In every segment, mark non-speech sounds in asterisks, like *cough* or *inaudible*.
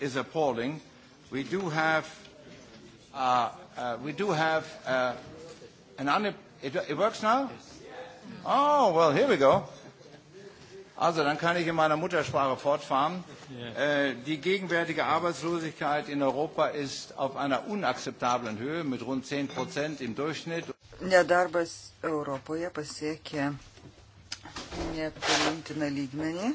is appalling. We do have, uh, uh, we do have uh, an un. It, it works now. Oh well, here we go. Also, dann kann ich in meiner Muttersprache fortfahren. Äh, die gegenwärtige Arbeitslosigkeit in Europa ist auf einer unakzeptablen Höhe mit rund 10 Prozent im Durchschnitt. Nedarbas Europoje pasiekė nepriimtiną lygmenį.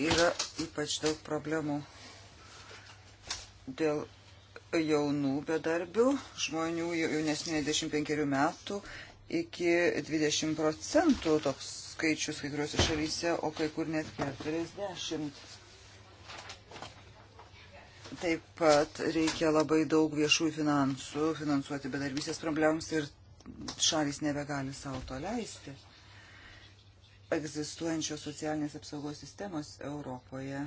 yra ypač daug problemų dėl jaunų bedarbių, žmonių jaunesnių 25 metų iki 20 procentų toks skaičius kai kuriuose šalyse, o kai kur net 40. Taip pat reikia labai daug viešųjų finansų finansuoti bedarbysės problemams ir šalis nebegali savo to leisti egzistuojančios socialinės apsaugos sistemos Europoje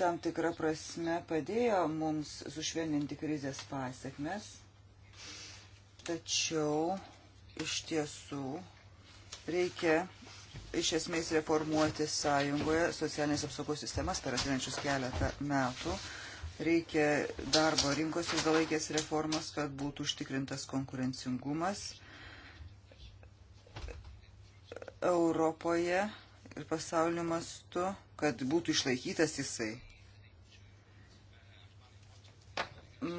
tam tikrą prasme padėjo mums sušvelninti krizės pasiekmes, tačiau iš tiesų reikia iš esmės reformuoti sąjungoje socialinės apsaugos sistemas per ateinančius keletą metų. Reikia darbo rinkos ilgalaikės reformos, kad būtų užtikrintas konkurencingumas Europoje ir pasaulio mastu, kad būtų išlaikytas jisai.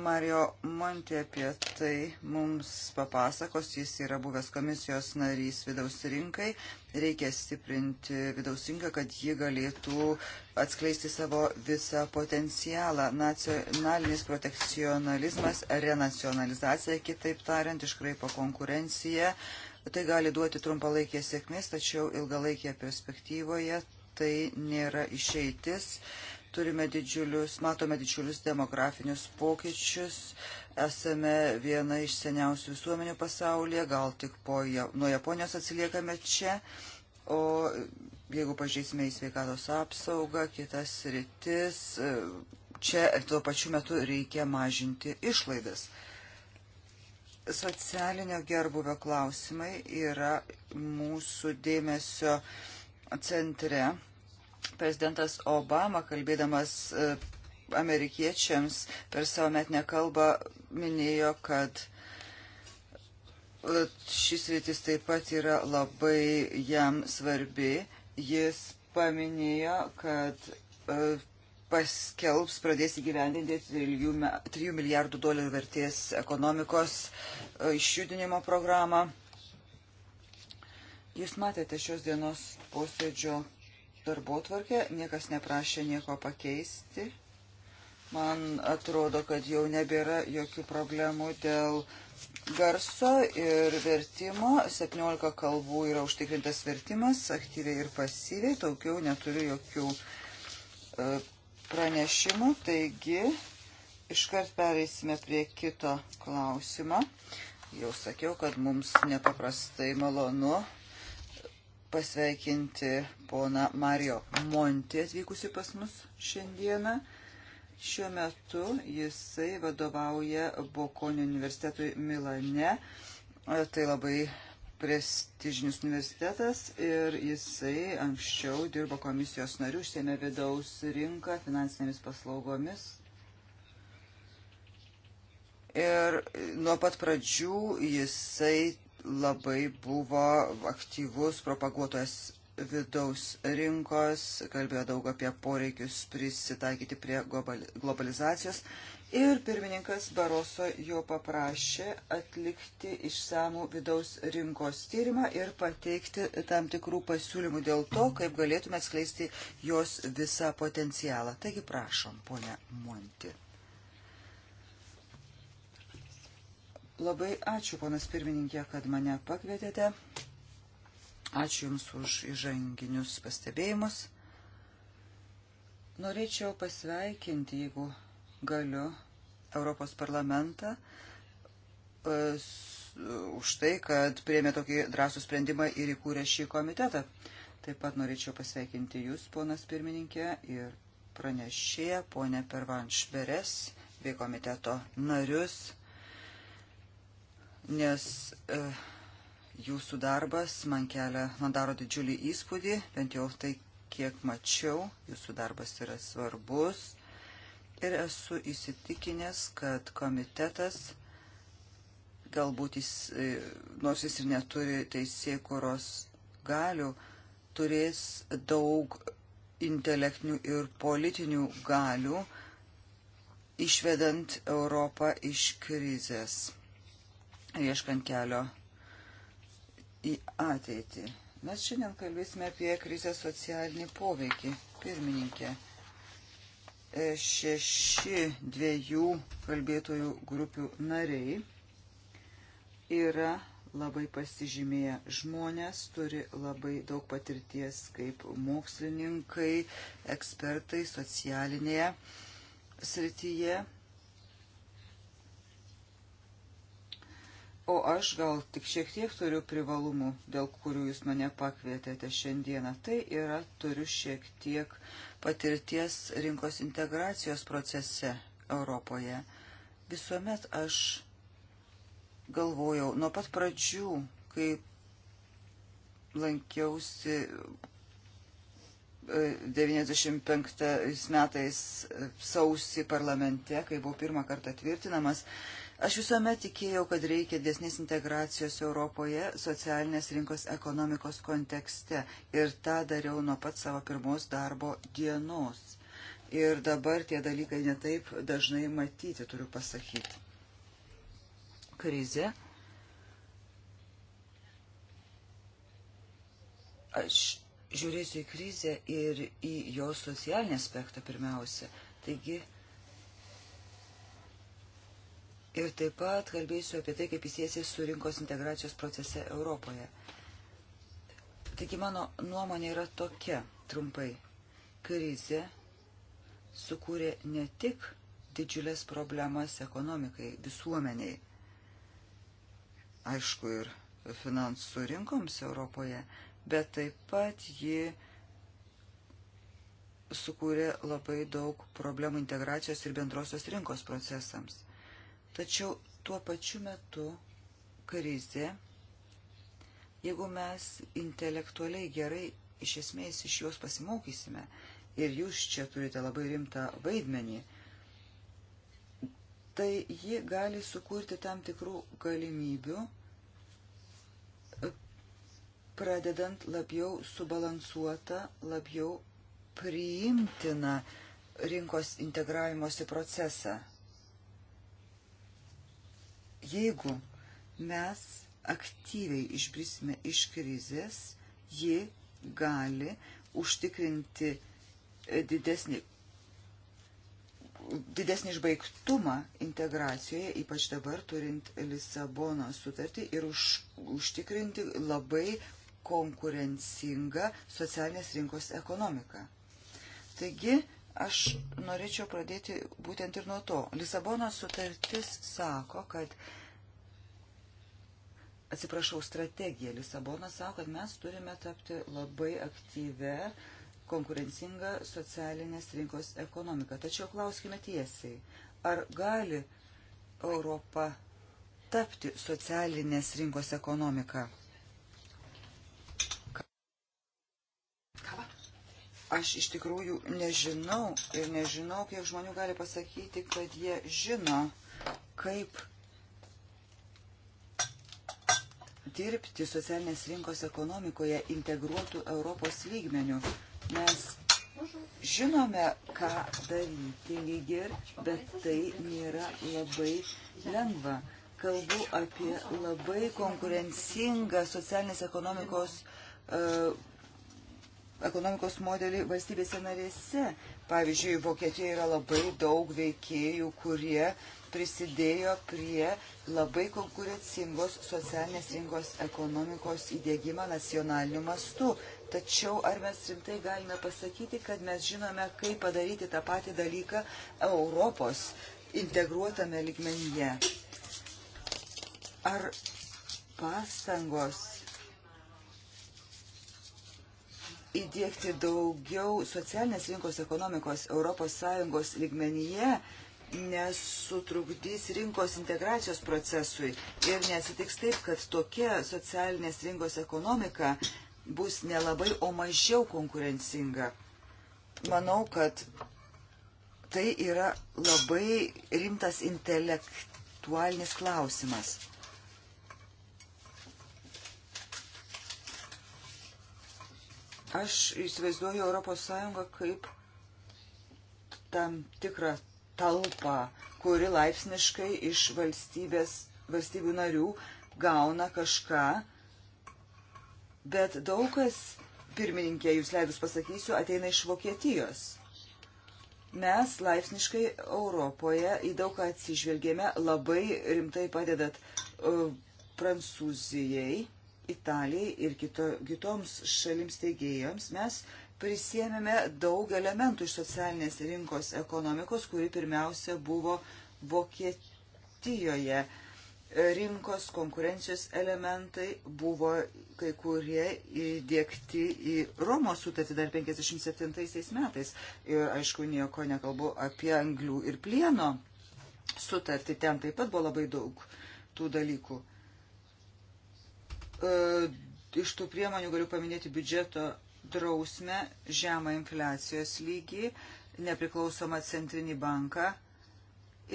Mario Monti apie tai mums papasakos, jis yra buvęs komisijos narys vidaus rinkai, reikia stiprinti vidaus rinką, kad ji galėtų atskleisti savo visą potencialą. Nacionalinis protekcionalizmas, renacionalizacija, kitaip tariant, iškraipo konkurenciją, Tai gali duoti trumpalaikė sėkmės, tačiau ilgalaikėje perspektyvoje tai nėra išeitis. Turime didžiulius, matome didžiulius demografinius pokyčius, esame viena iš seniausių visuomenių pasaulyje, gal tik po, nuo Japonijos atsiliekame čia, o jeigu pažiūrėsime į sveikatos apsaugą, kitas rytis, e, čia tuo pačiu metu reikia mažinti išlaidas. Socialinio gerbuvio klausimai yra mūsų dėmesio centre. Prezidentas Obama, kalbėdamas e, amerikiečiams per savo metinę kalbą, minėjo, kad e, šis rytis taip pat yra labai jam svarbi. Jis paminėjo, kad e, paskelbs, pradės įgyvendinti 3 milijardų dolerių vertės ekonomikos e, išjudinimo programą. Jūs matėte šios dienos posėdžio darbo tvarkę, niekas neprašė nieko pakeisti. Man atrodo, kad jau nebėra jokių problemų dėl garso ir vertimo. 17 kalbų yra užtikrintas vertimas, aktyviai ir pasyviai, daugiau neturiu jokių e, pranešimų, taigi iškart pereisime prie kito klausimo. Jau sakiau, kad mums nepaprastai malonu pasveikinti poną Mario Monti atvykusi pas mus šiandieną. Šiuo metu jisai vadovauja Bokonio universitetui Milane. Tai labai prestižinis universitetas ir jisai anksčiau dirbo komisijos narių, užsėmė vidaus rinką finansinėmis paslaugomis. Ir nuo pat pradžių jisai labai buvo aktyvus propaguotojas vidaus rinkos, kalbėjo daug apie poreikius prisitaikyti prie globalizacijos. Ir pirmininkas Baroso jo paprašė atlikti išsamų vidaus rinkos tyrimą ir pateikti tam tikrų pasiūlymų dėl to, kaip galėtume atskleisti jos visą potencialą. Taigi prašom, ponia Monti. Labai ačiū, ponas pirmininkė, kad mane pakvietėte. Ačiū Jums už įžanginius pastebėjimus. Norėčiau pasveikinti, jeigu galiu, Europos parlamentą už tai, kad priemė tokį drąsų sprendimą ir įkūrė šį komitetą. Taip pat norėčiau pasveikinti Jūs, ponas pirmininkė, ir pranešėją, ponę Pervanšberes, bei komiteto narius, nes. Uh, Jūsų darbas man kelia, man daro didžiulį įspūdį, bent jau tai, kiek mačiau, jūsų darbas yra svarbus. Ir esu įsitikinęs, kad komitetas, galbūt jis, e, nors jis ir neturi teisėkuros galių, turės daug intelektinių ir politinių galių, išvedant Europą iš krizės, ieškant kelio į ateitį. Mes šiandien kalbėsime apie krizės socialinį poveikį. Pirmininkė, e, šeši dviejų kalbėtojų grupių nariai yra labai pasižymėję žmonės, turi labai daug patirties kaip mokslininkai, ekspertai socialinėje srityje. O aš gal tik šiek tiek turiu privalumų, dėl kurių jūs mane pakvietėte šiandieną. Tai yra, turiu šiek tiek patirties rinkos integracijos procese Europoje. Visuomet aš galvojau, nuo pat pradžių, kai lankiausi 95 e, metais sausi parlamente, kai buvau pirmą kartą tvirtinamas, Aš visuomet tikėjau, kad reikia desnės integracijos Europoje socialinės rinkos ekonomikos kontekste ir tą dariau nuo pat savo pirmos darbo dienos. Ir dabar tie dalykai netaip dažnai matyti, turiu pasakyti. Krize. Aš žiūrėsiu į krizę ir į jos socialinį aspektą pirmiausia. Taigi, Ir taip pat kalbėsiu apie tai, kaip jis jėsi su rinkos integracijos procese Europoje. Taigi mano nuomonė yra tokia, trumpai. Krizė sukūrė ne tik didžiulės problemas ekonomikai, visuomeniai, aišku, ir finansų rinkoms Europoje, bet taip pat ji sukūrė labai daug problemų integracijos ir bendrosios rinkos procesams. Tačiau tuo pačiu metu krizė, jeigu mes intelektualiai gerai iš esmės iš jos pasimokysime ir jūs čia turite labai rimtą vaidmenį, tai ji gali sukurti tam tikrų galimybių, pradedant labiau subalansuotą, labiau priimtiną rinkos integravimosi procesą. Jeigu mes aktyviai išbrisime iš krizės, ji gali užtikrinti e, didesnį, didesnį išbaigtumą integracijoje, ypač dabar turint Lisabono sutartį ir už, užtikrinti labai konkurencingą socialinės rinkos ekonomiką. Taigi, Aš norėčiau pradėti būtent ir nuo to. Lisabono sutartis sako, kad, atsiprašau, strategija Lisabona sako, kad mes turime tapti labai aktyvę, konkurencingą socialinės rinkos ekonomiką. Tačiau klauskime tiesiai, ar gali Europa tapti socialinės rinkos ekonomiką? Aš iš tikrųjų nežinau ir nežinau, kiek žmonių gali pasakyti, kad jie žino, kaip dirbti socialinės rinkos ekonomikoje integruotų Europos lygmenių. Mes žinome, ką daryti lyg ir, bet tai nėra labai lengva. Kalbu apie labai konkurencingą socialinės ekonomikos uh, ekonomikos modelį valstybėse narėse. Pavyzdžiui, Vokietijoje yra labai daug veikėjų, kurie prisidėjo prie labai konkurencingos socialinės rinkos ekonomikos įdėgymą nacionaliniu mastu. Tačiau ar mes rimtai galime pasakyti, kad mes žinome, kaip padaryti tą patį dalyką Europos integruotame ligmenyje? Ar pastangos įdėkti daugiau socialinės rinkos ekonomikos ES lygmenyje nesutrukdys rinkos integracijos procesui ir nesitiks taip, kad tokia socialinės rinkos ekonomika bus nelabai, o mažiau konkurencinga. Manau, kad tai yra labai rimtas intelektualinis klausimas. Aš įsivaizduoju Europos Sąjungą kaip tam tikrą talpą, kuri laipsniškai iš valstybės, valstybių narių gauna kažką, bet daug kas, pirmininkė, jūs leidus pasakysiu, ateina iš Vokietijos mes laipsniškai Europoje į daug ką atsižvelgėme, labai rimtai padedat uh, Prancūzijai. Italijai ir kito, kitoms šalims teigėjams mes prisėmėme daug elementų iš socialinės rinkos ekonomikos, kuri pirmiausia buvo Vokietijoje. Rinkos konkurencijos elementai buvo kai kurie įdėkti į Romos sutartį dar 57 metais. Ir aišku, nieko nekalbu apie anglių ir plieno sutartį. Ten taip pat buvo labai daug tų dalykų. E, iš tų priemonių galiu paminėti biudžeto drausmę, žemą infliacijos lygį, nepriklausomą centrinį banką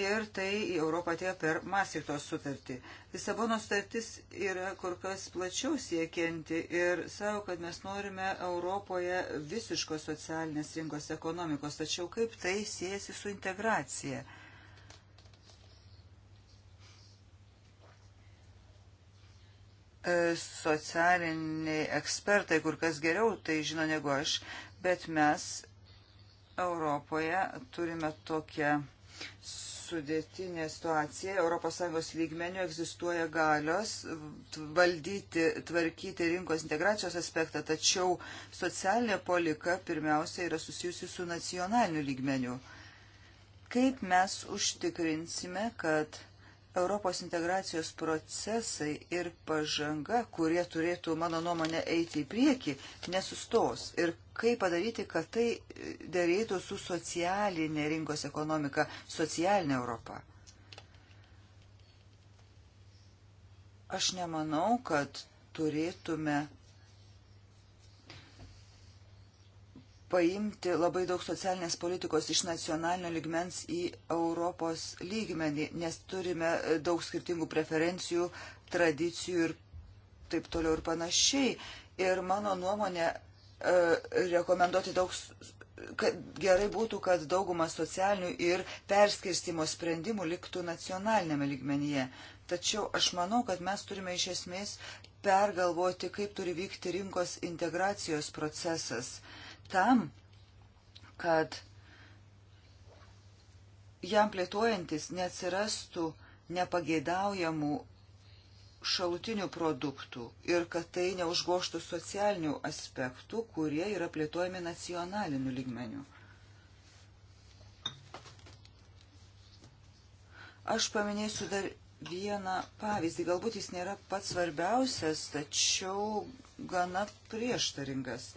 ir tai į Europą atėjo per Masikto sutartį. Lisabono sutartis yra kur kas plačiau siekianti ir savo, kad mes norime Europoje visiškos socialinės rinkos ekonomikos, tačiau kaip tai siejasi su integracija. E, socialiniai ekspertai kur kas geriau tai žino negu aš, bet mes Europoje turime tokią sudėtinė situacija. ES lygmenių egzistuoja galios valdyti, tvarkyti rinkos integracijos aspektą, tačiau socialinė polika pirmiausia yra susijusi su nacionaliniu lygmeniu. Kaip mes užtikrinsime, kad Europos integracijos procesai ir pažanga, kurie turėtų, mano nuomonė, eiti į priekį, nesustos. Ir kaip padaryti, kad tai dėrėtų su socialinė rinkos ekonomika, socialinė Europa. Aš nemanau, kad turėtume paimti labai daug socialinės politikos iš nacionalinio ligmens į Europos lygmenį, nes turime e, daug skirtingų preferencijų, tradicijų ir taip toliau ir panašiai. Ir mano nuomonė, e, rekomenduoti daug, kad gerai būtų, kad dauguma socialinių ir perskirstimo sprendimų liktų nacionalinėme ligmenyje. Tačiau aš manau, kad mes turime iš esmės pergalvoti, kaip turi vykti rinkos integracijos procesas. Uh, tam, kad jam plėtojantis neatsirastų nepageidaujamų šalutinių produktų ir kad tai neužgoštų socialinių aspektų, kurie yra plėtojami nacionaliniu lygmeniu. Aš paminėsiu dar vieną pavyzdį. Galbūt jis nėra pats svarbiausias, tačiau gana prieštaringas.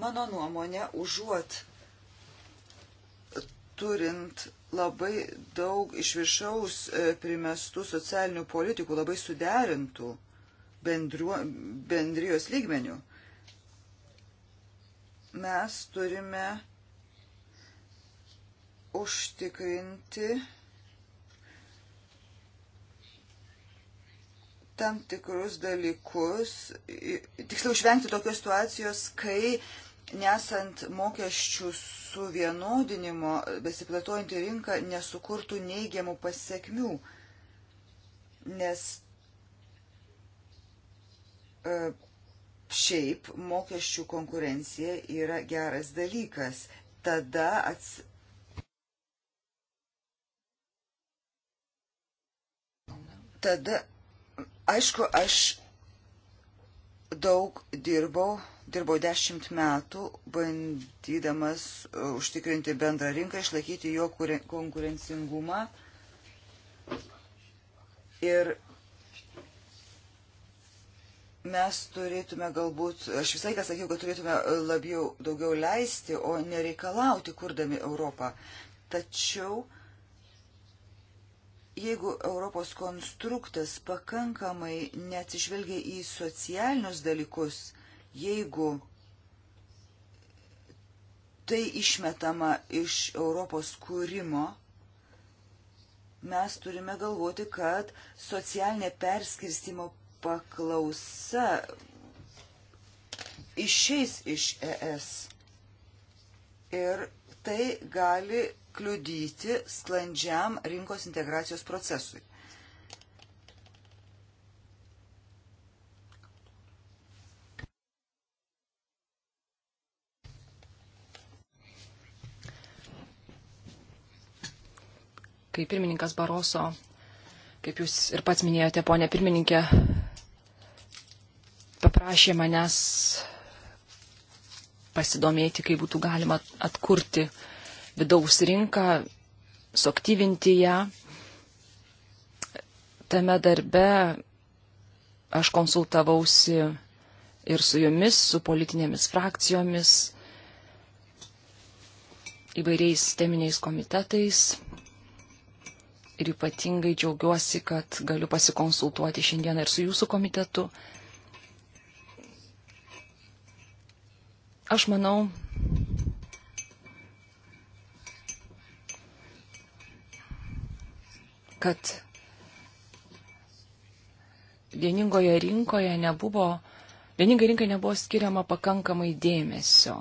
Mano nuomonė, užuot turint labai daug iš viršaus e, primestų socialinių politikų, labai suderintų bendriu, bendrijos lygmenių, mes turime užtikrinti tam tikrus dalykus, tiksliau išvengti tokios situacijos, kai nesant mokesčių suvienodinimo, besiplėtojantį rinką nesukurtų neigiamų pasiekmių, nes e, šiaip mokesčių konkurencija yra geras dalykas. Tada ats... Tada, aišku, aš daug dirbau dirbau dešimt metų, bandydamas e, užtikrinti bendrą rinką, išlaikyti jo konkurencingumą. Ir mes turėtume galbūt, aš visai ką sakiau, kad turėtume labiau daugiau leisti, o nereikalauti, kurdami Europą. Tačiau, jeigu Europos konstruktas pakankamai neatsižvelgia į socialinius dalykus, Jeigu tai išmetama iš Europos kūrimo, mes turime galvoti, kad socialinė perskirstimo paklausa išeis iš ES. Ir tai gali kliudyti sklandžiam rinkos integracijos procesui. kai pirmininkas Baroso, kaip jūs ir pats minėjote, ponė pirmininkė, paprašė manęs pasidomėti, kaip būtų galima atkurti vidaus rinką, suaktyvinti ją. Tame darbe aš konsultavausi ir su jumis, su politinėmis frakcijomis, įvairiais teminiais komitetais, ir ypatingai džiaugiuosi, kad galiu pasikonsultuoti šiandieną ir su jūsų komitetu. Aš manau, kad vieningoje rinkoje nebuvo, vieningai rinkai nebuvo skiriama pakankamai dėmesio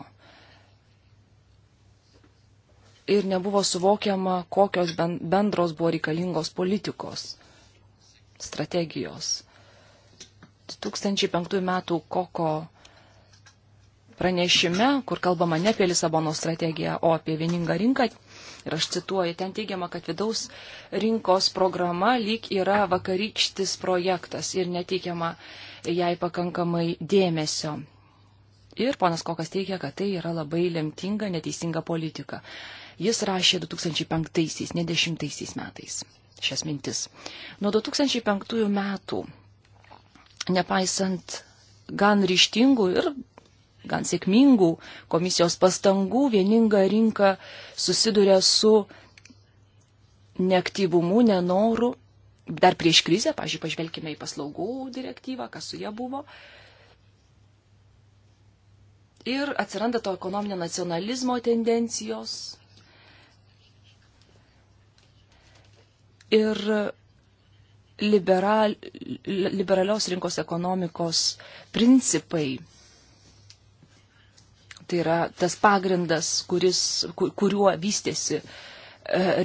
ir nebuvo suvokiama, kokios bendros buvo reikalingos politikos, strategijos. 2005 metų koko pranešime, kur kalbama ne apie Lisabono strategiją, o apie vieningą rinką. Ir aš cituoju, ten teigiama, kad vidaus rinkos programa lyg yra vakarykštis projektas ir neteikiama jai pakankamai dėmesio. Ir ponas Kokas teigia, kad tai yra labai lemtinga, neteisinga politika. Jis rašė 2005, ne 10 metais šias mintis. Nuo 2005 metų, nepaisant gan ryštingų ir gan sėkmingų komisijos pastangų, vieninga rinka susiduria su neaktyvumu, nenoru. Dar prieš krizę, pažiūrėjau, pažvelkime į paslaugų direktyvą, kas su ja buvo. Ir atsiranda to ekonominio nacionalizmo tendencijos, ir liberal, liberalios rinkos ekonomikos principai. Tai yra tas pagrindas, kuris, kuriuo vystėsi e,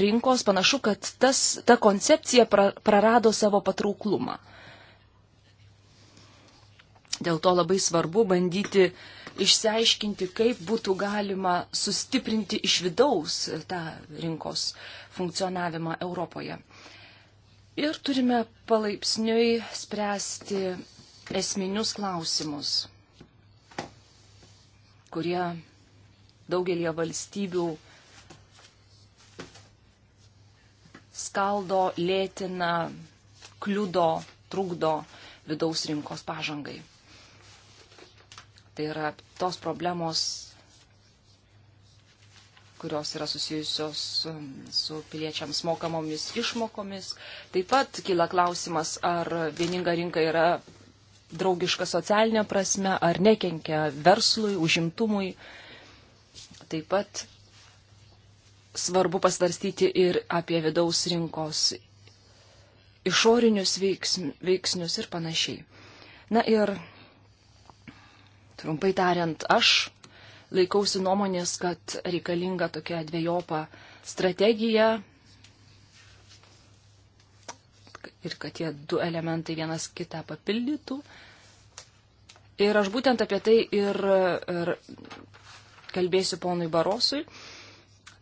rinkos, panašu, kad tas, ta koncepcija pra, prarado savo patrauklumą. Dėl to labai svarbu bandyti išsiaiškinti, kaip būtų galima sustiprinti iš vidaus tą rinkos funkcionavimą Europoje. Ir turime palaipsniui spręsti esminius klausimus, kurie daugelie valstybių skaldo, lėtina, kliudo, trukdo vidaus rinkos pažangai. Tai yra tos problemos, kurios yra susijusios um, su piliečiams mokamomis išmokomis. Taip pat kyla klausimas, ar vieninga rinka yra draugiška socialinė prasme, ar nekenkia verslui, užimtumui. Taip pat svarbu pasvarstyti ir apie vidaus rinkos išorinius veiksnius ir panašiai. Na ir trumpai tariant, aš laikausi nuomonės, kad reikalinga tokia dviejopa strategija ir kad tie du elementai vienas kitą papildytų. Ir aš būtent apie tai ir, ir kalbėsiu ponui Barosui.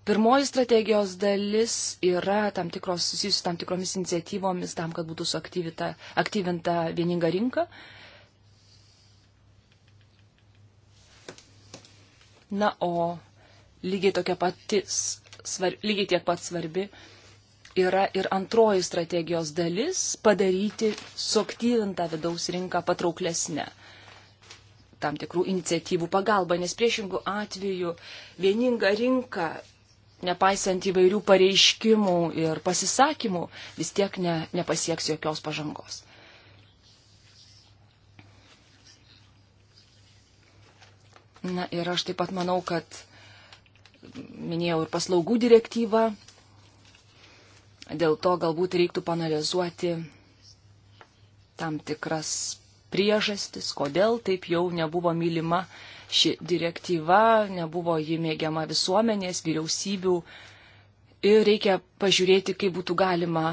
Pirmoji strategijos dalis yra tam tikros susijusi tam tikromis iniciatyvomis tam, kad būtų suaktyvinta vieninga rinka. Na, o lygiai tokia pati, svar, lygiai tiek pat svarbi yra ir antroji strategijos dalis - padaryti suaktyvintą vidaus rinką patrauklesnę tam tikrų iniciatyvų pagalba, nes priešingų atveju vieninga rinka, nepaisant įvairių pareiškimų ir pasisakymų, vis tiek ne, nepasieks jokios pažangos. Na ir aš taip pat manau, kad minėjau ir paslaugų direktyvą. Dėl to galbūt reiktų panalizuoti tam tikras priežastis, kodėl taip jau nebuvo mylima ši direktyva, nebuvo ji mėgiama visuomenės, vyriausybių. Ir reikia pažiūrėti, kaip būtų galima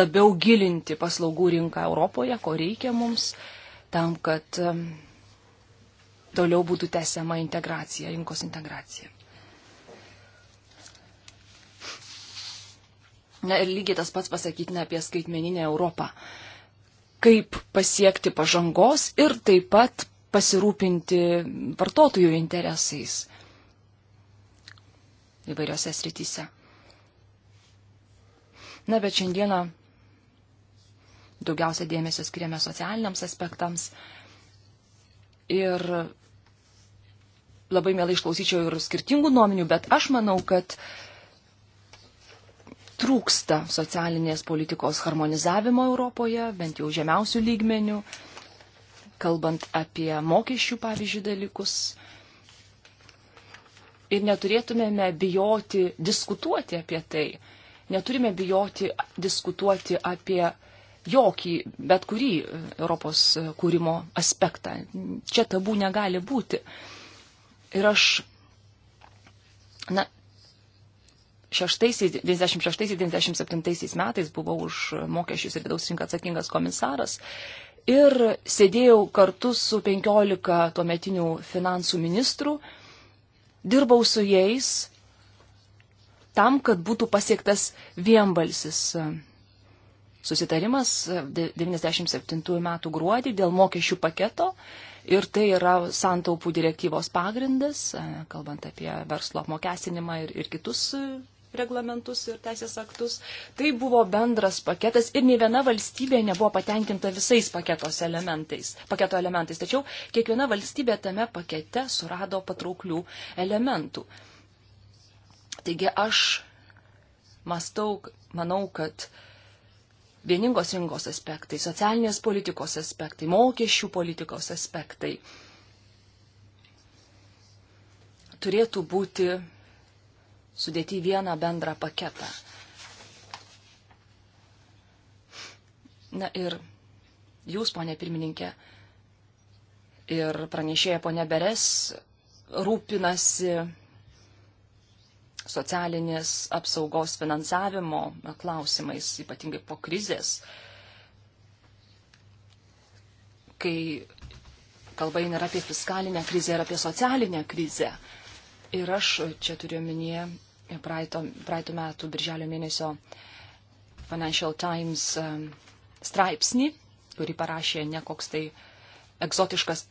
labiau gilinti paslaugų rinką Europoje, ko reikia mums. Uh, tam, kad toliau būtų tęsiama integracija, rinkos integracija. Na ir lygiai tas pats pasakytina apie skaitmeninę Europą. Kaip pasiekti pažangos ir taip pat pasirūpinti vartotojų interesais įvairiose srityse. Na, bet šiandieną daugiausia dėmesio skiriame socialiniams aspektams. Ir labai mielai išklausyčiau ir skirtingų nuomonių, bet aš manau, kad trūksta socialinės politikos harmonizavimo Europoje, bent jau žemiausių lygmenių, kalbant apie mokesčių, pavyzdžiui, dalykus. Ir neturėtumėme bijoti diskutuoti apie tai. Neturime bijoti diskutuoti apie jokį, bet kurį e, Europos e, kūrimo aspektą. Čia tabų negali būti. Ir aš, na, 96-97 metais buvau už mokesčius ir vidaus rinką atsakingas komisaras ir sėdėjau kartu su 15 tuometinių finansų ministrų, dirbau su jais tam, kad būtų pasiektas vienbalsis e, susitarimas 97 e, metų gruodį dėl mokesčių paketo ir tai yra santaupų direktyvos pagrindas, e, kalbant apie verslo apmokestinimą ir, ir kitus e, reglamentus ir teisės aktus. Tai buvo bendras paketas ir nei viena valstybė nebuvo patenkinta visais paketos elementais, paketo elementais. Tačiau kiekviena valstybė tame pakete surado patrauklių elementų. Taigi aš mastau, manau, kad uh, vieningos rinkos aspektai, socialinės politikos aspektai, mokesčių politikos aspektai turėtų būti sudėti vieną bendrą paketą. Na ir jūs, ponė pirmininkė, ir pranešėja ponė Beres rūpinasi socialinės apsaugos finansavimo klausimais, ypatingai po krizės, kai kalba eina apie fiskalinę krizę ir apie socialinę krizę. Ir aš čia turiu minėję praeito, praeitų metų birželio mėnesio Financial Times um, straipsnį, kurį parašė ne koks tai egzotiškas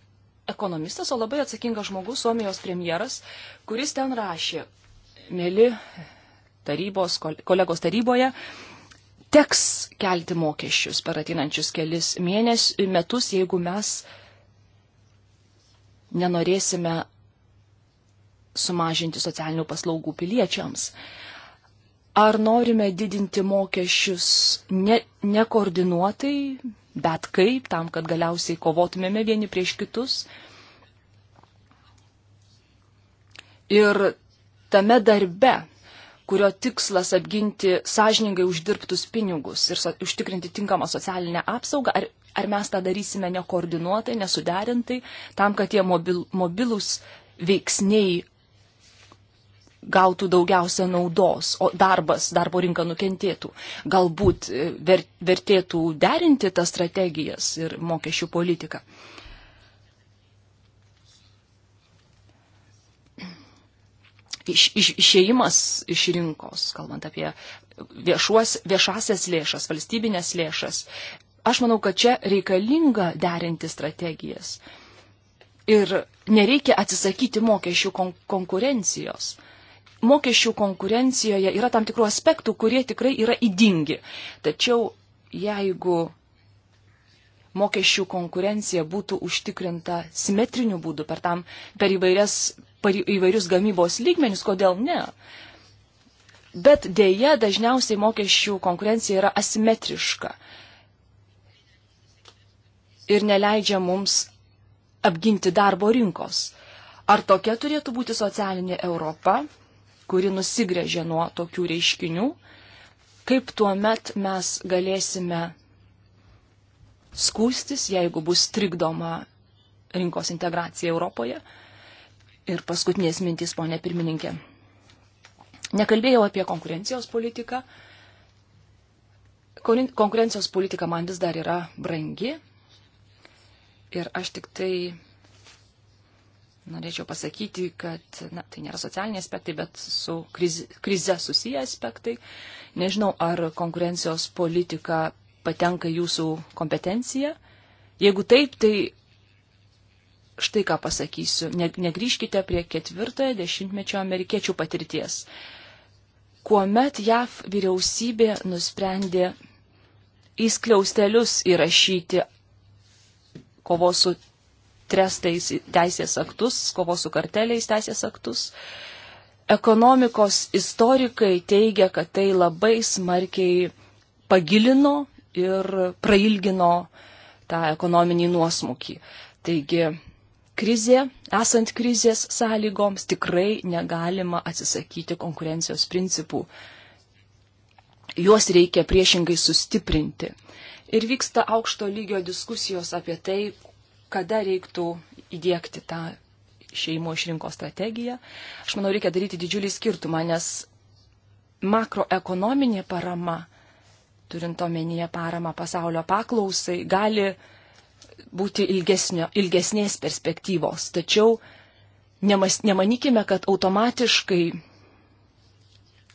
ekonomistas, o labai atsakingas žmogus, Suomijos premjeras, kuris ten rašė, mėly tarybos, kolegos taryboje, teks kelti mokesčius per atinančius kelis mėnesius, metus, jeigu mes nenorėsime sumažinti socialinių paslaugų piliečiams. Ar norime didinti mokesčius ne, nekoordinuotai, bet kaip, tam, kad galiausiai kovotumėme vieni prieš kitus? Ir tame darbe, kurio tikslas apginti sąžiningai uždirbtus pinigus ir užtikrinti tinkamą socialinę apsaugą, ar, ar mes tą darysime nekoordinuotai, nesuderintai, tam, kad tie mobil, mobilus veiksniai gautų daugiausia naudos, o darbas, darbo rinka nukentėtų. Galbūt e, ver, vertėtų derinti tas strategijas ir mokesčių politiką. Uh, iš, iš, išėjimas iš rinkos, kalbant apie viešuos, viešasias lėšas, valstybinės lėšas. Aš manau, kad čia reikalinga derinti strategijas. Ir nereikia atsisakyti mokesčių kon konkurencijos. Mokesčių konkurencijoje yra tam tikrų aspektų, kurie tikrai yra įdingi. Tačiau jeigu mokesčių konkurencija būtų užtikrinta simetriniu būdu per, tam, per įvairias įvairius gamybos lygmenius, kodėl ne. Bet dėja dažniausiai mokesčių konkurencija yra asimetriška ir neleidžia mums apginti darbo rinkos. Ar tokia turėtų būti socialinė Europa, kuri nusigrėžė nuo tokių reiškinių, kaip tuo met mes galėsime skūstis, jeigu bus trikdoma rinkos integracija Europoje? Ir paskutinės mintys, ponė pirmininkė. Nekalbėjau apie konkurencijos politiką. Konkurencijos politika man vis dar yra brangi. Ir aš tik tai norėčiau pasakyti, kad na, tai nėra socialiniai aspektai, bet su krize, krize susiję aspektai. Nežinau, ar konkurencijos politika patenka jūsų kompetencija. Jeigu taip, tai štai ką pasakysiu. Negryžkite prie ketvirtojo dešimtmečio amerikiečių patirties, kuomet JAV vyriausybė nusprendė į skliaustelius įrašyti kovos su trestais teisės aktus, kovos su karteliais teisės aktus. Ekonomikos istorikai teigia, kad tai labai smarkiai pagilino ir prailgino tą ekonominį nuosmukį. Taigi krizė, esant krizės sąlygoms, tikrai negalima atsisakyti konkurencijos principų. Juos reikia priešingai sustiprinti. Ir vyksta aukšto lygio diskusijos apie tai, kada reiktų įdėkti tą šeimo išrinko strategiją. Aš manau, reikia daryti didžiulį skirtumą, nes makroekonominė parama, turint omenyje paramą pasaulio paklausai, gali būti ilgesnio, ilgesnės perspektyvos. Tačiau nemas, nemanykime, kad automatiškai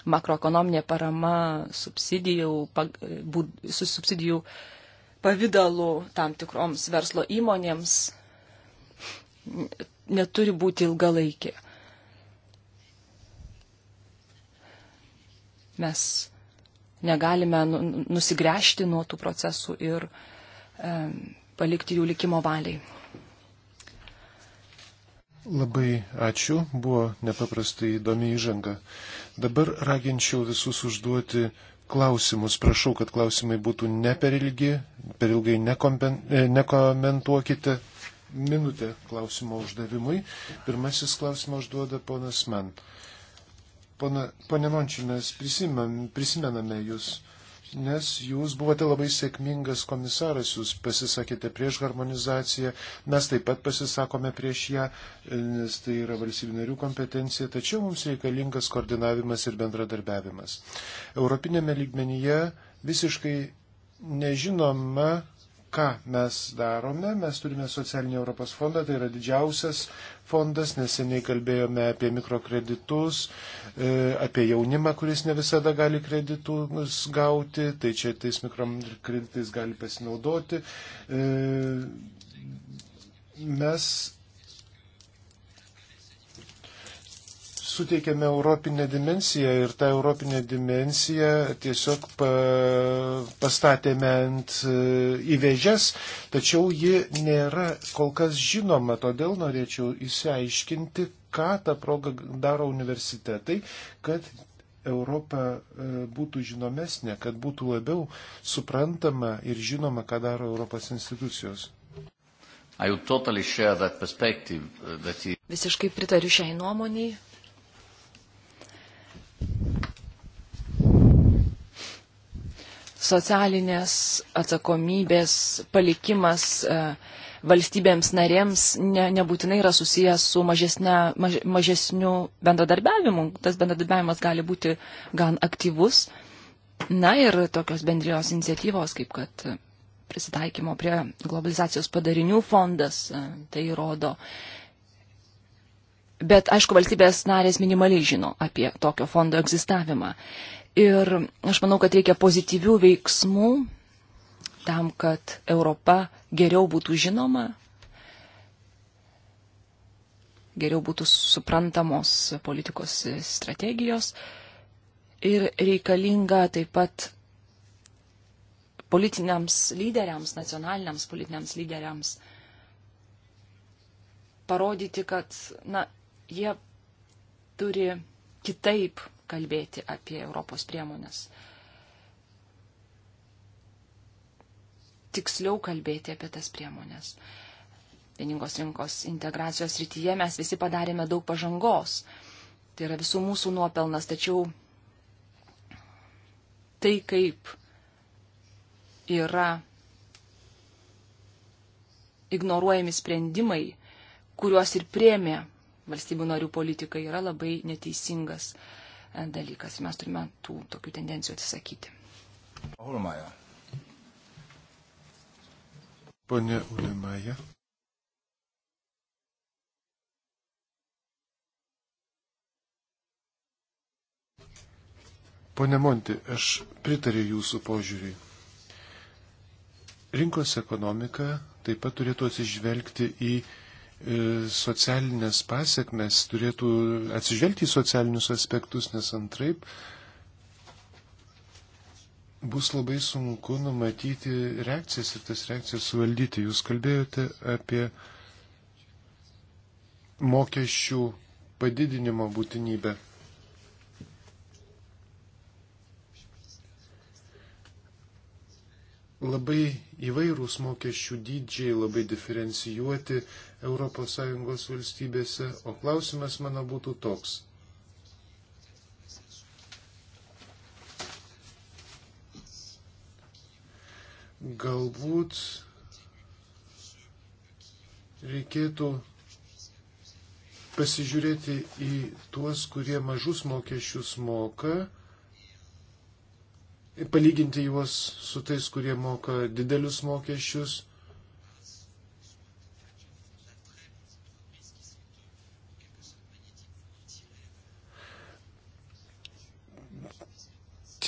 makroekonominė parama subsidijų, pag, būd, su subsidijų pavydalu tam tikroms verslo įmonėms neturi būti ilgalaikė. Mes negalime nu, nusigręžti nuo tų procesų ir um, palikti jų likimo valiai. Labai ačiū, buvo nepaprastai įdomi įžanga. Dabar raginčiau visus užduoti klausimus. Prašau, kad klausimai būtų ne per ilgi, per ilgai nekompen, e, nekomentuokite. Minutė klausimo uždavimui. Pirmasis klausimą užduoda ponas man. Pone Mončinas, prisimename jūs nes jūs buvote labai sėkmingas komisaras, jūs pasisakėte prieš harmonizaciją, mes taip pat pasisakome prieš ją, nes tai yra valstybinarių kompetencija, tačiau mums reikalingas koordinavimas ir bendradarbiavimas. Europinėme lygmenyje visiškai nežinoma, ką mes darome, mes turime socialinį Europos fondą, tai yra didžiausias fondas, neseniai kalbėjome apie mikrokreditus, e, apie jaunimą, kuris ne visada gali kreditus gauti, tai čia tais mikrokreditais gali pasinaudoti. E, mes suteikėme europinę dimensiją ir tą europinę dimensiją tiesiog pa, pastatėme ant e, įvežės, tačiau ji nėra kol kas žinoma, todėl norėčiau įsiaiškinti, ką ta proga daro universitetai, kad Europa e, būtų žinomesnė, kad būtų labiau suprantama ir žinoma, ką daro Europos institucijos. Totally that uh, that he... Visiškai pritariu šiai nuomoniai. Socialinės atsakomybės palikimas e, valstybėms narėms ne, nebūtinai yra susijęs su mažesne, maž, mažesniu bendradarbiavimu. Tas bendradarbiavimas gali būti gan aktyvus. Na ir tokios bendrijos iniciatyvos, kaip kad e, prisitaikymo prie globalizacijos padarinių fondas, e, tai rodo. Bet, aišku, valstybės narės minimaliai žino apie tokio fondo egzistavimą. Ir aš manau, kad reikia pozityvių veiksmų tam, kad Europa geriau būtų žinoma, geriau būtų suprantamos politikos strategijos. Ir reikalinga taip pat politiniams lyderiams, nacionaliniams politiniams lyderiams parodyti, kad, na, Jie turi kitaip kalbėti apie Europos priemonės. Tiksliau kalbėti apie tas priemonės. Vieningos rinkos integracijos rytyje mes visi padarėme daug pažangos. Tai yra visų mūsų nuopelnas, tačiau tai kaip yra ignoruojami sprendimai, kuriuos ir priemė valstybių narių politikai yra labai neteisingas e, dalykas. Mes turime tų tokių tendencijų atsisakyti. Holmaja. Pone Ulimaja. Pone Monti, aš pritariu jūsų požiūriui. Rinkos ekonomika taip pat turėtų atsižvelgti į E, socialinės pasiekmes, turėtų atsižvelgti į socialinius aspektus, nes antraip bus labai sunku numatyti reakcijas ir tas reakcijas suvaldyti. Jūs kalbėjote apie mokesčių padidinimo būtinybę. Labai įvairūs mokesčių dydžiai, labai diferencijuoti, ES valstybėse, o klausimas mano būtų toks. Galbūt reikėtų pasižiūrėti į tuos, kurie mažus mokesčius moka, palyginti juos su tais, kurie moka didelius mokesčius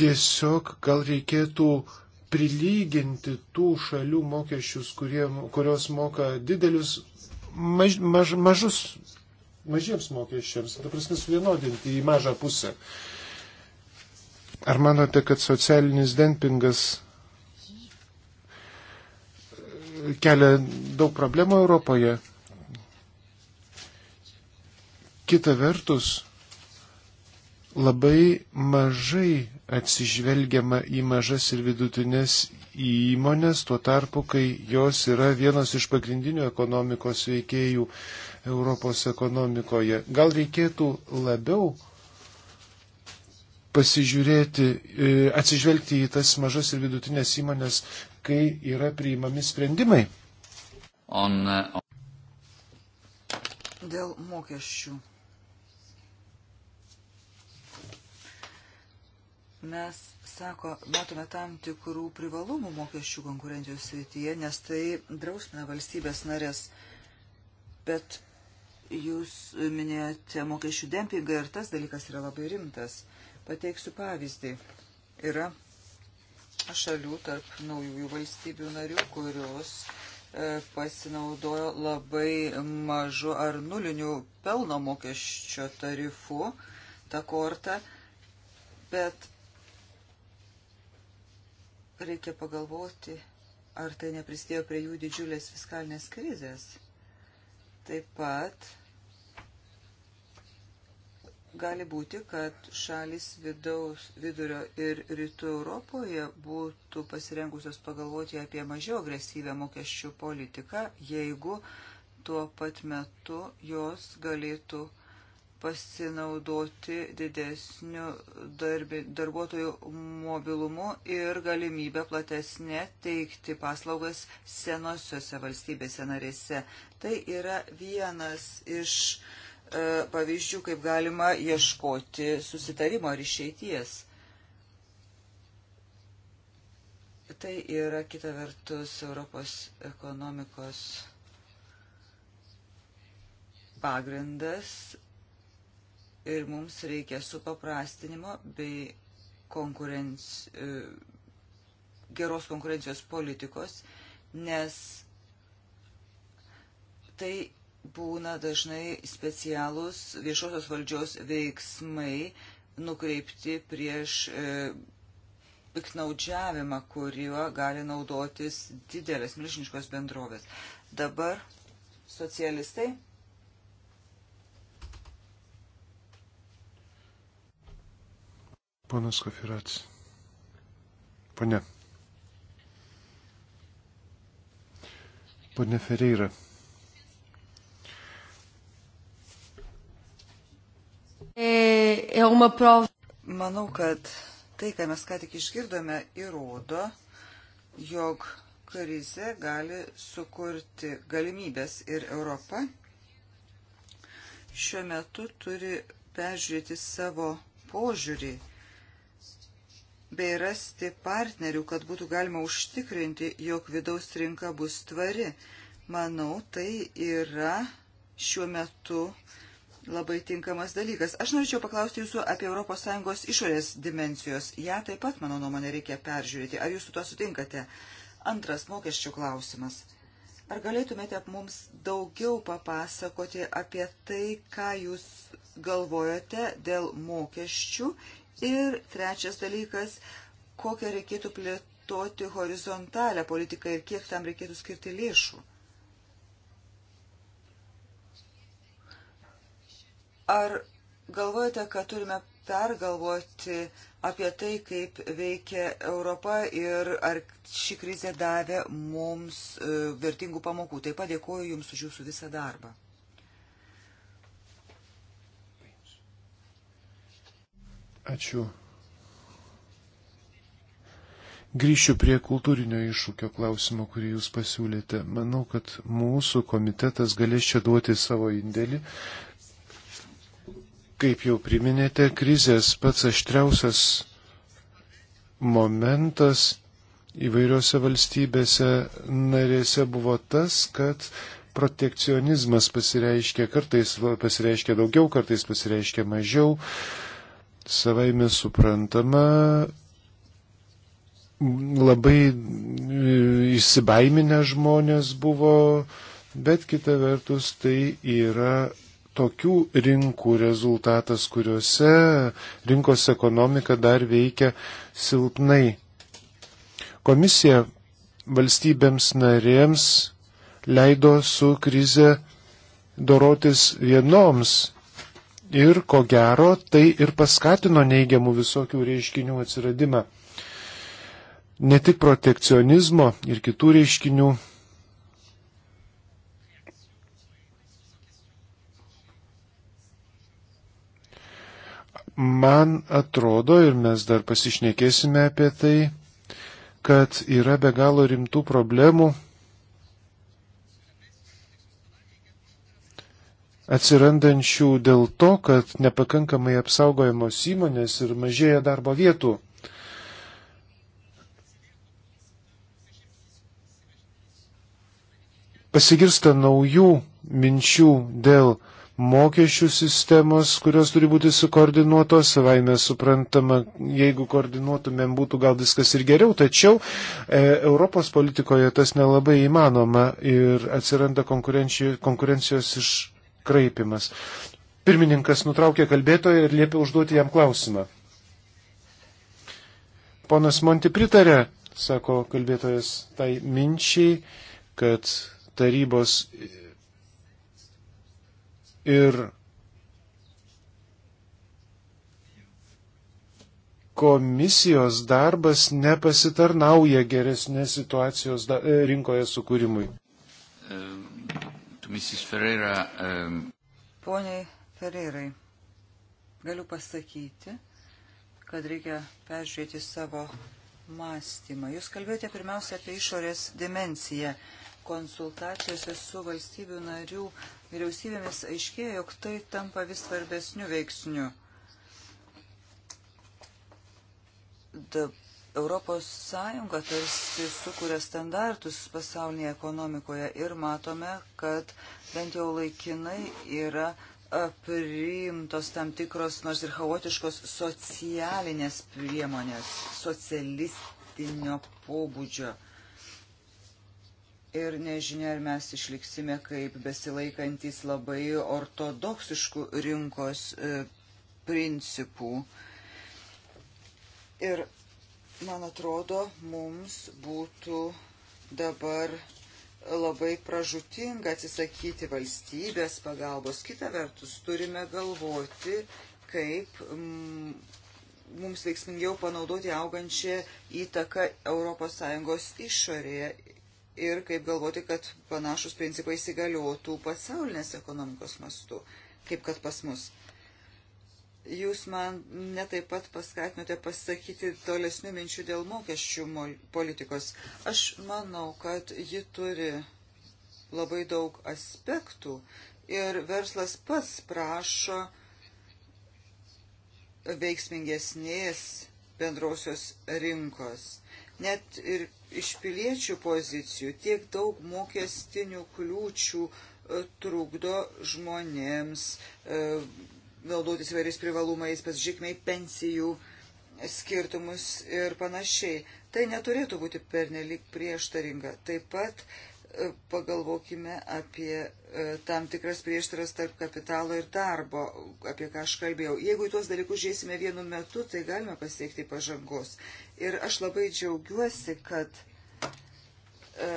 Tiesiog gal reikėtų prilyginti tų šalių mokesčius, kurie, kurios moka didelius, maž, maž, mažus, mažiems mokesčiams, ta prasme suvienodinti į mažą pusę. Ar manote, kad socialinis dempingas kelia daug problemų Europoje? Kita vertus, labai mažai atsižvelgiama į mažas ir vidutinės įmonės, tuo tarpu, kai jos yra vienas iš pagrindinių ekonomikos veikėjų Europos ekonomikoje. Gal reikėtų labiau pasižiūrėti, e, atsižvelgti į tas mažas ir vidutinės įmonės, kai yra priimami sprendimai. On, uh, on. Dėl mokesčių mes, sako, matome tam tikrų privalumų mokesčių konkurencijos srityje, nes tai drausmina valstybės narės. Bet jūs minėjote mokesčių dempingą ir tas dalykas yra labai rimtas. Pateiksiu pavyzdį. Yra šalių tarp naujųjų valstybių narių, kurios e, pasinaudojo labai mažu ar nuliniu pelno mokesčio tarifu tą kortą, bet reikia pagalvoti, ar tai neprisidėjo prie jų didžiulės fiskalinės krizės. Taip pat gali būti, kad šalis vidaus, vidurio ir rytų Europoje būtų pasirengusios pagalvoti apie mažiau agresyvę mokesčių politiką, jeigu tuo pat metu jos galėtų pasinaudoti didesniu darbi, darbuotojų mobilumu ir galimybę platesnė teikti paslaugas senosiose valstybėse narėse. Tai yra vienas iš e, pavyzdžių, kaip galima ieškoti susitarimo ar išeities. Tai yra kita vertus Europos ekonomikos pagrindas ir mums reikia supaprastinimo bei konkurenci... E, geros konkurencijos politikos, nes tai būna dažnai specialūs viešosios valdžios veiksmai nukreipti prieš e, piknaudžiavimą, kuriuo gali naudotis didelės milžiniškos bendrovės. Dabar socialistai. Ponas Kofirats. Pone. Pone Fereira. E, e Manau, kad tai, ką mes ką tik išgirdome, įrodo, jog krize gali sukurti galimybės ir Europa šiuo metu turi peržiūrėti savo požiūrį bei rasti partnerių, kad būtų galima užtikrinti, jog vidaus rinka bus tvari. Manau, tai yra šiuo metu labai tinkamas dalykas. Aš norėčiau paklausti jūsų apie ES išorės dimensijos. Ja taip pat, mano nuomonė, reikia peržiūrėti. Ar jūs su to sutinkate? Antras mokesčių klausimas. Ar galėtumėte mums daugiau papasakoti apie tai, ką jūs galvojate dėl mokesčių Ir trečias dalykas, kokią reikėtų plėtoti horizontalę politiką ir kiek tam reikėtų skirti lėšų. Ar galvojate, kad turime pergalvoti apie tai, kaip veikia Europa ir ar ši krizė davė mums e, vertingų pamokų? Taip pat dėkuoju Jums už Jūsų visą darbą. Ačiū. Grįšiu prie kultūrinio iššūkio klausimo, kurį Jūs pasiūlėte. Manau, kad mūsų komitetas galės čia duoti savo indėlį. Kaip jau priminėte, krizės pats aštriausias momentas įvairiose valstybėse narėse buvo tas, kad protekcionizmas pasireiškia, kartais pasireiškia daugiau, kartais pasireiškia mažiau. Uh, savaime suprantama, labai e, įsibaiminę žmonės buvo, bet kita vertus tai yra tokių rinkų rezultatas, kuriuose rinkos ekonomika dar veikia silpnai. Komisija valstybėms narėms leido su krize dorotis vienoms ir ko gero tai ir paskatino neigiamų visokių reiškinių atsiradimą. Ne tik protekcionizmo ir kitų reiškinių. Man atrodo, ir mes dar pasišnekėsime apie tai, kad yra be galo rimtų problemų atsirandančių dėl to, kad nepakankamai apsaugojamos įmonės ir mažėja darbo vietų. Pasigirsta naujų minčių dėl mokesčių sistemos, kurios turi būti sukoordinuotos, savaime suprantama, jeigu koordinuotumėm būtų gal viskas ir geriau, tačiau e, Europos politikoje tas nelabai įmanoma ir atsiranda konkurencijos iš iškraipimas. Pirmininkas nutraukė kalbėtoją ir liepė užduoti jam klausimą. Ponas Monti pritarė, sako kalbėtojas, tai minčiai, kad tarybos ir komisijos darbas nepasitarnauja geresnės situacijos e, rinkoje sukūrimui. Um. Mrs. Ferreira. Um... Pone Ferreirai, galiu pasakyti, kad reikia peržiūrėti savo mąstymą. Jūs kalbėjote pirmiausia apie išorės dimenciją. Konsultacijose su valstybių narių vyriausybėmis aiškėjo, jog tai tampa vis svarbesniu veiksniu. Dabar Europos Sąjunga tarsi sukuria standartus pasaulyje ekonomikoje ir matome, kad bent jau laikinai yra e, priimtos tam tikros, nors ir chaotiškos, socialinės priemonės, socialistinio pobūdžio. Ir nežinia, ar mes išliksime kaip besilaikantis labai ortodoksiškų rinkos e, principų. Ir man atrodo, mums būtų dabar labai pražutinga atsisakyti valstybės pagalbos. Kita vertus, turime galvoti, kaip mm, mums veiksmingiau panaudoti augančią įtaką ES išorėje ir kaip galvoti, kad panašus principai įsigaliotų pasaulinės ekonomikos mastu, kaip kad pas mus. Jūs man netaip pat paskatinote pasakyti tolesnių minčių dėl mokesčių politikos. Aš manau, kad ji turi labai daug aspektų ir verslas pats prašo veiksmingesnės bendrausios rinkos. Net ir iš piliečių pozicijų tiek daug mokestinių kliūčių e, trukdo žmonėms e, naudotis įvairiais privalumais, pasižiūrėkime į pensijų skirtumus ir panašiai. Tai neturėtų būti pernelik prieštaringa. Taip pat e, pagalvokime apie e, tam tikras prieštaras tarp kapitalo ir darbo, apie ką aš kalbėjau. Jeigu į tuos dalykus žiūrėsime vienu metu, tai galime pasiekti pažangos. Ir aš labai džiaugiuosi, kad e,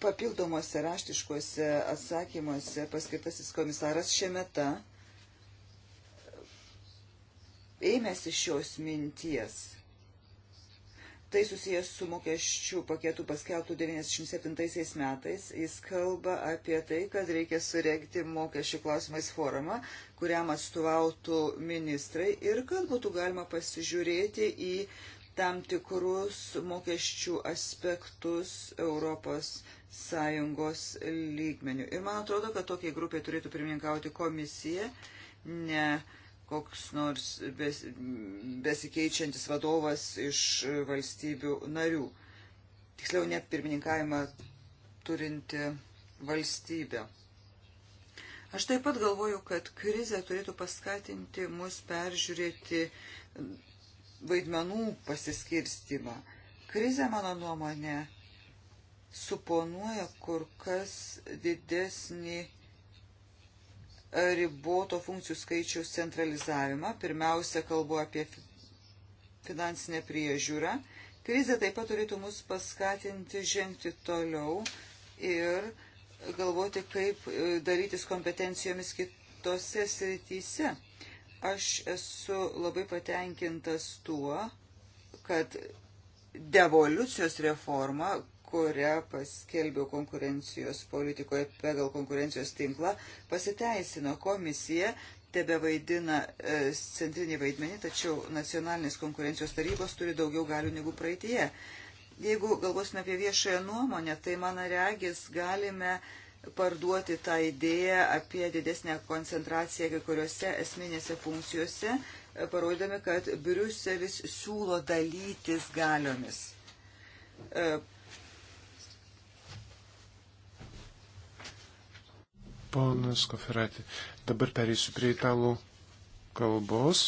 papildomuose raštiškuose atsakymuose paskirtasis komisaras šiame ta ėmėsi šios minties. Tai susijęs su mokesčių paketu paskelbtų 97 metais. Jis kalba apie tai, kad reikia suregti mokesčių klausimais forumą, kuriam atstovautų ministrai ir kad būtų galima pasižiūrėti į tam tikrus mokesčių aspektus Europos Sąjungos lygmenių. Ir man atrodo, kad tokiai grupiai turėtų pirmininkauti komisija, ne uh, koks nors bes, besikeičiantis vadovas iš valstybių narių. Tiksliau, net pirmininkavimą turinti valstybę. Aš taip pat galvoju, kad krizė turėtų paskatinti mus peržiūrėti vaidmenų pasiskirstimą. Krizė, mano nuomonė, suponuoja kur kas didesnį riboto funkcijų skaičiaus centralizavimą. Pirmiausia, kalbu apie finansinę priežiūrą. Krizė taip pat turėtų mus paskatinti žengti toliau ir galvoti, kaip e, darytis kompetencijomis kitose srityse. Aš esu labai patenkintas tuo, kad devoliucijos reforma, kurią paskelbiau konkurencijos politikoje pagal konkurencijos tinklą, pasiteisino komisija, tebe vaidina e, centrinį vaidmenį, tačiau nacionalinės konkurencijos tarybos turi daugiau galių negu praeitie. Jeigu galvosime apie viešąją nuomonę, tai man regis galime parduoti tą idėją apie didesnę koncentraciją kai kuriuose esminėse funkcijose, e, parodami, kad Briuselis siūlo dalytis galiomis. E, Ponas Koferati, dabar pereisiu prie italų kalbos.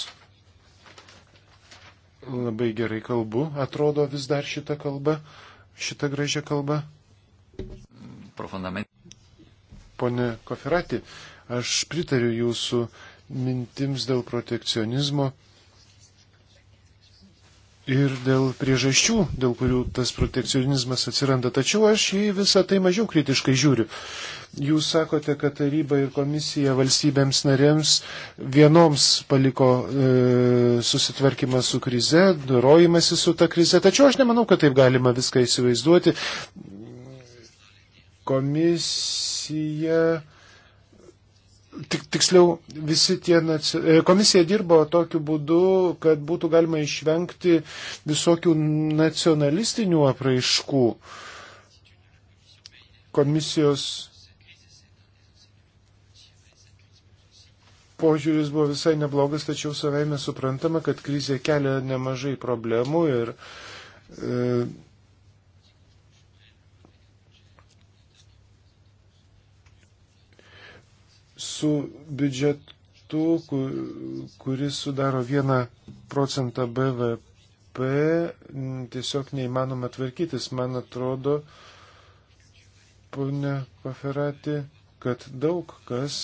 Labai gerai kalbu, atrodo vis dar šitą kalbą, šitą gražią kalbą. Profundament. Pone Koferati, aš pritariu jūsų mintims dėl protekcionizmo ir dėl priežasčių, dėl kurių tas protekcionizmas atsiranda. Tačiau aš į visą tai mažiau kritiškai žiūriu. Jūs sakote, kad taryba ir komisija valstybėms narėms vienoms paliko e, susitvarkymą su krize, dorojimasi su ta krize. Tačiau aš nemanau, kad taip galima viską įsivaizduoti. Komisija Tik, tiksliau, visi tie e, komisija dirbo tokiu būdu, kad būtų galima išvengti visokių nacionalistinių apraiškų. Komisijos požiūris buvo visai neblogas, tačiau savaime suprantama, kad krizė kelia nemažai problemų ir e, su biudžetu, kuris sudaro 1 procentą BVP, tiesiog neįmanoma tvarkytis. Man atrodo, ponia Paferati, kad daug kas,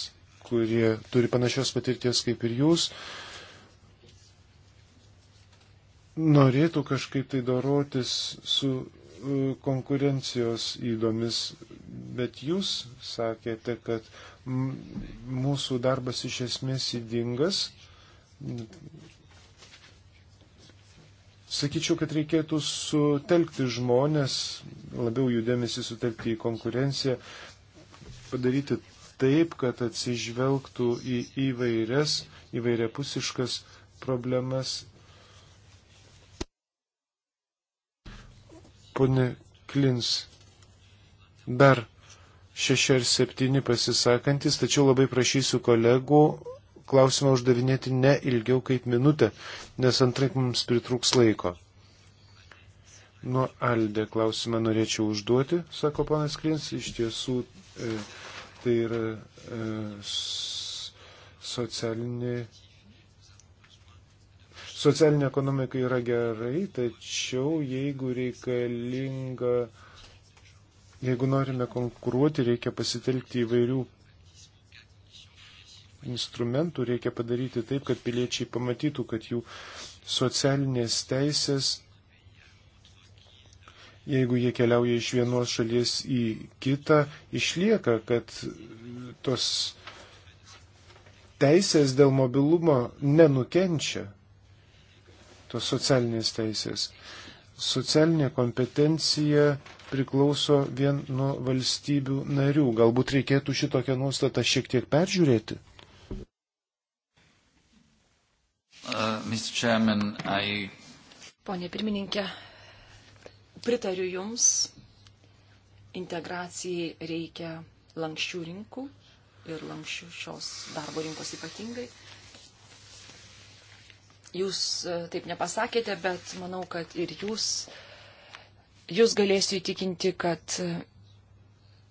kurie turi panašios patirties kaip ir jūs, norėtų kažkaip tai dorotis su e, konkurencijos įdomis, bet jūs sakėte, kad mūsų darbas iš esmės įdingas. Sakyčiau, kad reikėtų sutelkti žmonės, labiau jų dėmesį sutelkti į konkurenciją, padaryti taip, kad atsižvelgtų į įvairias, įvairiapusiškas problemas. Pone Klins, dar 6 ar 7 pasisakantis, tačiau labai prašysiu kolegų klausimą uždavinėti ne ilgiau kaip minutę, nes antraip mums pritrūks laiko. Nuo Aldė klausimą norėčiau užduoti, sako panas Klins, iš tiesų e, tai yra e, socialinė. Socialinė ekonomika yra gerai, tačiau jeigu reikalinga Jeigu norime konkuruoti, reikia pasitelkti įvairių instrumentų, reikia padaryti taip, kad piliečiai pamatytų, kad jų socialinės teisės, jeigu jie keliauja iš vienos šalies į kitą, išlieka, kad tos teisės dėl mobilumo nenukenčia. Tos socialinės teisės. Socialinė kompetencija priklauso vien nuo valstybių narių. Galbūt reikėtų šitokią nuostatą šiek tiek peržiūrėti. Uh, Chairman, I... Pone pirmininkė, pritariu Jums. Integracijai reikia lankščių rinkų ir lankščių šios darbo rinkos ypatingai. Jūs uh, taip nepasakėte, bet manau, kad ir jūs uh, jūs galėsiu įtikinti, kad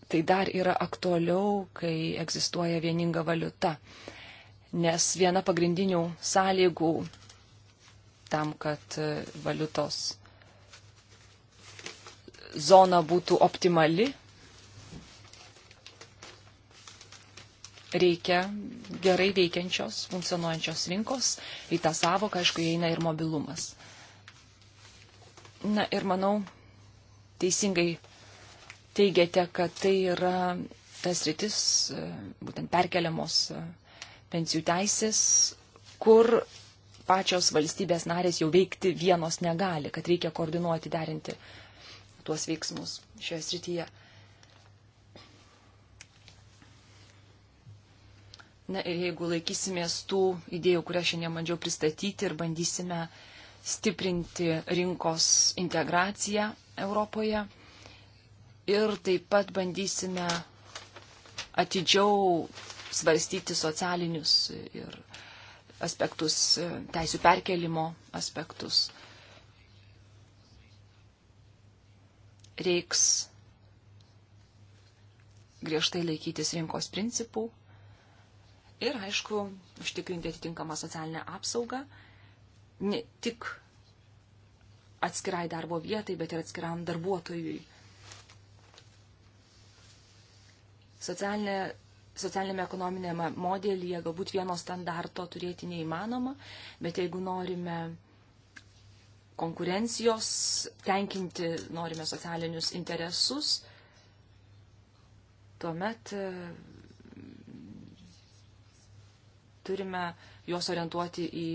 tai dar yra aktualiau, kai egzistuoja vieninga valiuta. Nes viena pagrindinių sąlygų tam, kad e, valiutos zona būtų optimali, reikia gerai veikiančios, funkcionuojančios rinkos. Į tą savoką, aišku, įeina ir mobilumas. Na ir manau, teisingai teigiate, kad tai yra tas rytis, e, būtent perkeliamos e, pensijų teisės, kur pačios valstybės narės jau veikti vienos negali, kad reikia koordinuoti, derinti tuos veiksmus šioje srityje. Na ir jeigu laikysimės tų idėjų, kurias šiandien bandžiau pristatyti ir bandysime uh, stiprinti rinkos integraciją Europoje ir taip pat bandysime atidžiau svarstyti socialinius ir aspektus, teisų perkelimo aspektus. Reiks griežtai laikytis rinkos principų ir, aišku, užtikrinti atitinkamą socialinę apsaugą ne tik atskirai darbo vietai, bet ir atskiram darbuotojui. Socialinė, socialinėme ekonominėme modelyje galbūt vieno standarto turėti neįmanoma, bet jeigu norime konkurencijos, tenkinti norime socialinius interesus, tuomet e, turime juos orientuoti į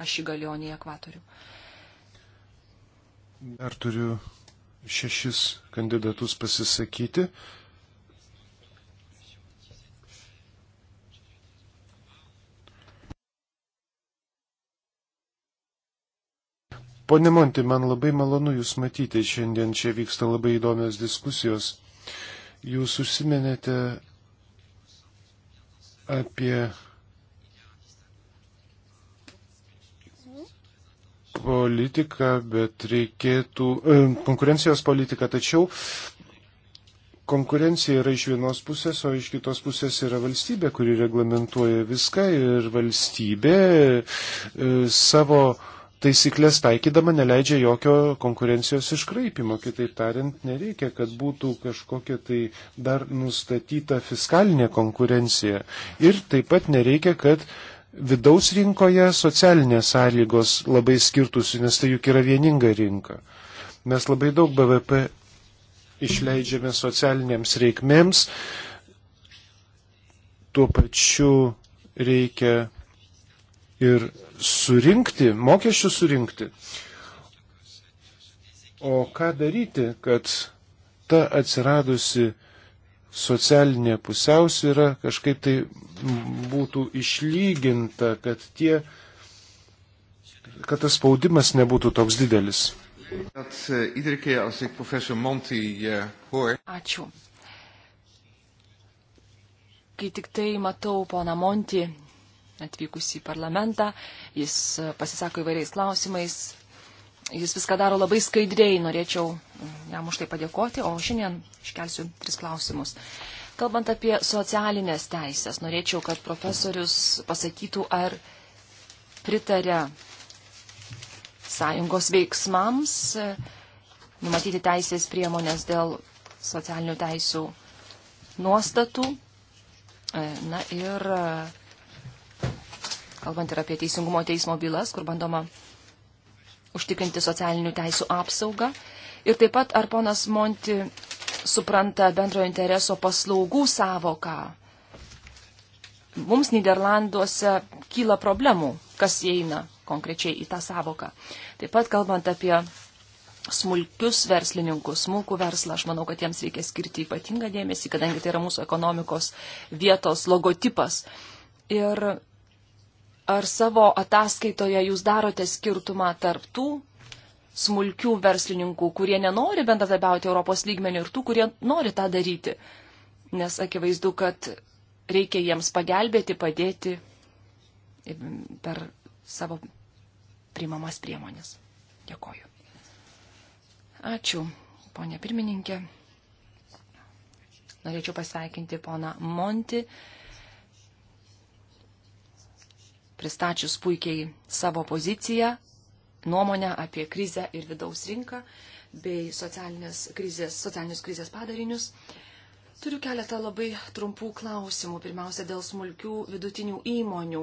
Ašigalionį ekvatorių. Dar turiu šešis kandidatus pasisakyti. Pone Monti, man labai malonu Jūs matyti. Šiandien čia vyksta labai įdomios diskusijos. Jūs užsiminėte apie politiką, bet reikėtų e, konkurencijos politiką, tačiau konkurencija yra iš vienos pusės, o iš kitos pusės yra valstybė, kuri reglamentuoja viską ir valstybė e, savo taisyklės taikydama neleidžia jokio konkurencijos iškraipimo. Kitaip tariant, nereikia, kad būtų kažkokia tai dar nustatyta fiskalinė konkurencija. Ir taip pat nereikia, kad e, vidaus rinkoje socialinės sąlygos labai skirtusi, nes tai juk yra vieninga rinka. Mes labai daug BVP išleidžiame socialinėms reikmėms, tuo pačiu reikia ir surinkti, mokesčių surinkti. O ką daryti, kad ta atsiradusi socialinė pusiausvyra kažkaip tai būtų išlyginta, kad, tie, kad tas spaudimas nebūtų toks didelis. Eh, eh, Ačiū. Kai tik tai matau poną Monti atvykus į parlamentą, jis eh, pasisako įvairiais klausimais, Jis viską daro labai skaidriai, norėčiau jam už tai padėkoti, o šiandien iškelsiu tris klausimus. Kalbant apie socialinės teisės, norėčiau, kad profesorius pasakytų, ar pritarė sąjungos veiksmams e, numatyti teisės priemonės dėl socialinių teisų nuostatų. E, na ir e, kalbant ir apie teisingumo teismo bylas, kur bandoma užtikrinti socialinių teisų apsaugą. Ir taip pat, ar ponas Monti supranta bendrojo intereso paslaugų savoką. Mums Niderlanduose kyla problemų, kas įeina konkrečiai į tą savoką. Taip pat kalbant apie smulkius verslininkus, smulkų verslą, aš manau, kad jiems reikia skirti ypatingą dėmesį, kadangi tai yra mūsų ekonomikos vietos logotipas. Ir ar savo ataskaitoje jūs darote skirtumą tarp tų smulkių verslininkų, kurie nenori bendradarbiauti Europos lygmenių ir tų, kurie nori tą daryti. Nes akivaizdu, kad reikia jiems pagelbėti, padėti per savo priimamas priemonės. Dėkoju. Ačiū, ponė pirmininkė. Norėčiau pasveikinti poną Monti pristačius puikiai savo poziciją, nuomonę apie krizę ir vidaus rinką bei socialinės krizės, socialinės krizės padarinius. Turiu keletą labai trumpų klausimų. Pirmiausia, dėl smulkių vidutinių įmonių.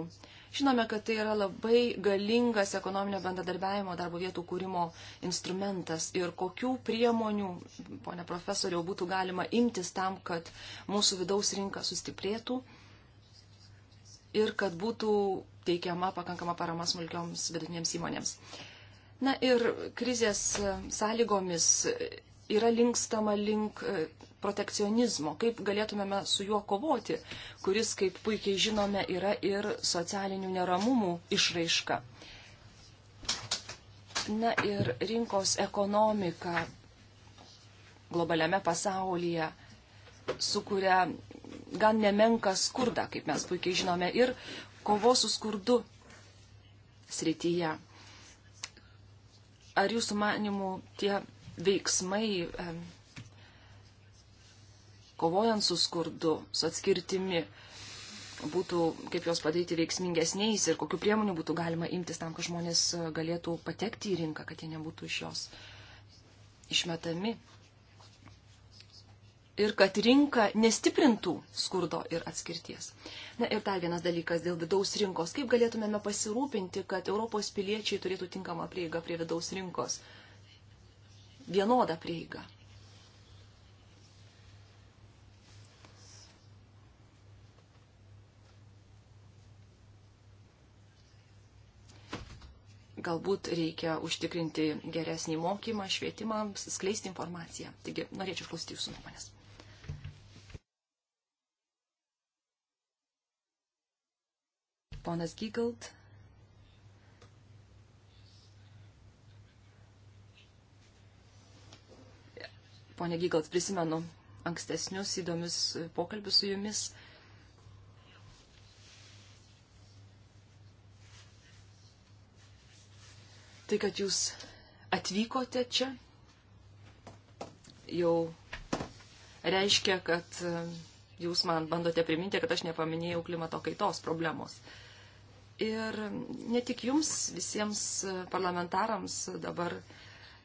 Žinome, kad tai yra labai galingas ekonominio bendradarbiavimo darbo vietų kūrimo instrumentas ir kokių priemonių, ponė profesoriau, būtų galima imtis tam, kad mūsų vidaus rinka sustiprėtų ir kad būtų teikiama pakankama parama smulkioms vidutinėms įmonėms. Na ir krizės sąlygomis yra linkstama link e, protekcionizmo, kaip galėtumėme su juo kovoti, kuris, kaip puikiai žinome, yra ir socialinių neramumų išraiška. Na ir rinkos ekonomika globaliame pasaulyje sukuria gan nemenką skurdą, kaip mes puikiai žinome, ir kovos su skurdu srityje. Ar jūsų manimų tie veiksmai, kovojant su skurdu, su atskirtimi, būtų, kaip juos padaryti veiksmingesniais ir kokiu priemonių būtų galima imtis tam, kad žmonės e, galėtų patekti į rinką, kad jie nebūtų iš jos išmetami ir kad rinka nestiprintų skurdo ir atskirties. Na ir dar vienas dalykas dėl vidaus rinkos. Kaip galėtumėme pasirūpinti, kad Europos piliečiai turėtų tinkamą prieigą prie vidaus rinkos? Vienodą prieigą. galbūt reikia užtikrinti geresnį mokymą, švietimą, skleisti informaciją. Taigi norėčiau išklausyti jūsų nuomonės. ponas Gigalt. Pone Gigalt, prisimenu ankstesnius įdomius pokalbius su jumis. Tai, kad jūs atvykote čia, jau reiškia, kad e, jūs man bandote priminti, kad aš nepaminėjau klimato kaitos problemos. Uh, Ir ne tik jums, visiems parlamentarams dabar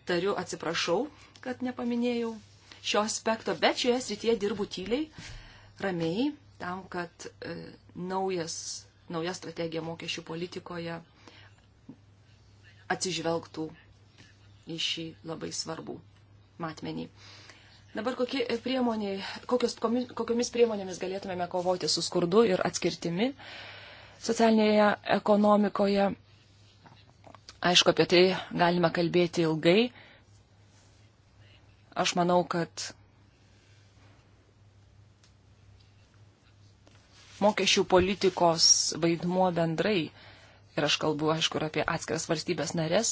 tariu atsiprašau, kad nepaminėjau šio aspekto, bet šioje srityje dirbu tyliai, ramiai, tam, kad e, naujas, nauja strategija mokesčių politikoje atsižvelgtų į šį labai svarbų matmenį. Dabar kokie priemonė, kokios, komis, kokiomis priemonėmis galėtumėme kovoti su skurdu ir atskirtimi? E, socialinėje ekonomikoje. Aišku, apie tai galima kalbėti ilgai. Aš manau, kad mokesčių politikos vaidmuo bendrai, ir aš kalbu, aišku, ir apie atskiras valstybės narės,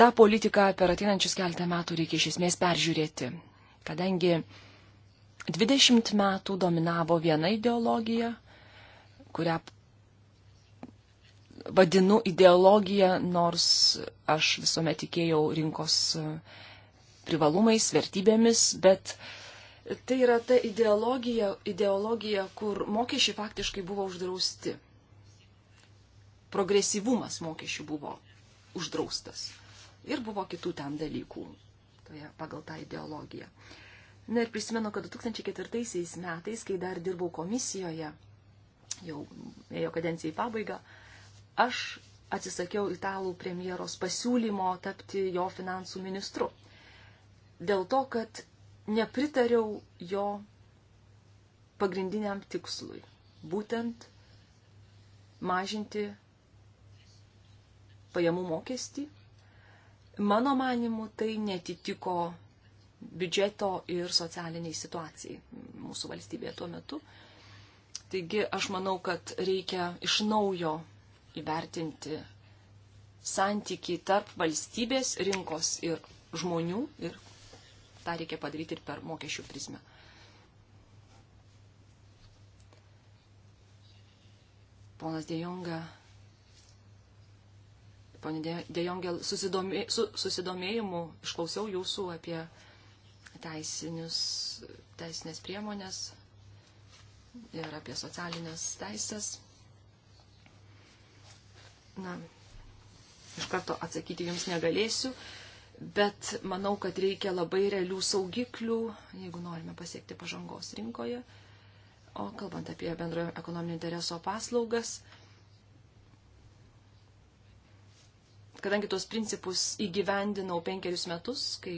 tą politiką per ateinančius keltą metų reikia iš esmės peržiūrėti, kadangi 20 metų dominavo viena ideologija, kurią vadinu ideologija, nors aš visuomet tikėjau rinkos e, privalumais, vertybėmis, bet tai yra ta ideologija, ideologija kur mokesčiai faktiškai buvo uždrausti. Progresyvumas mokesčių buvo uždraustas. Ir buvo kitų ten dalykų toje, pagal tą ideologiją. Na ir prisimenu, kad 2004 metais, kai dar dirbau komisijoje, jau ėjo kadencijai pabaigą, aš atsisakiau italų premjeros pasiūlymo tapti jo finansų ministru. Dėl to, kad nepritariau jo pagrindiniam tikslui - būtent mažinti pajamų mokestį. Mano manimu, tai netitiko biudžeto ir socialiniai situacijai mūsų valstybėje tuo metu. Taigi aš manau, kad reikia iš naujo įvertinti santykiai tarp valstybės, rinkos ir žmonių ir tą reikia padaryti ir per mokesčių prizmę. Ponas Dejonga, ponė Dejongel, susidomė, su, susidomėjimu išklausiau jūsų apie teisinius, teisinės priemonės, ir apie socialinės teisės. Na, iš karto atsakyti jums negalėsiu, bet manau, kad reikia labai realių saugiklių, jeigu norime pasiekti pažangos rinkoje. O kalbant apie bendrojo ekonominio intereso paslaugas, kadangi tuos principus įgyvendinau penkerius metus, kai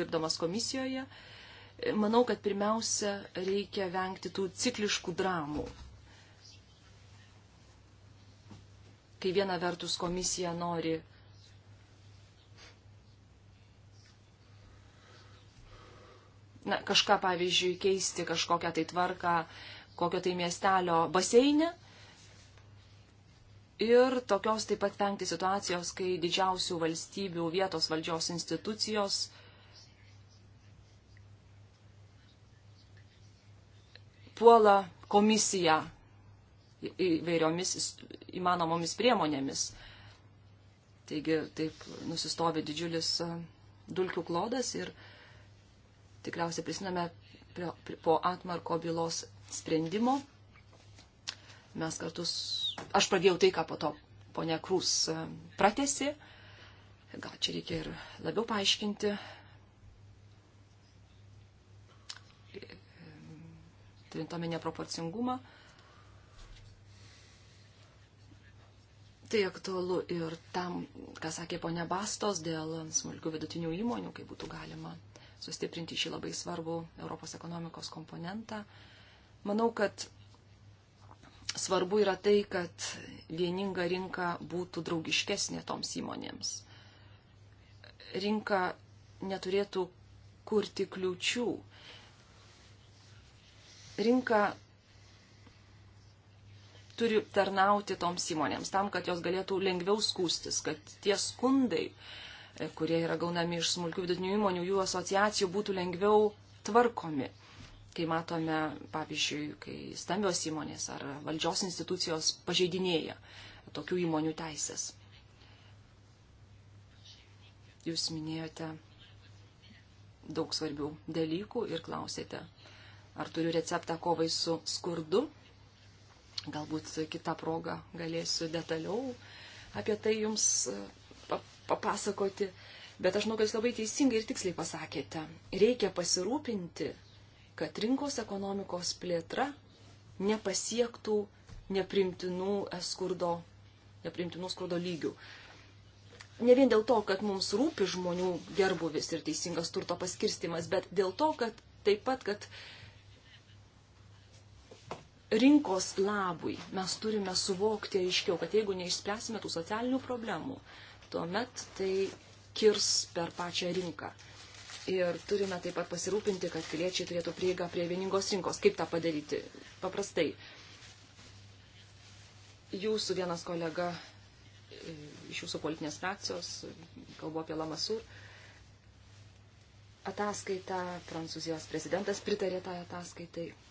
dirbdamas komisijoje, uh, Manau, kad pirmiausia reikia vengti tų cikliškų dramų. Kai viena vertus komisija nori na, kažką, pavyzdžiui, keisti kažkokią tai tvarką, kokio tai miestelio baseinę. Ir tokios taip pat vengti situacijos, kai didžiausių valstybių vietos valdžios institucijos uh, puola komisiją įvairiomis įmanomomis priemonėmis. Taigi taip nusistovi didžiulis dulkių klodas ir tikriausiai prisiname po Atmarko bylos sprendimo. Mes kartus, aš pradėjau tai, ką po to ponia Krūs pratesi. Gal čia reikia ir labiau paaiškinti turintome neproporcingumą. Tai aktualu ir tam, ką sakė ponia Bastos, dėl smulkių vidutinių įmonių, kaip būtų galima sustiprinti šį labai svarbų Europos ekonomikos komponentą. Manau, kad svarbu yra tai, kad vieninga rinka būtų draugiškesnė toms įmonėms. Rinka neturėtų kurti kliučių rinka turi tarnauti toms įmonėms, tam, kad jos galėtų lengviau skūstis, kad tie skundai, e, kurie yra gaunami iš smulkių vidutinių įmonių, jų asociacijų būtų lengviau tvarkomi. Kai matome, pavyzdžiui, kai stambios įmonės ar valdžios institucijos pažeidinėja tokių įmonių teisės. Jūs minėjote daug svarbių dalykų ir klausėte, ar turiu receptą kovai su skurdu. Galbūt kitą progą galėsiu detaliau apie tai jums e, papasakoti. Bet aš manau, kad jūs labai teisingai ir tiksliai pasakėte. Reikia pasirūpinti, kad rinkos ekonomikos plėtra nepasiektų neprimtinų e, skurdo, neprimtinų skurdo lygių. Ne vien dėl to, kad mums rūpi žmonių gerbuvis ir teisingas turto paskirstimas, bet dėl to, kad taip pat, kad rinkos labui mes turime suvokti aiškiau, kad jeigu neišspręsime tų socialinių problemų, tuomet tai kirs per pačią rinką. Ir turime taip pat pasirūpinti, kad piliečiai turėtų prieigą prie vieningos rinkos. Kaip tą padaryti? Paprastai. Jūsų vienas kolega e, iš jūsų politinės frakcijos, kalbu apie Lamasur, ataskaitą, Prancūzijos prezidentas pritarė tą tai ataskaitai. Tai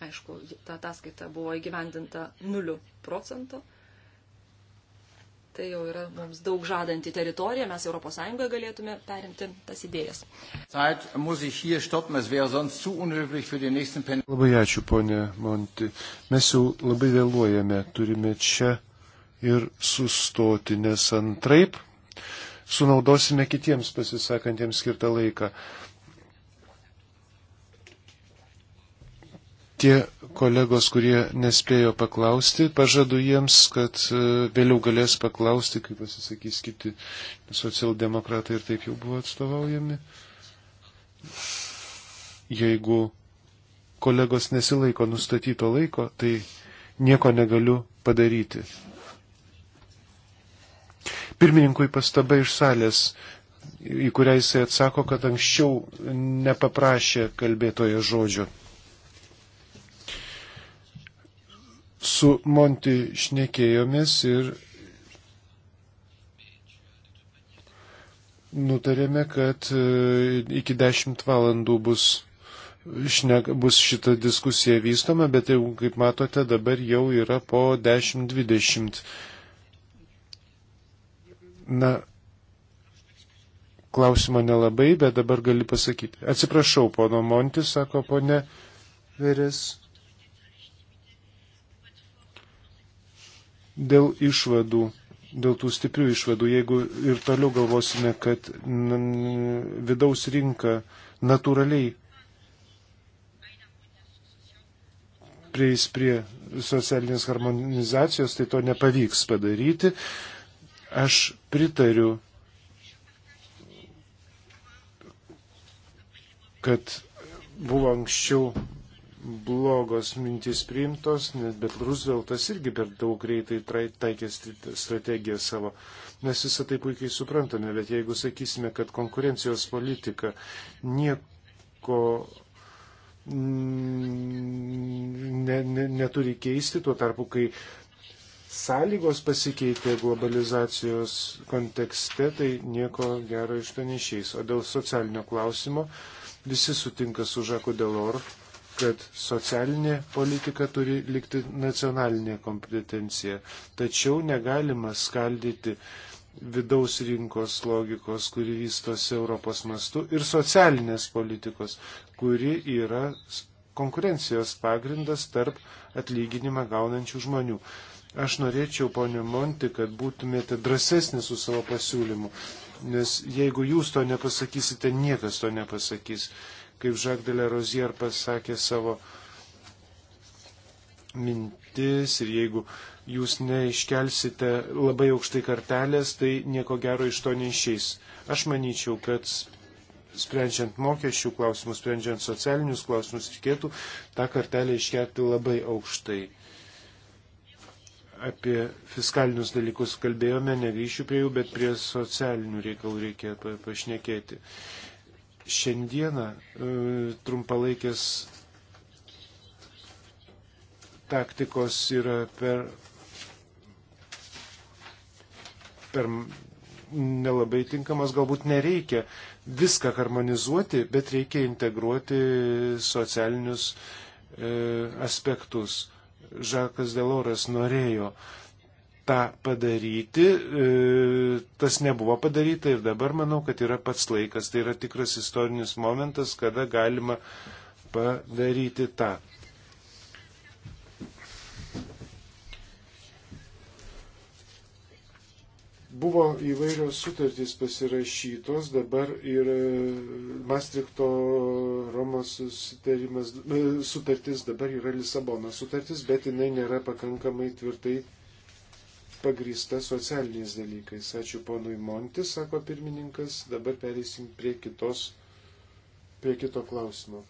Aišku, ta ataskaita buvo įgyvendinta 0 procento. Tai jau yra mums daug žadanti teritorija, mes ES galėtume perimti tas idėjas. Labai ačiū, ponė Monti. Mes jau labai vėluojame, turime čia ir sustoti, nes antraip sunaudosime kitiems pasisakantiems skirtą laiką. Tie kolegos, kurie nespėjo paklausti, pažadu jiems, kad e, vėliau galės paklausti, kaip pasisakys kiti socialdemokratai ir taip jau buvo atstovaujami. Jeigu kolegos nesilaiko nustatyto laiko, tai nieko negaliu padaryti. Pirmininkui pastaba iš salės, į kurią jisai atsako, kad anksčiau nepaprašė kalbėtojo žodžio. su Monti šnekėjomės ir nutarėme, kad e, iki 10 valandų bus šnek, bus šita diskusija vystoma, bet jau, kaip matote, dabar jau yra po 10-20. Na, klausimo nelabai, bet dabar gali pasakyti. Atsiprašau, pono Monti, sako ponė Veres. Dėl išvadų, dėl tų stiprių išvadų, jeigu ir toliau galvosime, kad vidaus rinka natūraliai prieis prie socialinės harmonizacijos, tai to nepavyks padaryti. Aš pritariu, kad buvo anksčiau blogos mintis priimtos, bet Rooseveltas irgi per daug greitai taikė strategiją savo. Mes visą tai puikiai suprantame, bet jeigu sakysime, kad konkurencijos politika nieko ne, ne, neturi keisti, tuo tarpu, kai sąlygos pasikeitė globalizacijos kontekste, tai nieko gero iš to neišeis. O dėl socialinio klausimo visi sutinka su Žaku Delor kad socialinė politika turi likti nacionalinė kompetencija. Tačiau negalima skaldyti vidaus rinkos logikos, kuri vystosi Europos mastu, ir socialinės politikos, kuri yra konkurencijos pagrindas tarp atlyginimą gaunančių žmonių. Aš norėčiau, ponė Monti, kad būtumėte drąsesni su savo pasiūlymu, nes jeigu jūs to nepasakysite, niekas to nepasakys kaip Jacques de la Rozier pasakė savo mintis ir jeigu jūs neiškelsite labai aukštai kartelės, tai nieko gero iš to neišeis. Aš manyčiau, kad sprendžiant mokesčių klausimus, sprendžiant socialinius klausimus, reikėtų tą kartelę iškelti labai aukštai. Apie fiskalinius dalykus kalbėjome, negryšiu prie jų, bet prie socialinių reikalų reikėtų pašnekėti. Šiandieną e, trumpalaikės taktikos yra per, per nelabai tinkamas, galbūt nereikia viską harmonizuoti, bet reikia integruoti socialinius e, aspektus. Žakas Deloras norėjo e, tą padaryti, e, tas nebuvo padaryta ir dabar manau, kad yra pats laikas, tai yra tikras istorinis momentas, kada galima padaryti tą. buvo įvairios sutartys pasirašytos, dabar ir e, Mastrikto Romos e, sutartis, dabar yra Lisabono sutartis, bet jinai nėra pakankamai tvirtai pagrįsta socialiniais dalykais. Ačiū ponui Montis, sako pirmininkas. Dabar pereisim prie, kitos, prie kito klausimo.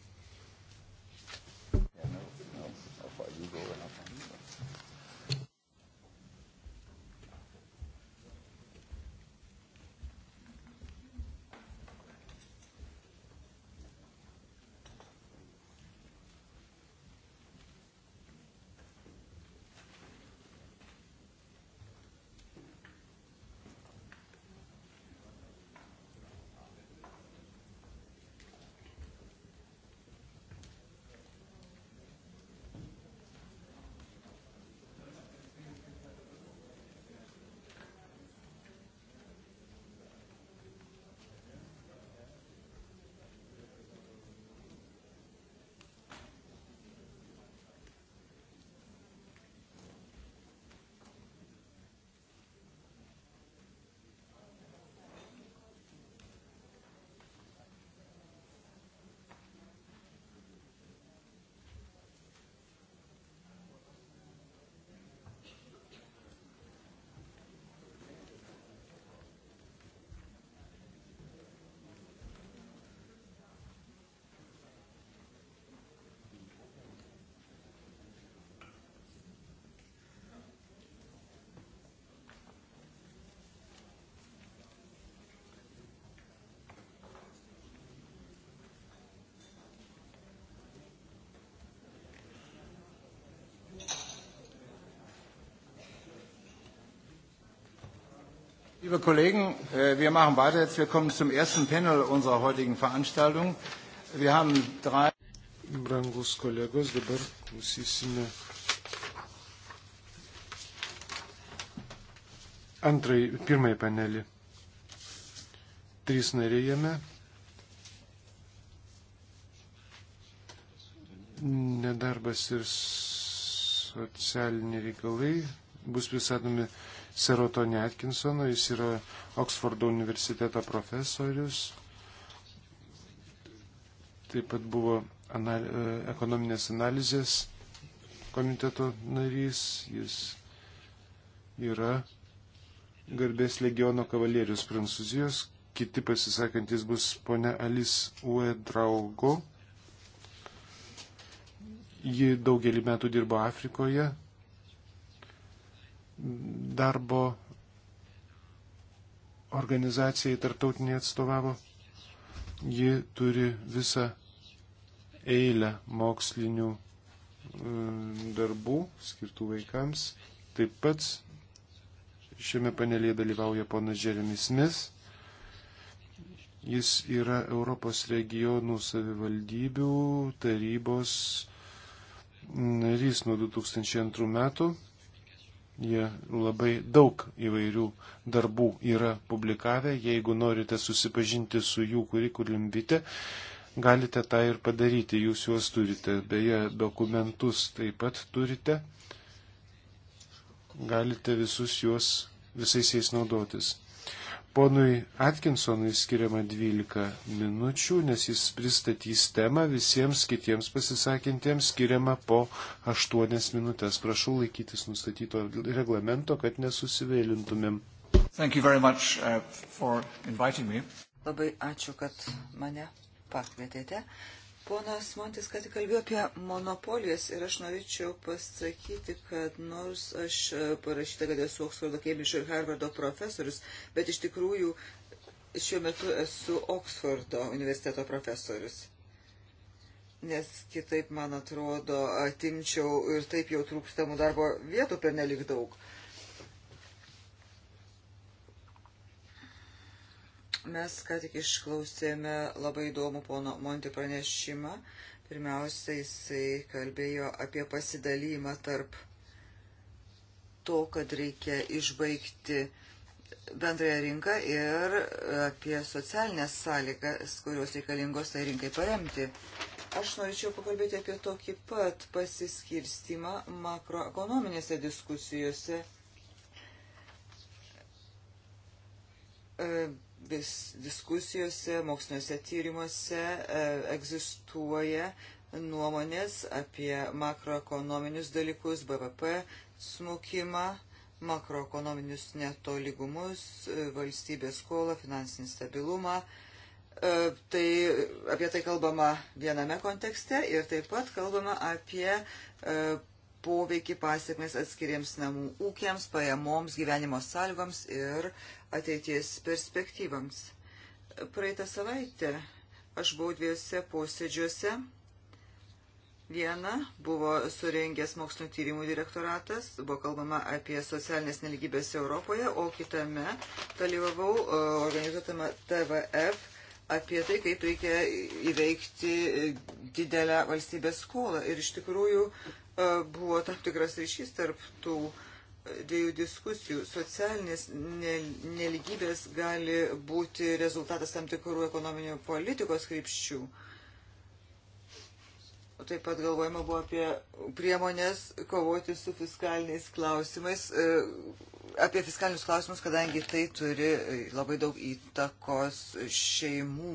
Liebe Kollegen, äh, wir machen weiter jetzt. Wir kommen zum ersten Panel unserer heutigen Veranstaltung. Wir haben drei. Brangus kolegos, dabar klausysime antrąjį, pirmąjį panelį. Trys nariai jame. Nedarbas ir socialiniai reikalai, bus pristatomi Serotonė Atkinsono, jis yra Oksfordo universiteto profesorius, taip pat buvo anal e, ekonominės analizės komiteto narys, jis yra garbės legiono kavalierius Prancūzijos, kiti pasisakantis bus ponia Alis Uedraugo. Ji daugelį metų dirbo Afrikoje, darbo organizacijai tarptautiniai atstovavo. Ji turi visą eilę mokslinių e, darbų skirtų vaikams. Taip pat šiame panelėje dalyvauja ponas Jeremis Smith. Jis yra Europos regionų savivaldybių tarybos narys nuo 2002 metų. Jie labai daug įvairių darbų yra publikavę. Jeigu norite susipažinti su jų kurikulium vite, galite tą ir padaryti. Jūs juos turite. Beje, dokumentus taip pat turite. Galite visus juos visais jais naudotis. Ponui Atkinsonui skiriama 12 minučių, nes jis pristatys temą, visiems kitiems pasisakintiems skiriama po 8 minutės. Prašau laikytis nustatyto reglamento, kad nesusivėlintumėm. Much, uh, Labai ačiū, kad mane pakvietėte. Uh, Ponas Montis, kad kalbėjau apie monopolijas ir aš norėčiau pasakyti, kad nors aš parašyta, kad esu Oksfordo, Kembridžo ir Harvardo profesorius, bet iš tikrųjų šiuo metu esu Oksfordo universiteto profesorius. Nes kitaip, man atrodo, atimčiau ir taip jau trūkstamų darbo vietų per nelik daug. Uh, Mes ką tik išklausėme labai įdomų pono Monti pranešimą. Pirmiausia, jisai kalbėjo apie pasidalymą tarp to, kad reikia išbaigti bendrąją rinką ir apie socialinės sąlygas, kurios reikalingos tai rinkai paremti. Aš norėčiau pakalbėti apie tokį pat pasiskirstimą makroekonominėse diskusijose e, vis, diskusijose, moksliniuose tyrimuose e, egzistuoja nuomonės apie makroekonominius dalykus, BVP smukimą, makroekonominius netoligumus, e, valstybės skolą, finansinį stabilumą. E, tai apie tai kalbama viename kontekste ir taip pat kalbama apie e, poveikį pasiekmes atskiriems namų ūkiams, pajamoms, gyvenimo sąlygoms ir ateities perspektyvams. Praeitą savaitę aš buvau dviejose posėdžiuose. Viena buvo surengęs mokslinio tyrimų direktoratas, buvo kalbama apie socialinės neligybės Europoje, o kitame dalyvavau e, organizuotame TVF apie tai, kaip reikia įveikti didelę valstybės skolą. Ir iš tikrųjų buvo tam tikras ryšys tarp tų dviejų diskusijų. Socialinės neligybės gali būti rezultatas tam tikrų ekonominių politikos krypščių. O taip pat galvojama buvo apie priemonės kovoti su fiskaliniais klausimais, e, apie fiskalinius klausimus, kadangi tai turi labai daug įtakos šeimų,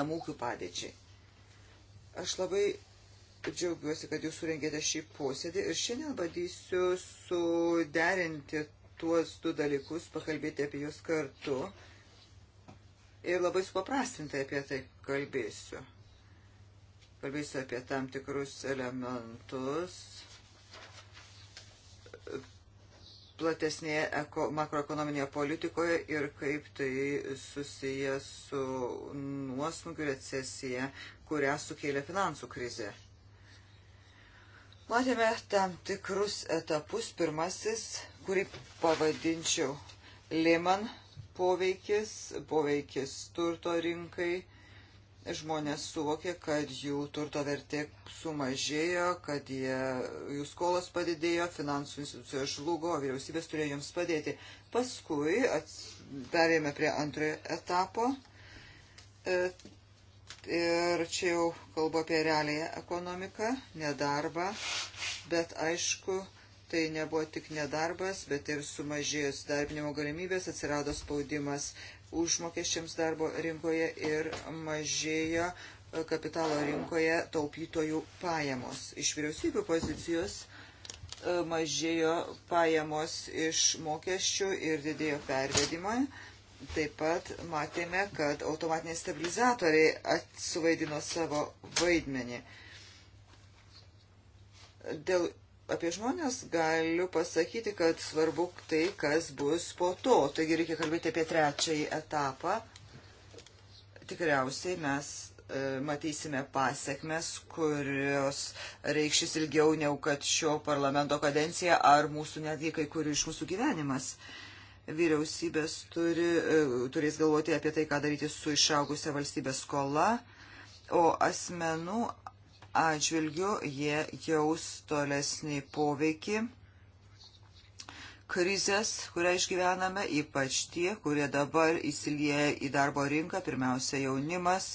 namūkių padėčiai. Aš labai Džiaugiuosi, kad jūs surengėte šį posėdį ir šiandien bandysiu suderinti tuos du dalykus, pakalbėti apie juos kartu ir labai supaprastintai apie tai kalbėsiu. Kalbėsiu apie tam tikrus elementus platesnėje eko, makroekonominėje politikoje ir kaip tai susiję su nuosmugiu recesija, kurią sukėlė finansų krizė. Matėme tam tikrus etapus. Pirmasis, kurį pavadinčiau Lehman poveikis, poveikis turto rinkai žmonės suvokė, kad jų turto vertė sumažėjo, kad jie, jų skolos padidėjo, finansų institucijos žlugo, vyriausybės turėjo jiems padėti. Paskui ats, perėjome prie antrojo etapo. E, Ir čia jau kalbu apie realiją ekonomiką, nedarbą, bet aišku, tai nebuvo tik nedarbas, bet ir sumažėjus darbinimo galimybės atsirado spaudimas užmokesčiams darbo rinkoje ir mažėjo e, kapitalo rinkoje taupytojų pajamos. Iš vyriausybių pozicijos e, mažėjo pajamos iš mokesčių ir didėjo pervedimai Taip pat matėme, kad automatiniai stabilizatoriai atsuvaidino savo vaidmenį. Dėl apie žmonės galiu pasakyti, kad svarbu tai, kas bus po to. Taigi reikia kalbėti apie trečiąjį etapą. Tikriausiai mes e, matysime pasiekmes, kurios reikšis ilgiau negu kad šio parlamento kadencija ar mūsų netgi kai kurių iš mūsų gyvenimas. Uh, vyriausybės turi, e, turės galvoti apie tai, ką daryti su išaugusia valstybės skola, o asmenų atžvilgių jie jaus tolesnį poveikį krizės, kurią išgyvename, ypač tie, kurie dabar įsilieja į darbo rinką, pirmiausia jaunimas,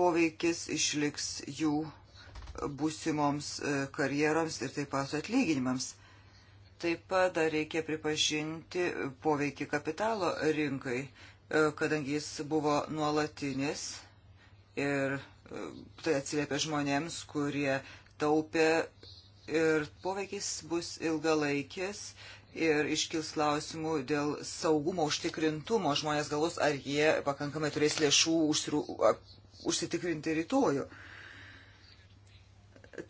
poveikis išliks jų būsimoms e, karjeroms ir taip pat atlyginimams. Taip pat dar reikia pripažinti poveikį kapitalo rinkai, e, kadangi jis buvo nuolatinis ir e, tai atsiliepia žmonėms, kurie taupė ir poveikis bus ilgalaikis ir iškils klausimų dėl saugumo užtikrintumo. Žmonės galvos, ar jie pakankamai turės lėšų užsitikrinti rytojų.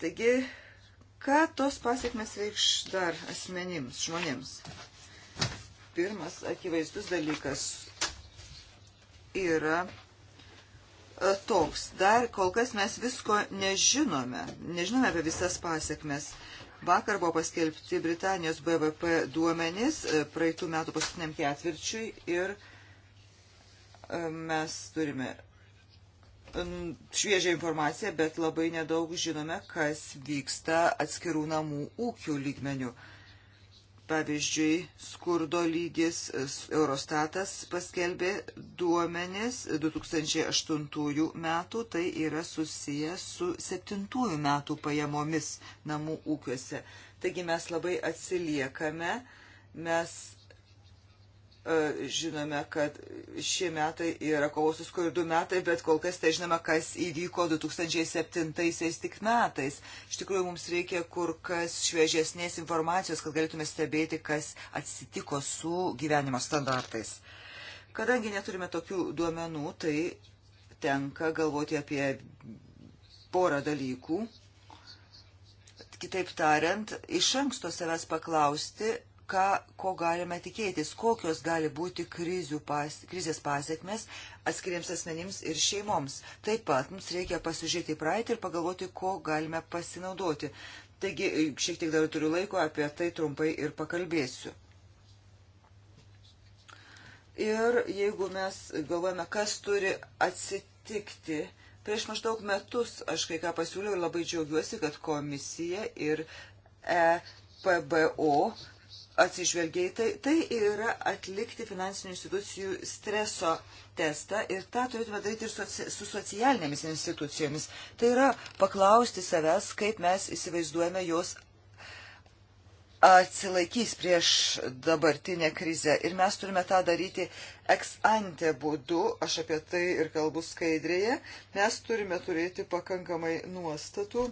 Taigi Ką tos pasiekmes reikš dar asmenims, žmonėms? Pirmas akivaizdus dalykas yra e, toks. Dar kol kas mes visko nežinome. Nežinome apie visas pasiekmes. Vakar buvo paskelbti Britanijos BVP duomenys e, praeitų metų paskutiniam ketvirčiui ir e, mes turime šviežią informaciją, bet labai nedaug žinome, kas vyksta atskirų namų ūkių lygmenių. Pavyzdžiui, skurdo lygis Eurostatas paskelbė duomenis 2008 metų, tai yra susiję su 7 metų pajamomis namų ūkiuose. Taigi mes labai atsiliekame, mes E, žinome, kad šie metai yra kovos su skurdu metai, bet kol kas tai žinome, kas įvyko 2007 tik metais. Iš tikrųjų, mums reikia kur kas šviežesnės informacijos, kad galėtume stebėti, kas atsitiko su gyvenimo standartais. Kadangi neturime tokių duomenų, tai tenka galvoti apie porą dalykų. Kitaip tariant, iš anksto savęs paklausti, ką, ko galime tikėtis, kokios gali būti pas, krizės pasiekmes atskiriems asmenims ir šeimoms. Taip pat mums reikia pasižiūrėti į praeitį ir pagalvoti, ko galime pasinaudoti. Taigi, šiek tiek dar turiu laiko, apie tai trumpai ir pakalbėsiu. Ir jeigu mes galvojame, kas turi atsitikti, prieš maždaug metus aš kai ką pasiūliau ir labai džiaugiuosi, kad komisija ir EPBO atsižvelgiai, tai, tai yra atlikti finansinių institucijų streso testą ir tą turėtume daryti ir soci, su socialinėmis institucijomis. Tai yra paklausti savęs, kaip mes įsivaizduojame jos atsilaikys prieš dabartinę krizę. Ir mes turime tą daryti ex ante būdu, aš apie tai ir kalbu skaidrėje, mes turime turėti pakankamai nuostatų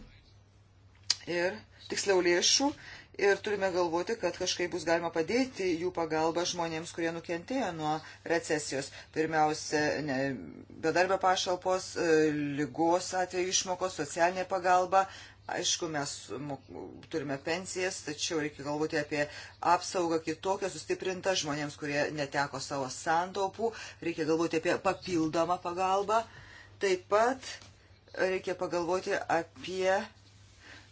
ir tiksliau lėšų, ir turime galvoti, kad kažkaip bus galima padėti jų pagalbą žmonėms, kurie nukentėjo nuo recesijos. Pirmiausia, ne, bedarbio pašalpos, e, lygos atveju išmokos, socialinė pagalba. Aišku, mes turime pensijas, tačiau reikia galvoti apie apsaugą kitokią, sustiprintą žmonėms, kurie neteko savo santaupų. Reikia galvoti apie papildomą pagalbą. Taip pat reikia pagalvoti apie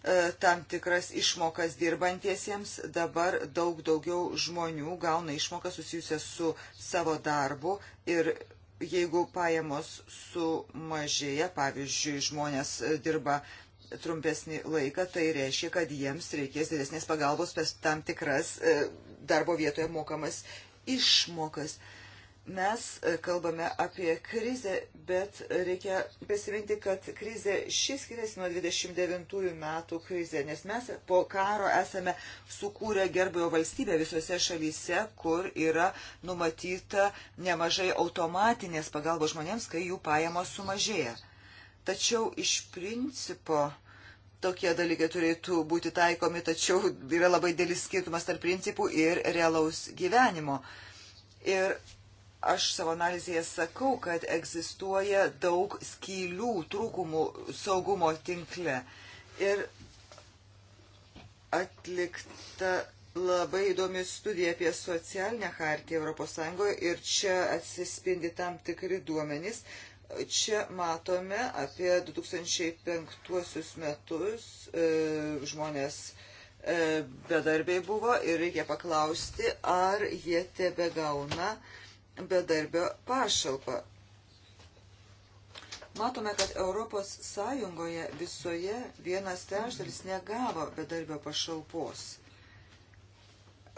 E, tam tikras išmokas dirbantiesiems. Dabar daug daugiau žmonių gauna išmokas susijusias su savo darbu ir jeigu pajamos sumažėja, pavyzdžiui, žmonės dirba trumpesnį laiką, tai reiškia, kad jiems reikės didesnės pagalbos per tam tikras e, darbo vietoje mokamas išmokas. E, Mes e, kalbame apie krizę, bet reikia prisiminti, kad krizė ši skiriasi nuo 29 metų krizė, nes mes po karo esame sukūrę gerbėjo valstybę visose šalyse, kur yra numatyta nemažai automatinės pagalbos žmonėms, kai jų pajamos sumažėja. Tačiau iš principo tokie dalykai turėtų būti taikomi, tačiau yra labai dėlis skirtumas tarp principų ir realaus gyvenimo. Ir Aš savo analizėje sakau, kad egzistuoja daug skylių trūkumų saugumo tinkle. Ir atlikta labai įdomi studija apie socialinę hartiją ES ir čia atsispindi tam tikri duomenys. Čia matome apie 2005 metus e, žmonės e, bedarbiai buvo ir reikia paklausti, ar jie tebe gauna e, bedarbio pašalpą. Matome, kad Europos Sąjungoje visoje vienas trečdalis negavo bedarbio pašalpos.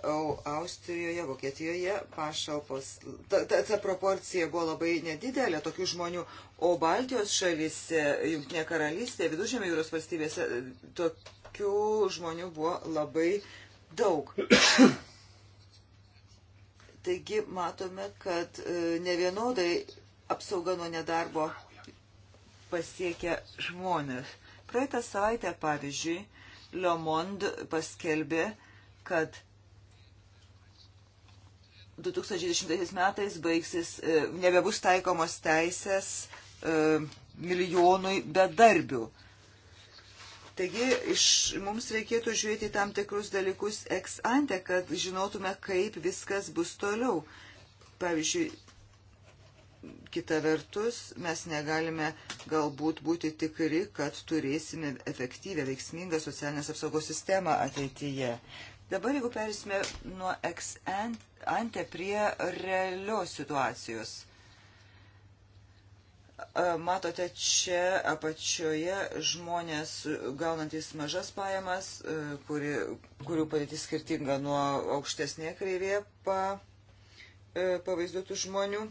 O Austrijoje, Vokietijoje pašalpos, ta, ta, ta proporcija buvo labai nedidelė tokių žmonių, o Baltijos šalyse, Junktinė karalystė, Vidužėmė jūros valstybėse tokių žmonių buvo labai daug. *coughs* Taigi matome, kad e, ne vienodai apsauga nuo nedarbo pasiekia žmonės. Praeitą savaitę, pavyzdžiui, Le Monde paskelbė, kad 2010 metais baigsis, e, nebebus taikomos teisės e, milijonui bedarbių. Taigi iš, mums reikėtų žiūrėti tam tikrus dalykus ex ante, kad žinotume, kaip viskas bus toliau. Pavyzdžiui, kita vertus, mes negalime galbūt būti tikri, kad turėsime efektyvę, veiksmingą socialinės apsaugos sistemą ateityje. Dabar jeigu perėsime nuo ex ante prie realios situacijos Matote čia apačioje žmonės gaunantis mažas pajamas, kuri, kurių padėtis skirtinga nuo aukštesnė kreivė pa, pavaizduotų žmonių.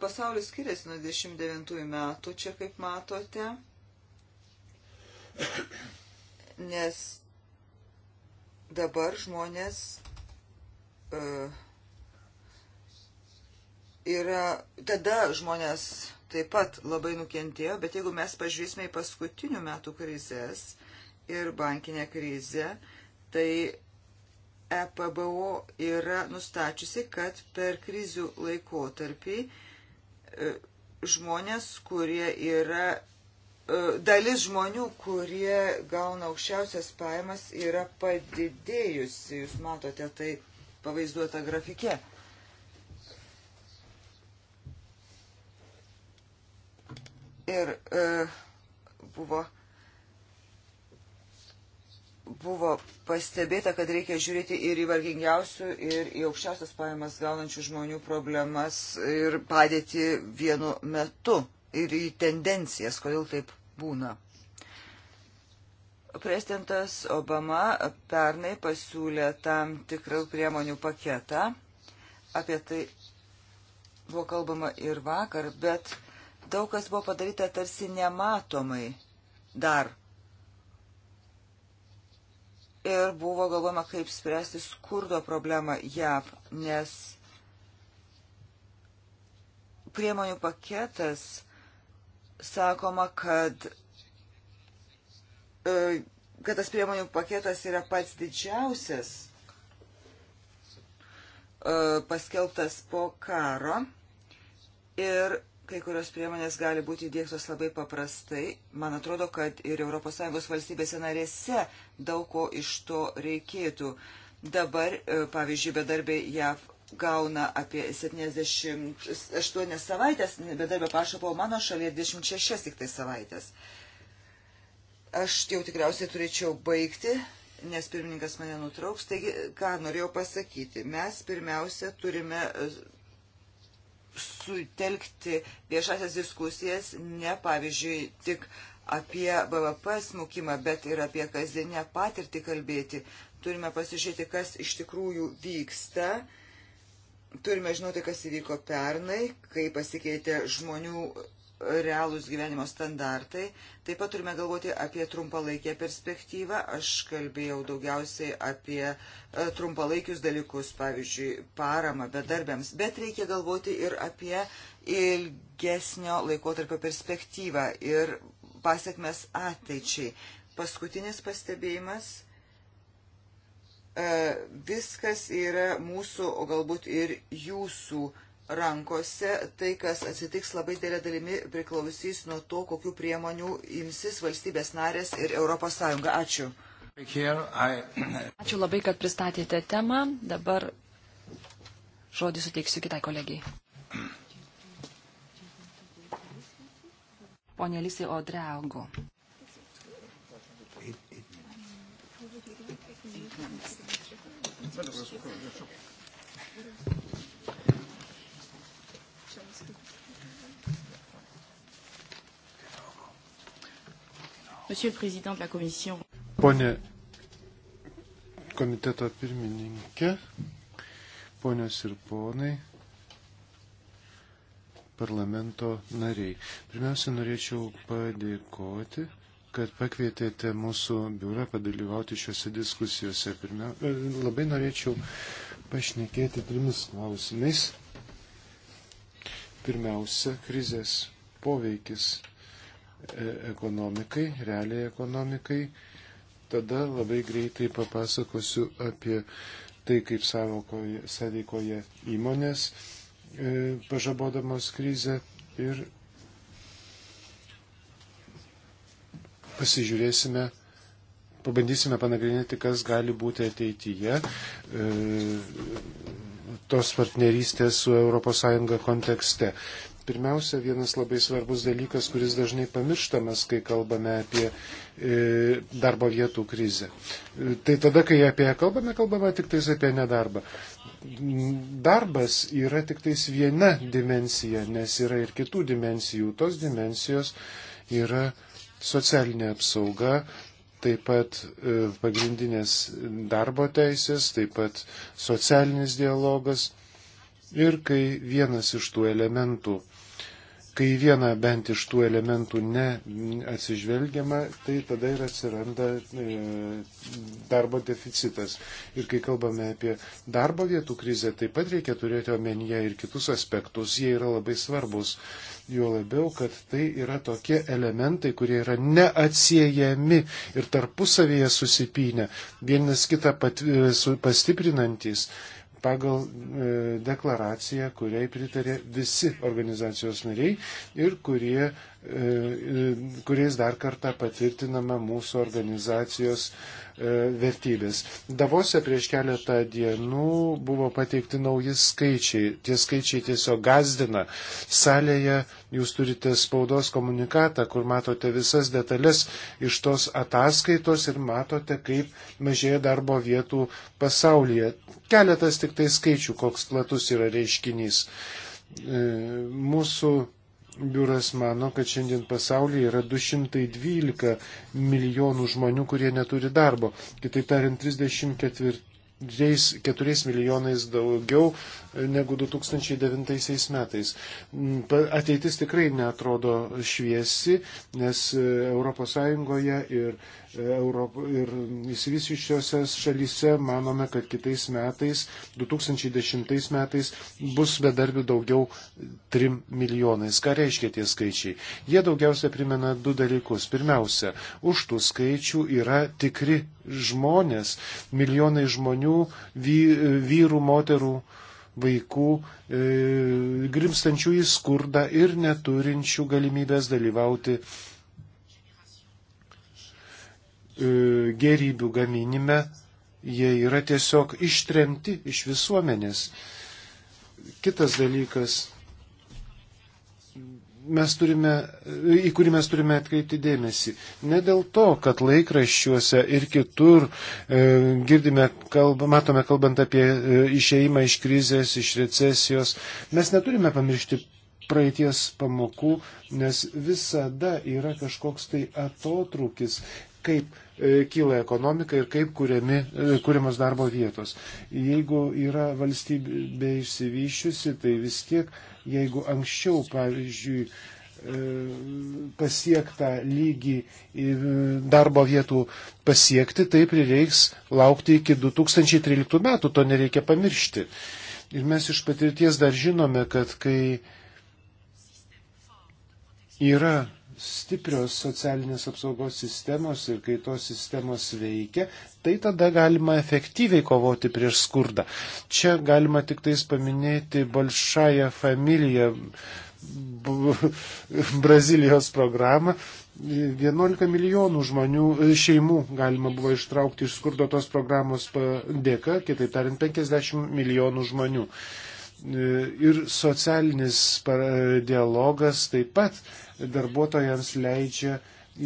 Pasaulis skiriasi nuo 29 metų, čia kaip matote, nes dabar žmonės uh, yra, tada žmonės taip pat labai nukentėjo, bet jeigu mes pažvysime į paskutinių metų krizės ir bankinę krizę, tai EPBO yra nustačiusi, kad per krizių laikotarpį e, žmonės, kurie yra, e, dalis žmonių, kurie gauna aukščiausias pajamas, yra padidėjusi. Jūs matote tai pavaizduota grafike. ir e, buvo buvo pastebėta, kad reikia žiūrėti ir į vargingiausių, ir į aukščiausias pajamas gaunančių žmonių problemas ir padėti vienu metu ir į tendencijas, kodėl taip būna. Prezidentas Obama pernai pasiūlė tam tikrą priemonių paketą. Apie tai buvo kalbama ir vakar, bet daug kas buvo padaryta tarsi nematomai dar. Ir buvo galvojama, kaip spręsti skurdo problemą JAV, nes priemonių paketas sakoma, kad, e, kad tas priemonių paketas yra pats didžiausias e, paskelbtas po karo ir Kai kurios priemonės gali būti įdėktos labai paprastai. Man atrodo, kad ir ES valstybėse narėse daug ko iš to reikėtų. Dabar, e, pavyzdžiui, bedarbiai JAV gauna apie 78 savaitės, bedarbio pašapo mano šalyje 26 tik tai savaitės. Aš jau tikriausiai turėčiau baigti, nes pirmininkas mane nutrauks. Taigi, ką norėjau pasakyti, mes pirmiausia turime sutelkti viešasias diskusijas ne, pavyzdžiui, tik apie BVP smukimą, bet ir apie kasdienę patirtį kalbėti. Turime pasižiūrėti, kas iš tikrųjų vyksta. Turime žinoti, kas įvyko pernai, kai pasikeitė žmonių realūs gyvenimo standartai. Taip pat turime galvoti apie trumpalaikę perspektyvą. Aš kalbėjau daugiausiai apie e, trumpalaikius dalykus, pavyzdžiui, paramą bedarbiams, bet reikia galvoti ir apie ilgesnio laikotarpio perspektyvą ir pasiekmes ateičiai. Paskutinis pastebėjimas e, viskas yra mūsų, o galbūt ir jūsų rankose. Tai, kas atsitiks labai dėlė dalimi, priklausys nuo to, kokiu priemonių imsis valstybės narės ir ES. Ačiū. Ačiū labai, kad pristatėte temą. Dabar žodį suteiksiu kitai kolegijai. Pone Lisai Odreago. Monsieur le Président de la Commission. Pone komiteto pirmininkė, ponios ir ponai, parlamento nariai. Pirmiausia, norėčiau padėkoti, kad pakvietėte mūsų biurą padalyvauti šiuose diskusijose. Pirmia, e, labai norėčiau pašnekėti trimis klausimais. Pirmiausia, krizės poveikis E, ekonomikai, realiai ekonomikai. Tada labai greitai papasakosiu apie tai, kaip sąveikoje įmonės e, pažabodamos krizę ir pasižiūrėsime, pabandysime panagrinėti, kas gali būti ateityje e, tos partnerystės su ES kontekste. Pirmiausia, vienas labai svarbus dalykas, kuris dažnai pamirštamas, kai kalbame apie e, darbo vietų krizę. E, tai tada, kai apie ją kalbame, kalbame tik tais apie nedarbą. Darbas yra tik tais viena dimensija, nes yra ir kitų dimensijų. Tos dimensijos yra socialinė apsauga, taip pat e, pagrindinės darbo teisės, taip pat socialinis dialogas. Ir kai vienas iš tų elementų Kai viena bent iš tų elementų neatsižvelgiama, tai tada ir atsiranda e, darbo deficitas. Ir kai kalbame apie darbo vietų krizę, taip pat reikia turėti omenyje ir kitus aspektus. Jie yra labai svarbus. Jo labiau, kad tai yra tokie elementai, kurie yra neatsiejami ir tarpusavėje susipinę, vienas kitą pat, e, su, pastiprinantis. E, pagal e, deklaraciją, kuriai pritarė visi organizacijos nariai ir kurie E, kuriais dar kartą patvirtinama mūsų organizacijos e, vertybės. Davose prieš keletą dienų buvo pateikti nauji skaičiai. Tie skaičiai tiesiog gazdina. Salėje jūs turite spaudos komunikatą, kur matote visas detalės iš tos ataskaitos ir matote, kaip mažėja darbo vietų pasaulyje. Keletas tik tai skaičių, koks platus yra reiškinys. E, mūsų Biuras mano, kad šiandien pasaulyje yra 212 milijonų žmonių, kurie neturi darbo. Kitaip tariant, 34 4 milijonais daugiau negu 2009 metais. Mm, ateitis tikrai netrodo šviesi, nes ES ir, e, Europo, ir įsivysiusiuose šalyse manome, kad kitais metais, 2010 metais, bus bedarbių daugiau 3 milijonais. Ką reiškia tie skaičiai? Jie daugiausia primena du dalykus. Pirmiausia, už tų skaičių yra tikri žmonės, milijonai žmonių, vyrų, moterų, vaikų e, grimstančių į skurdą ir neturinčių galimybės dalyvauti e, gerybių gaminime. Jie yra tiesiog ištremti iš visuomenės. Kitas dalykas mes turime, į kurį mes turime atkreipti dėmesį. Ne dėl to, kad laikraščiuose ir kitur e, girdime, kalb, matome kalbant apie e, išeimą iš krizės, iš recesijos, mes neturime pamiršti praeities pamokų, nes visada yra kažkoks tai atotrukis, kaip e, kyla ekonomika ir kaip kuriami, e, kuriamas darbo vietos. Jeigu yra valstybė išsivyščiusi, tai vis tiek e, Jeigu anksčiau, pavyzdžiui, e, pasiektą lygį darbo vietų pasiekti, tai prireiks laukti iki 2013 metų, to nereikia pamiršti. Ir mes iš patirties dar žinome, kad kai yra stiprios socialinės apsaugos sistemos ir kai tos sistemos veikia, tai tada galima efektyviai kovoti prieš skurdą. Čia galima tik tais paminėti Balšąją familiją *laughs* Brazilijos programą. 11 milijonų žmonių, šeimų galima buvo ištraukti iš skurdo tos programos dėka, kitaip tariant, 50 milijonų žmonių. Uh, Ir socialinis dialogas taip pat darbuotojams leidžia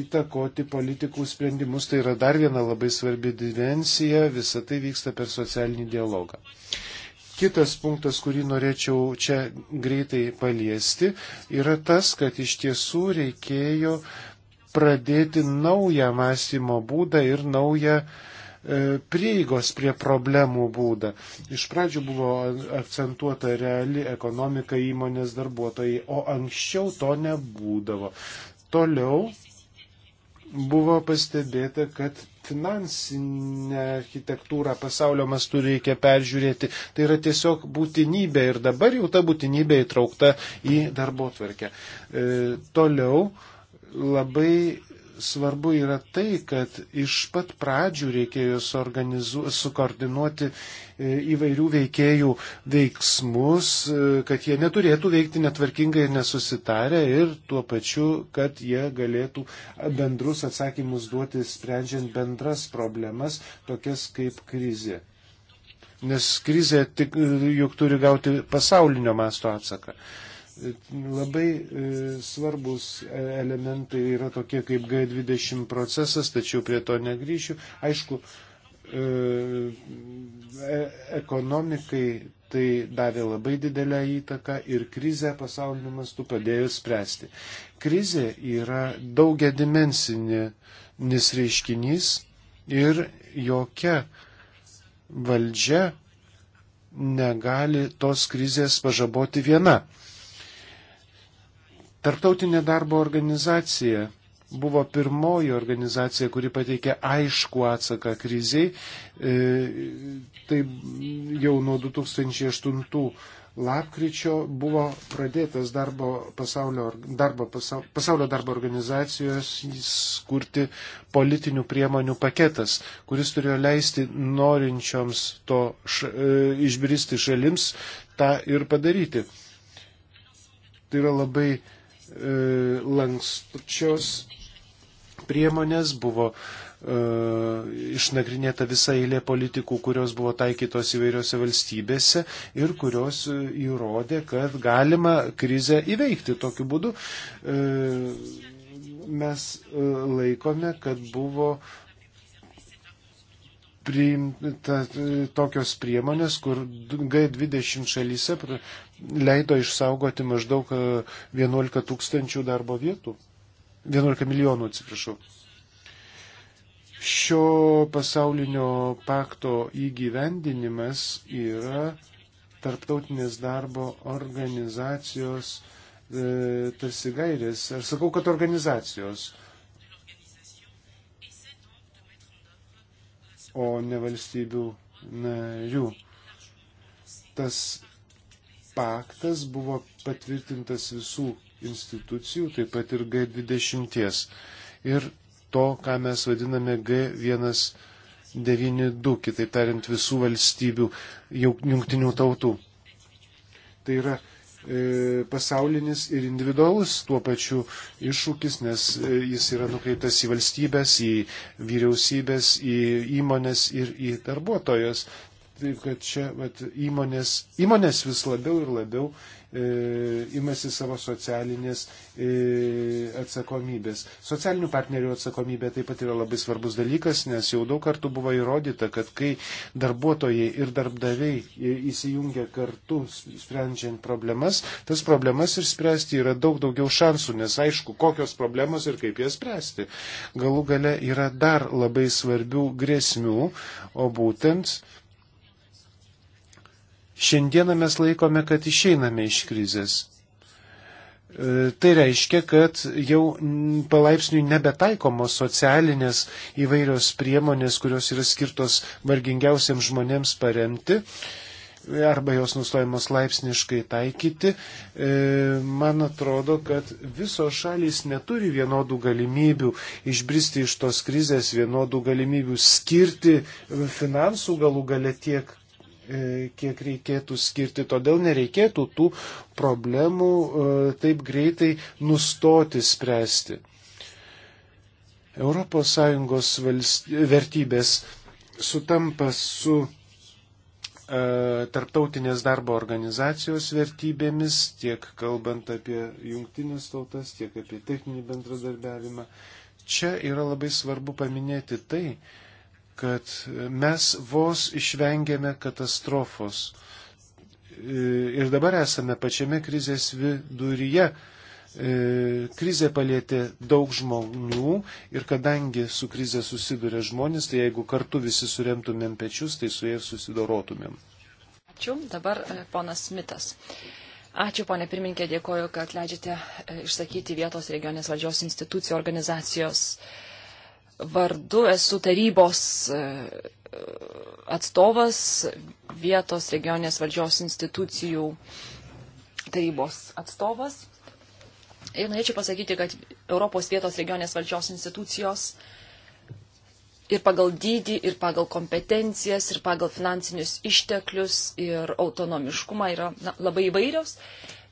įtakoti politikų sprendimus. Tai yra dar viena labai svarbi dimensija, visa tai vyksta per socialinį dialogą. Kitas punktas, kurį norėčiau čia greitai paliesti, yra tas, kad iš tiesų reikėjo pradėti naują mąstymo būdą ir naują uh, E, prieigos prie problemų būdą. Iš pradžių buvo akcentuota reali ekonomika įmonės darbuotojai, o anksčiau to nebūdavo. Toliau buvo pastebėta, kad finansinę architektūrą pasaulio mastu reikia peržiūrėti. Tai yra tiesiog būtinybė ir dabar jau ta būtinybė įtraukta į darbo tvarkę. E, toliau labai svarbu yra tai, kad iš pat pradžių reikėjo sukoordinuoti e, įvairių veikėjų veiksmus, e, kad jie neturėtų veikti netvarkingai ir nesusitarę ir tuo pačiu, kad jie galėtų bendrus atsakymus duoti sprendžiant bendras problemas, tokias kaip krizė. Nes krizė tik, juk turi gauti pasaulinio masto atsaką. Uh, Labai e, svarbus e, elementai yra tokie kaip G20 procesas, tačiau prie to negryšiu. Aišku, e, ekonomikai tai davė labai didelę įtaką ir krizę pasauliniu mastu padėjo spręsti. Krizė yra daugia dimensinis reiškinys ir jokia valdžia negali tos krizės pažaboti viena. Tarptautinė darbo organizacija buvo pirmoji organizacija, kuri pateikė aišku atsaką kriziai. E, tai jau nuo 2008 lapkričio buvo pradėtas darbo pasaulio, darbo, pasaulio darbo organizacijos kurti politinių priemonių paketas, kuris turėjo leisti norinčioms to š, e, išbristi šalims tą ir padaryti. Tai yra labai E, lankščios priemonės, buvo e, išnagrinėta visa eilė politikų, kurios buvo taikytos įvairiose valstybėse ir kurios e, įrodė, kad galima krizę įveikti tokiu būdu. Mes laikome, kad buvo priimta tokios priemonės, kur G20 šalyse leido išsaugoti maždaug 11 e, tūkstančių darbo vietų. 11 milijonų, atsiprašau. Šio pasaulinio pakto įgyvendinimas yra tarptautinės darbo organizacijos e, tarsi gairės. Aš sakau, kad organizacijos, o ne valstybių narių. Tas paktas buvo patvirtintas visų institucijų, taip pat ir G20. Ir to, ką mes vadiname G192, kitaip tariant, visų valstybių, jungtinių tautų. Tai yra e, pasaulinis ir individualus tuo pačiu iššūkis, nes e, jis yra nukreiptas į valstybės, į vyriausybės, į įmonės ir į darbuotojus. Taip, kad čia vat, įmonės, įmonės vis labiau ir labiau e, imasi savo socialinės e, atsakomybės. Socialinių partnerių atsakomybė taip pat yra labai svarbus dalykas, nes jau daug kartų buvo įrodyta, kad kai darbuotojai ir darbdaviai e, įsijungia kartu sprendžiant problemas, tas problemas ir spręsti yra daug daugiau šansų, nes aišku, kokios problemos ir kaip jas spręsti. Galų gale yra dar labai svarbių grėsmių, o būtent Šiandieną mes laikome, kad išeiname iš krizės. E, tai reiškia, kad jau palaipsniui nebetaikomos socialinės įvairios priemonės, kurios yra skirtos vargingiausiams žmonėms paremti e, arba jos nustojamos laipsniškai taikyti, e, man atrodo, kad visos šalys neturi vienodų galimybių išbristi iš tos krizės, vienodų galimybių skirti finansų galų gale tiek, E, kiek reikėtų skirti. Todėl nereikėtų tų problemų e, taip greitai nustoti spręsti. ES valst... vertybės sutampa su e, tarptautinės darbo organizacijos vertybėmis, tiek kalbant apie jungtinės tautas, tiek apie techninį bendradarbiavimą. Čia yra labai svarbu paminėti tai, kad mes vos išvengėme katastrofos. E, ir dabar esame pačiame krizės viduryje. E, krizė palėtė daug žmonių ir kadangi su krize susiduria žmonės, tai jeigu kartu visi suremtumėm pečius, tai su jais susidorotumėm. Ačiū. Dabar e, ponas Mitas. Ačiū, ponė pirmininkė, dėkoju, kad leidžiate išsakyti vietos regionės valdžios institucijų organizacijos uh, vardu esu tarybos e, atstovas vietos regioninės valdžios institucijų tarybos atstovas. Ir norėčiau pasakyti, kad Europos vietos regioninės valdžios institucijos ir pagal dydį, ir pagal kompetencijas, ir pagal finansinius išteklius, ir autonomiškumą yra na, labai įvairios.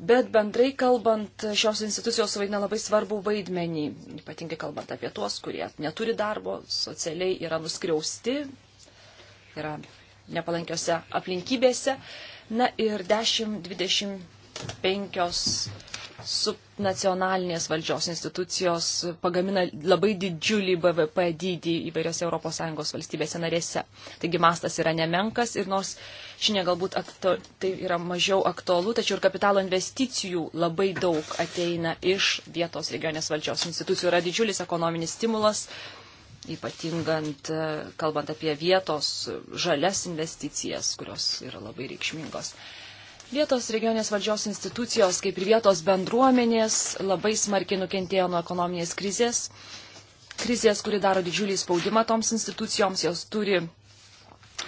Bet bendrai kalbant, šios institucijos suvaidina labai svarbų vaidmenį, ypatingai kalbant apie tuos, kurie neturi darbo, socialiai yra nuskriausti, yra nepalankiose aplinkybėse. Na ir 10-25 subnacionalinės valdžios institucijos pagamina labai didžiulį BVP dydį įvairiose ES valstybėse narėse. Taigi mastas yra nemenkas ir nors šiandien galbūt akto, tai yra mažiau aktualu, tačiau ir kapitalo investicijų labai daug ateina iš vietos regionės valdžios institucijų. Yra didžiulis ekonominis stimulas, ypatingant, kalbant apie vietos žalias investicijas, kurios yra labai reikšmingos. Vietos regionės valdžios institucijos, kaip ir vietos bendruomenės, labai smarkiai nukentėjo nuo ekonominės krizės. Krizės, kuri daro didžiulį spaudimą toms institucijoms, jos turi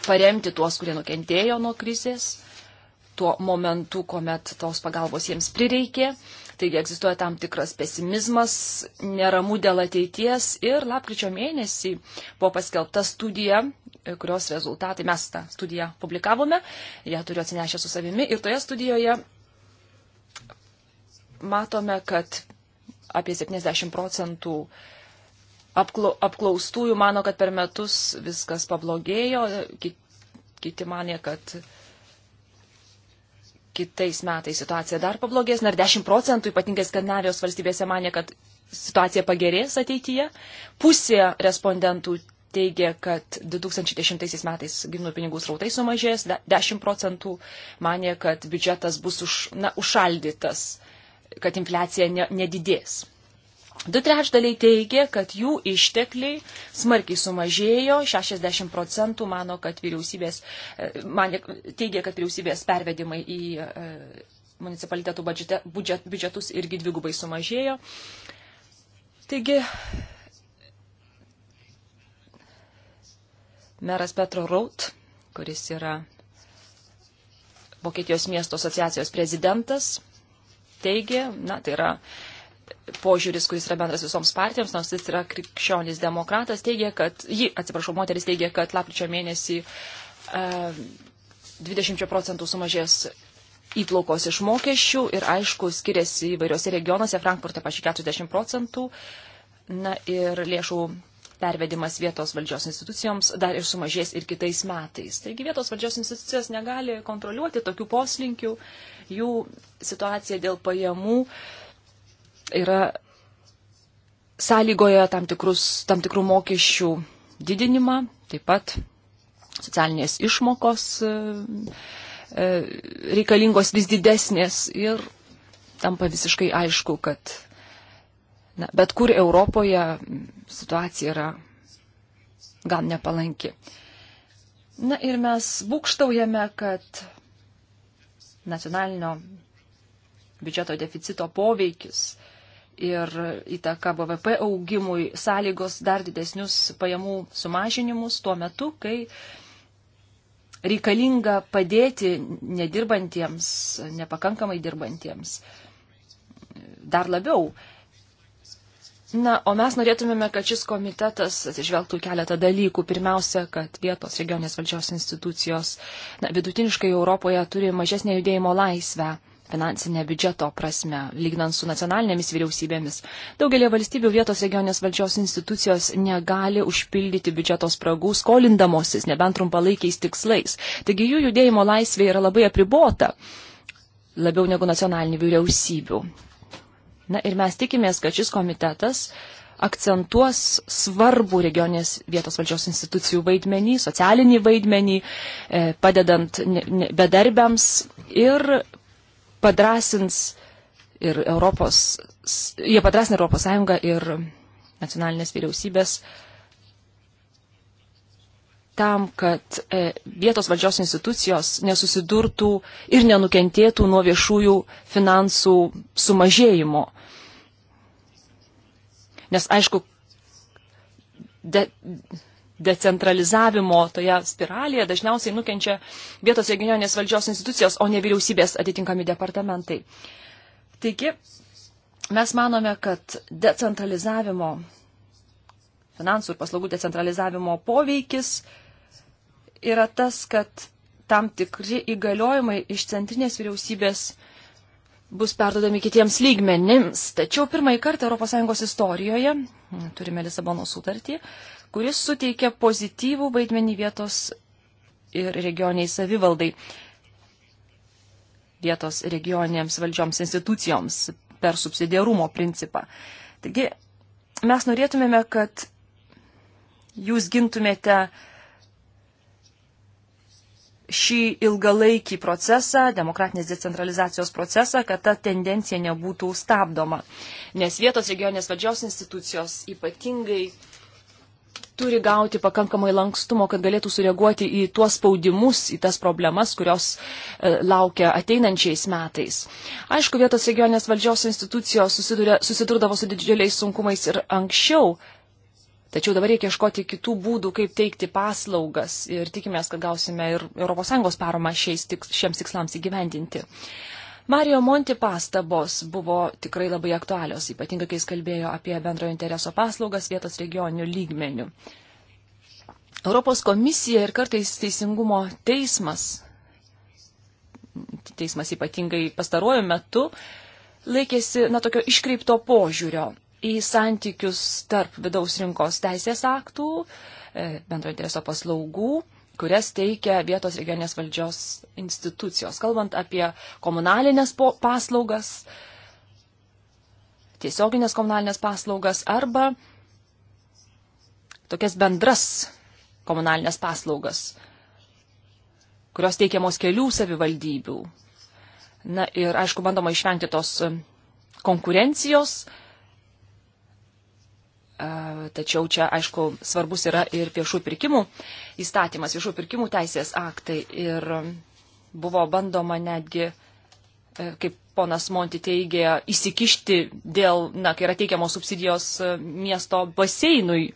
paremti tuos, kurie nukentėjo nuo krizės, tuo momentu, kuomet tos pagalbos jiems prireikė. Taigi egzistuoja tam tikras pesimizmas, neramų dėl ateities ir lapkričio mėnesį buvo paskelbta studija, e, kurios rezultatai mes tą studiją publikavome, ją turiu atsinešę su savimi ir toje studijoje matome, kad apie 70 procentų apklaustųjų mano, kad per metus viskas pablogėjo, kiti manė, kad kitais metais situacija dar pablogės, ar 10 procentų, ypatingai Skandinavijos valstybėse manė, kad situacija pagerės ateityje. Pusė respondentų teigia, kad 2010 metais gimnų pinigų srautai sumažės, 10 procentų manė, kad biudžetas bus už, na, užšaldytas, kad infliacija ne, nedidės. Du trečdaliai teigia, kad jų ištekliai smarkiai sumažėjo, 60 procentų mano, kad vyriausybės, e, man teigia, kad vyriausybės pervedimai į e, municipalitetų budžete, budžet, biudžetus irgi dvigubai sumažėjo. Taigi, meras Petro Raut, kuris yra Vokietijos miesto asociacijos prezidentas, teigė, na, tai yra uh, požiūris, kuris yra bendras visoms partijoms, nors jis yra krikščionis demokratas, teigia, kad, ji, atsiprašau, moteris teigia, kad lapkričio mėnesį uh, 20 procentų sumažės įplaukos iš mokesčių ir aišku, skiriasi įvairiuose regionuose, Frankfurte pačiai 40 procentų, na ir lėšų pervedimas vietos valdžios institucijoms dar ir sumažės ir kitais metais. Taigi vietos valdžios institucijos negali kontroliuoti tokių poslinkių, jų situacija dėl pajamų uh, yra sąlygoja tam, tikrus, tam tikrų mokesčių didinimą, taip pat socialinės išmokos e, e, reikalingos vis didesnės ir tampa visiškai aišku, kad na, bet kur Europoje situacija yra gan nepalanki. Na ir mes būkštaujame, kad nacionalinio biudžeto deficito poveikis ir įtaka BVP augimui sąlygos dar didesnius pajamų sumažinimus tuo metu, kai reikalinga padėti nedirbantiems, nepakankamai dirbantiems. Dar labiau. Na, o mes norėtumėme, kad šis komitetas atsižvelgtų keletą dalykų. Pirmiausia, kad vietos regionės valdžios institucijos na, vidutiniškai Europoje turi mažesnę judėjimo laisvę finansinė biudžeto prasme, lygnant su nacionalinėmis vyriausybėmis. Daugelie valstybių vietos regionės valdžios institucijos negali užpildyti biudžeto spragų skolindamosis, nebent trumpalaikiais tikslais. Taigi jų judėjimo laisvė yra labai apribota, labiau negu nacionalinių vyriausybių. Na ir mes tikimės, kad šis komitetas akcentuos svarbų regionės vietos valdžios institucijų vaidmenį, socialinį vaidmenį, e, padedant bedarbiams ir padrasins ir Europos, jie padrasina Europos Sąjungą ir nacionalinės vyriausybės tam, kad e, vietos valdžios institucijos nesusidurtų ir nenukentėtų nuo viešųjų finansų sumažėjimo. Nes aišku, de, decentralizavimo toje spiralėje dažniausiai nukenčia vietos regioninės valdžios institucijos, o ne vyriausybės atitinkami departamentai. Taigi, mes manome, kad decentralizavimo, finansų ir paslaugų decentralizavimo poveikis yra tas, kad tam tikri įgaliojimai iš centrinės vyriausybės bus perdodami kitiems lygmenims. Tačiau pirmąjį kartą ES istorijoje, turime Lisabono sutartį, kuris suteikia pozityvų vaidmenį vietos ir regioniai savivaldai, vietos regioninėms valdžioms institucijoms per subsidiarumo principą. Taigi, mes norėtumėme, kad jūs gintumėte šį ilgalaikį procesą, demokratinės decentralizacijos procesą, kad ta tendencija nebūtų stabdoma. Nes vietos regioninės valdžios institucijos ypatingai turi gauti pakankamai lankstumo, kad galėtų sureaguoti į tuos spaudimus, į tas problemas, kurios e, laukia ateinančiais metais. Aišku, vietos regioninės valdžios institucijos susidurdavo su didžiuliais sunkumais ir anksčiau. Tačiau dabar reikia ieškoti kitų būdų, kaip teikti paslaugas ir tikimės, kad gausime ir ES paramą šiais, tiks, šiems tikslams įgyvendinti. Mario Monti pastabos buvo tikrai labai aktualios, ypatingai kai jis kalbėjo apie bendrojo intereso paslaugas vietos regioninių lygmenių. Europos komisija ir kartais teisingumo teismas, teismas ypatingai pastaruoju metu, laikėsi, na, tokio iškreipto požiūrio į santykius tarp vidaus rinkos teisės aktų, e, bendro intereso paslaugų kurias teikia vietos regionės valdžios institucijos. Kalbant apie komunalinės paslaugas, tiesioginės komunalinės paslaugas arba tokias bendras komunalinės paslaugas, kurios teikiamos kelių savivaldybių. Na ir aišku, bandoma išvengti tos konkurencijos, E, tačiau čia, aišku, svarbus yra ir viešų pirkimų įstatymas, viešų pirkimų teisės aktai. Ir buvo bandoma netgi, e, kaip ponas Monti teigė, įsikišti dėl, na, kai yra teikiamos subsidijos e, miesto baseinui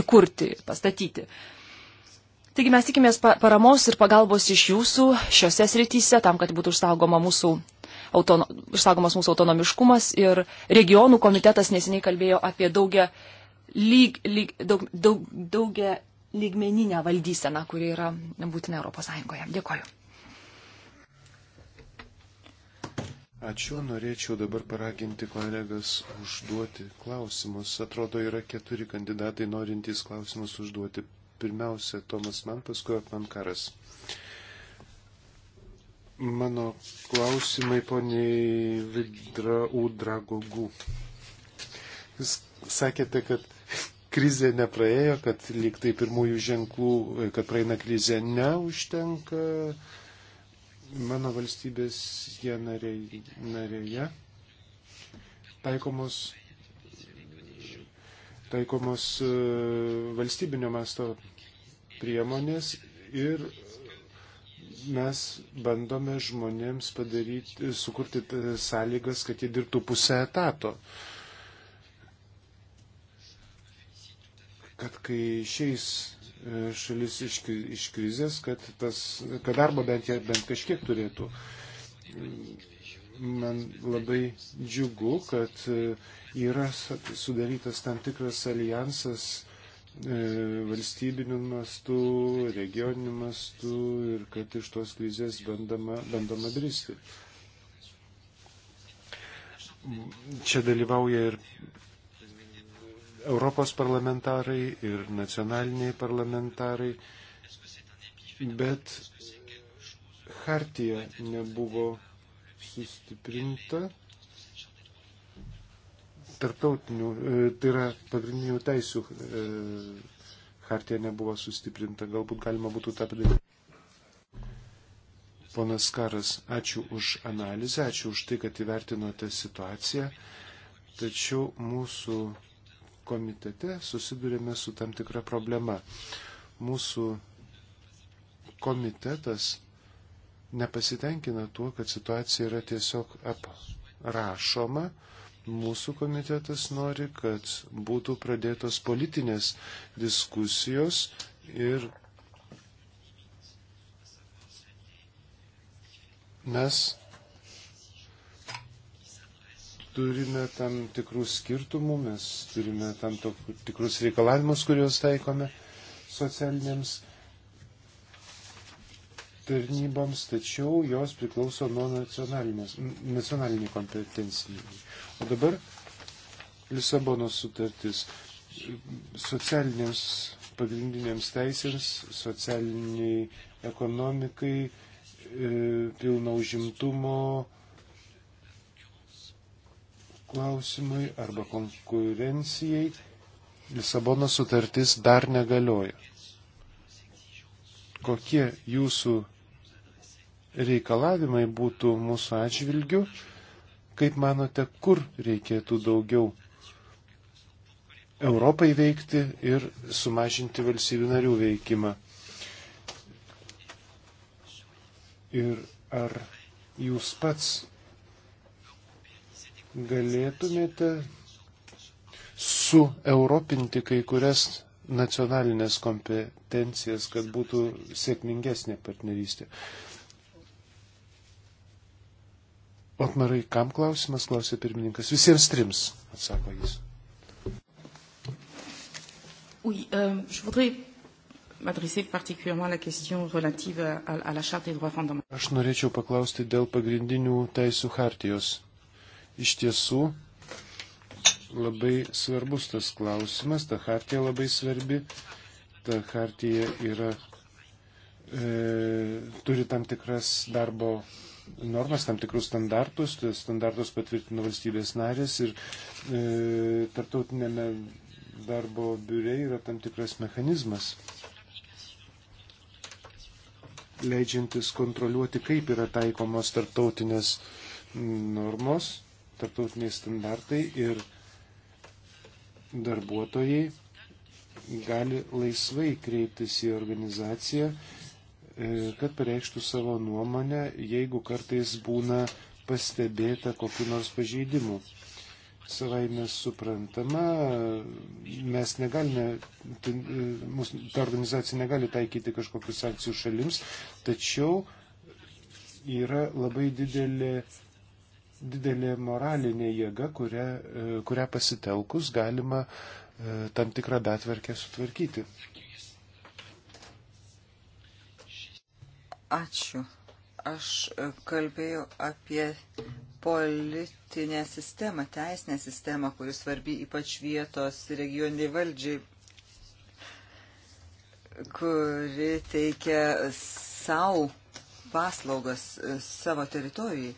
įkurti, pastatyti. Taigi mes tikimės paramos ir pagalbos iš jūsų šiose srityse, tam, kad būtų išsaugoma mūsų autono, išsaugomas mūsų autonomiškumas. Ir regionų komitetas neseniai kalbėjo apie daugia lyg, lyg, daug, daug, daugia lygmeninę valdyseną, kuri yra būtina Europos Sąjungoje. Dėkoju. Ačiū, norėčiau dabar paraginti kolegas užduoti klausimus. Atrodo, yra keturi kandidatai norintys klausimus užduoti. Pirmiausia, Tomas Man, paskui man karas. Mano klausimai poniai Vidra Udragogų. Jūs sakėte, kad krizė nepraėjo, kad lyg tai pirmųjų ženklų, kad praeina krizė neužtenka mano valstybės jie narėje, narėje taikomos, taikomos e, valstybinio masto priemonės ir mes bandome žmonėms padaryti, sukurti sąlygas, kad jie dirbtų pusę etato. Uh, kad kai šiais e, šalis iš, iš krizės, kad, tas, kad darbo bent, bent kažkiek turėtų. Man labai džiugu, kad e, yra sudarytas tam tikras alijansas e, valstybiniu mastu, regioniniu mastu ir kad iš tos krizės bandama, bandama bristi. Čia dalyvauja ir Europos parlamentarai ir nacionaliniai parlamentarai, bet Hartija nebuvo sustiprinta. Tarptautinių, e, tai yra pagrindinių teisių e, Hartija nebuvo sustiprinta. Galbūt galima būtų tą padaryti. Ponas Karas, ačiū už analizę, ačiū už tai, kad įvertinote situaciją. Tačiau mūsų komitete susidurėme su tam tikra problema. Mūsų komitetas nepasitenkina tuo, kad situacija yra tiesiog aprašoma. Mūsų komitetas nori, kad būtų pradėtos politinės diskusijos ir mes turime tam tikrų skirtumų, mes turime tam tikrus reikalavimus, kuriuos taikome socialiniams tarnyboms, tačiau jos priklauso nuo nacionaliniai kompetencijai. O dabar Lisabonos sutartis socialiniams pagrindiniams teisėms, socialiniai ekonomikai, e, pilna užimtumo, klausimui arba konkurencijai Lisabono sutartis dar negalioja. Kokie jūsų reikalavimai būtų mūsų atžvilgių, kaip manote, kur reikėtų daugiau Europai veikti ir sumažinti valstybių narių veikimą. Ir ar jūs pats galėtumėte sueuropinti kai kurias nacionalinės kompetencijas, kad būtų sėkmingesnė partnerystė. Otmarai, kam klausimas, klausė pirmininkas. Visiems trims, atsako jis. Oui, euh, je voudrais m'adresser particulièrement à la question relative à, à la charte des droits fondamentaux. Aš norėčiau paklausti dėl pagrindinių teisų hartijos. Iš tiesų labai svarbus tas klausimas, ta hartija labai svarbi, ta hartija yra, e, turi tam tikras darbo normas, tam tikrus standartus, standartus patvirtino valstybės narės ir e, tartautinėme darbo biure yra tam tikras mechanizmas, leidžiantis kontroliuoti, kaip yra taikomos tartautinės mm, normos tarptautiniai standartai ir darbuotojai gali laisvai kreiptis į organizaciją, e, kad pareikštų savo nuomonę, jeigu kartais būna pastebėta kokiu nors pažeidimu. Savai mes suprantama, mes negalime, e, ta organizacija negali taikyti kažkokius sankcijų šalims, tačiau yra labai didelė didelė moralinė jėga, kurią, e, kurią pasitelkus galima e, tam tikrą betverkę sutvarkyti. Ačiū. Aš e, kalbėjau apie politinę sistemą, teisinę sistemą, kuris svarbi ypač vietos regioniai valdžiai, kuri teikia savo paslaugas savo teritorijai.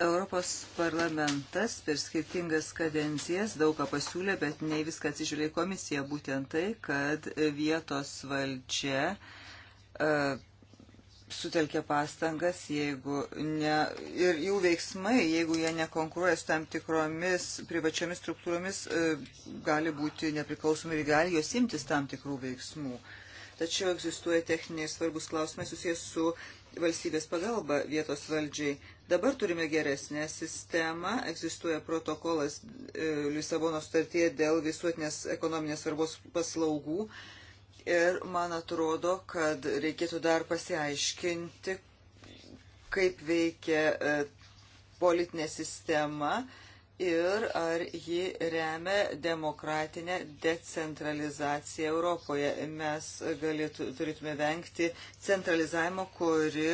Europos parlamentas per skirtingas kadencijas daug ką pasiūlė, bet ne viską atsižiūrė komisija, būtent tai, kad vietos valdžia uh, sutelkė pastangas, jeigu ne, ir jų veiksmai, jeigu jie nekonkuruoja su tam tikromis privačiomis struktūromis, uh, gali būti nepriklausomi ir gali jos imtis tam tikrų veiksmų. Tačiau egzistuoja techniniai svarbus klausimai susijęs su valstybės pagalba vietos valdžiai. Uh, Dabar turime geresnę sistemą, egzistuoja protokolas e, Lisabono sutartyje dėl visuotinės ekonominės svarbos paslaugų ir man atrodo, kad reikėtų dar pasiaiškinti, kaip veikia e, politinė sistema ir ar ji remia demokratinę decentralizaciją Europoje. Mes galėtų, turėtume vengti centralizavimo, kuri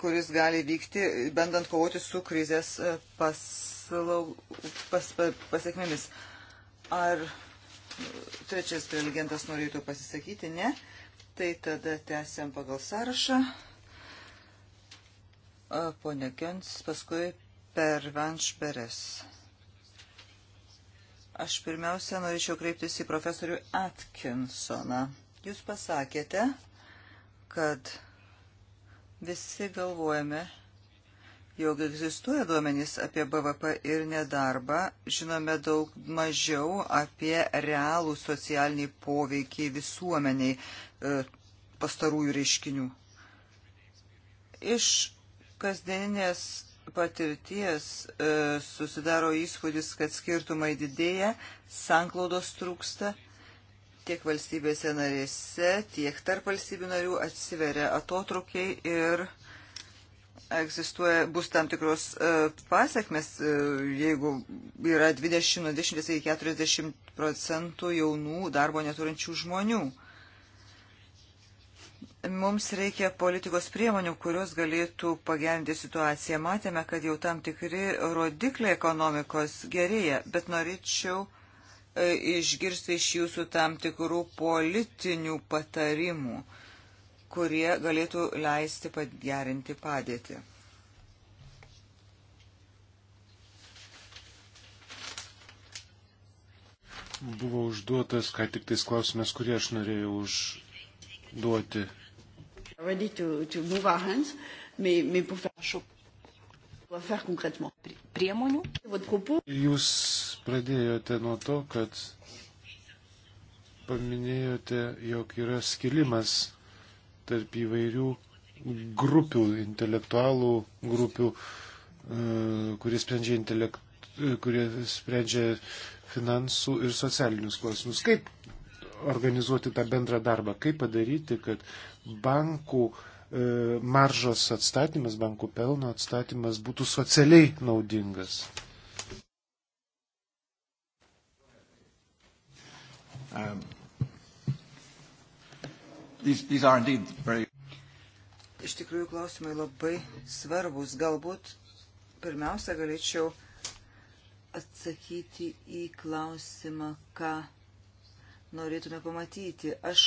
kuris gali vykti, bandant kovoti su krizės e, paslau, pas, pas, pasiekmėmis. Ar trečias prelegentas norėtų pasisakyti? Ne. Tai tada tęsiam pagal sąrašą. Pone Gens, paskui per Vanšberes. Aš pirmiausia norėčiau kreiptis į profesorių Atkinsoną. Jūs pasakėte, kad Visi galvojame, jog egzistuoja duomenys apie BVP ir nedarbą, žinome daug mažiau apie realų socialinį poveikį visuomeniai e, pastarųjų reiškinių. Iš kasdieninės patirties e, susidaro įspūdis, kad skirtumai didėja, sanklaudos trūksta tiek valstybėse narėse, tiek tarp valstybių narių atsiveria atotrukiai ir egzistuoja, bus tam tikros e, pasiekmes, e, jeigu yra 20, 20 iki 40 procentų jaunų darbo neturinčių žmonių. Mums reikia politikos priemonių, kurios galėtų pagerinti situaciją. Matėme, kad jau tam tikri rodikliai ekonomikos gerėja, bet norėčiau uh, E, išgirsti iš jūsų tam tikrų politinių patarimų, kurie galėtų leisti pagerinti padėtį. Buvo užduotas, ką tik tais klausimas, kurį aš norėjau užduoti. Prašau priemonių. Jūs pradėjote nuo to, kad paminėjote, jog yra skilimas tarp įvairių grupių, intelektualų grupių, e, kurie sprendžia, intelekt, kurie sprendžia finansų ir socialinius klausimus. Kaip organizuoti tą bendrą darbą? Kaip padaryti, kad bankų e, maržos atstatymas, bankų pelno atstatymas būtų socialiai naudingas? Um, these, these are indeed very... Iš tikrųjų, klausimai labai svarbus. Galbūt pirmiausia galėčiau atsakyti į klausimą, ką norėtume pamatyti. Aš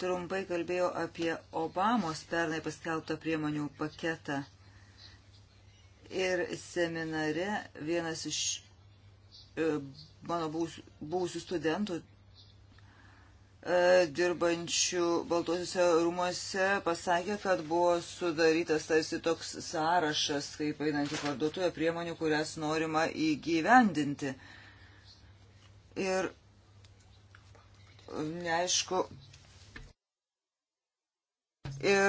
trumpai kalbėjau apie Obamos pernai paskelbtą priemonių paketą. Ir seminare vienas iš e, mano buvusių studentų e, dirbančių Baltuosiuose rūmuose pasakė, kad buvo sudarytas tarsi toks sąrašas, kaip einant į parduotuvę priemonių, kurias norima įgyvendinti. Ir neaišku. Ir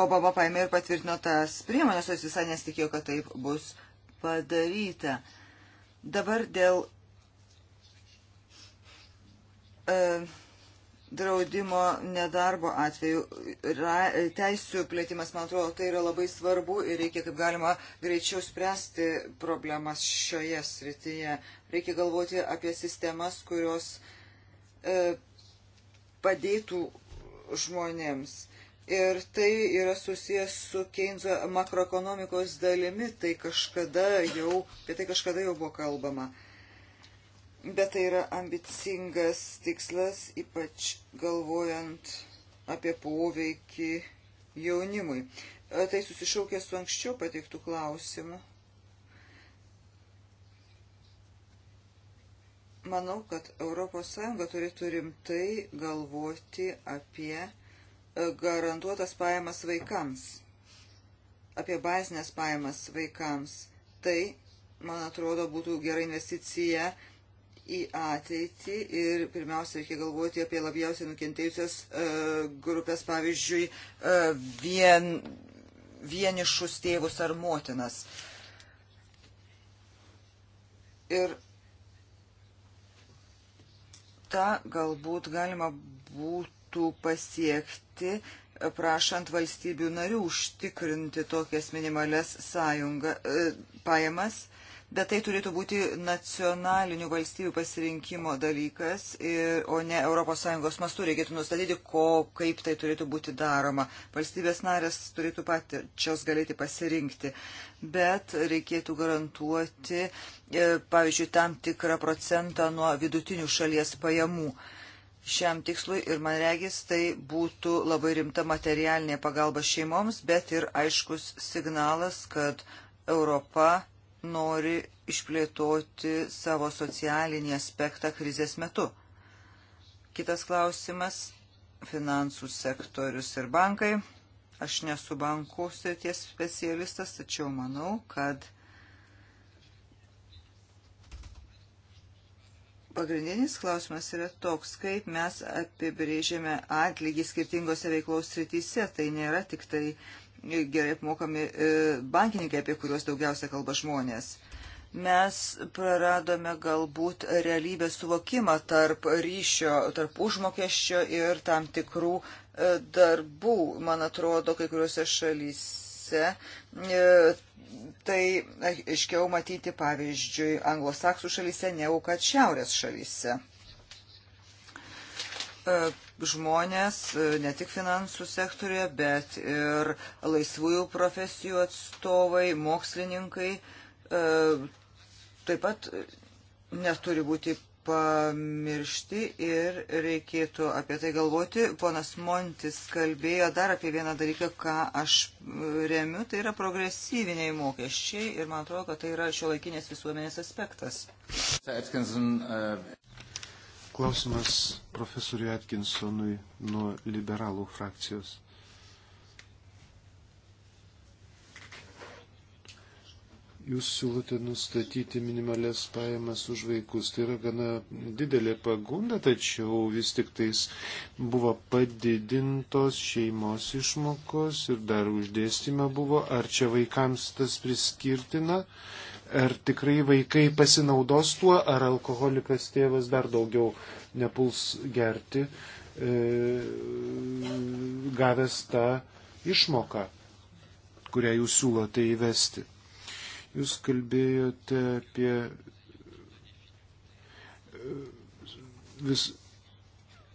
Obama paėmė ir patvirtino tas priemonės, o jis visai nesitikėjo, kad taip bus padaryta. Dabar dėl E, draudimo nedarbo atveju. Teisių plėtimas, man atrodo, tai yra labai svarbu ir reikia kaip galima greičiau spręsti problemas šioje srityje. Reikia galvoti apie sistemas, kurios e, padėtų žmonėms. Ir tai yra susijęs su Keynes'o makroekonomikos dalimi, tai kažkada jau, apie tai kažkada jau buvo kalbama. Bet tai yra ambicingas tikslas, ypač galvojant apie poveikį jaunimui. Tai susišaukė su anksčiau pateiktų klausimų. Manau, kad ES turėtų rimtai galvoti apie e, garantuotas pajamas vaikams, apie bazinės pajamas vaikams. Tai, man atrodo, būtų gera investicija uh, į ateitį ir pirmiausia reikia galvoti apie labiausiai nukentėjusias e, grupės, pavyzdžiui, e, vien, vienišus tėvus ar motinas. Ir tą galbūt galima būtų pasiekti, e, prašant valstybių narių užtikrinti tokias minimales sąjunga, pajamas. E, bet tai turėtų būti nacionalinių valstybių pasirinkimo dalykas, ir, o ne ES mastu reikėtų nustatyti, ko, kaip tai turėtų būti daroma. Valstybės narės turėtų pačios galėti pasirinkti, bet reikėtų garantuoti, e, pavyzdžiui, tam tikrą procentą nuo vidutinių šalies pajamų šiam tikslui ir man regis tai būtų labai rimta materialinė pagalba šeimoms, bet ir aiškus signalas, kad Europa nori išplėtoti savo socialinį aspektą krizės metu. Kitas klausimas - finansų sektorius ir bankai. Aš nesu bankų srities specialistas, tačiau manau, kad pagrindinis klausimas yra toks, kaip mes apibrėžėme atlygį skirtingose veiklos srityse. Tai nėra tik tai uh, gerai apmokami e, bankininkai, apie kuriuos daugiausia kalba žmonės. Mes praradome galbūt realybės suvokimą tarp ryšio, tarp užmokesčio ir tam tikrų e, darbų, man atrodo, kai kuriuose šalyse. E, tai aiškiau matyti, pavyzdžiui, anglosaksų šalyse, negu kad šiaurės šalyse. E, žmonės e, ne tik finansų sektorėje, bet ir laisvųjų profesijų atstovai, mokslininkai e, taip pat neturi būti pamiršti ir reikėtų apie tai galvoti. Ponas Montis kalbėjo dar apie vieną dalyką, ką aš remiu, tai yra progresyviniai mokesčiai ir man atrodo, kad tai yra šio laikinės visuomenės aspektas. Klausimas profesoriui Atkinsonui nuo liberalų frakcijos. Jūs siūlote nustatyti minimales pajamas už vaikus. Tai yra gana didelė pagunda, tačiau vis tik tais buvo padidintos šeimos išmokos ir dar uždėstymą buvo. Ar čia vaikams tas priskirtina? Uh, ar tikrai vaikai pasinaudos tuo, ar alkoholikas tėvas dar daugiau nepuls gerti, e, gavęs tą išmoką, kurią jūs siūlote įvesti. Jūs kalbėjote apie e, vis,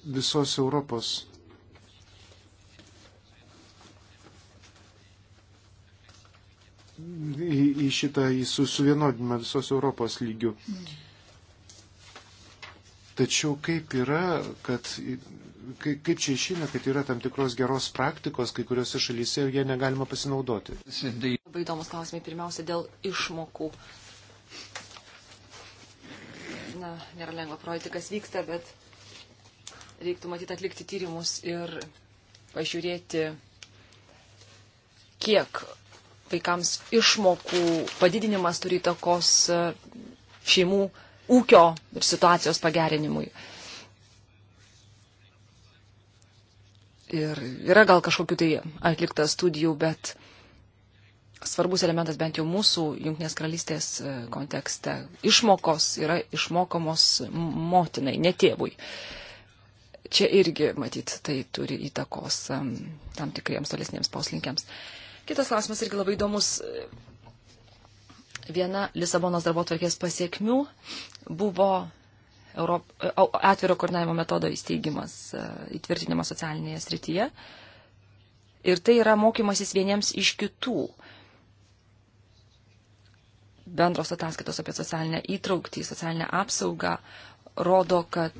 visos Europos į, į šitą į su, suvienodinimą visos Europos lygių. Tačiau kaip yra, kad, kaip, kaip čia išina, kad yra tam tikros geros praktikos kai kuriuose šalyse ir jie negalima pasinaudoti? Labai įdomus klausimai. Pirmiausia, dėl išmokų. Na, nėra lengva projekti, kas vyksta, bet reiktų matyti atlikti tyrimus ir pažiūrėti, kiek vaikams išmokų padidinimas turi takos e, šeimų ūkio ir situacijos pagerinimui. Ir yra gal kažkokiu tai atlikta studijų, bet svarbus elementas bent jau mūsų Junktinės karalystės e, kontekste. Išmokos yra išmokamos motinai, ne tėvui. Čia irgi, matyt, tai turi įtakos e, tam tikriems tolesniems poslinkiams. Uh, Kitas klausimas irgi labai įdomus. Viena Lisabonos darbo tvarkės pasiekmių buvo Europ... atviro koordinavimo metodo įsteigimas, e, įtvirtinimas socialinėje srityje. Ir tai yra mokymasis vieniems iš kitų. Bendros ataskaitos apie socialinę įtraukti, socialinę apsaugą, rodo, kad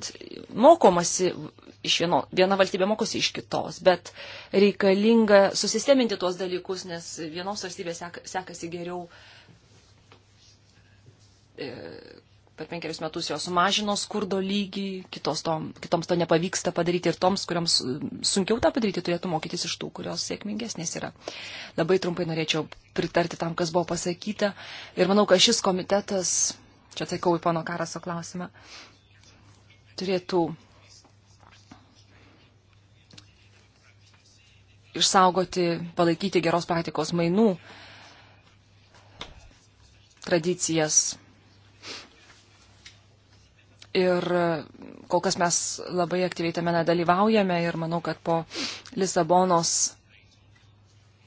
mokomasi iš vieno, viena valstybė mokosi iš kitos, bet reikalinga susisteminti tuos dalykus, nes vienos valstybės sek, sekasi geriau. E, per penkerius metus jos sumažino skurdo lygį, kitos to, kitoms to nepavyksta padaryti ir toms, kuriams e, sunkiau tą padaryti, turėtų mokytis iš tų, kurios sėkmingesnės yra. Labai trumpai norėčiau pritarti tam, kas buvo pasakyta. Ir manau, kad šis komitetas, čia atsakau į pono Karaso klausimą, turėtų išsaugoti, palaikyti geros praktikos mainų tradicijas. Ir kol kas mes labai aktyviai tame nedalyvaujame ir manau, kad po Lisabonos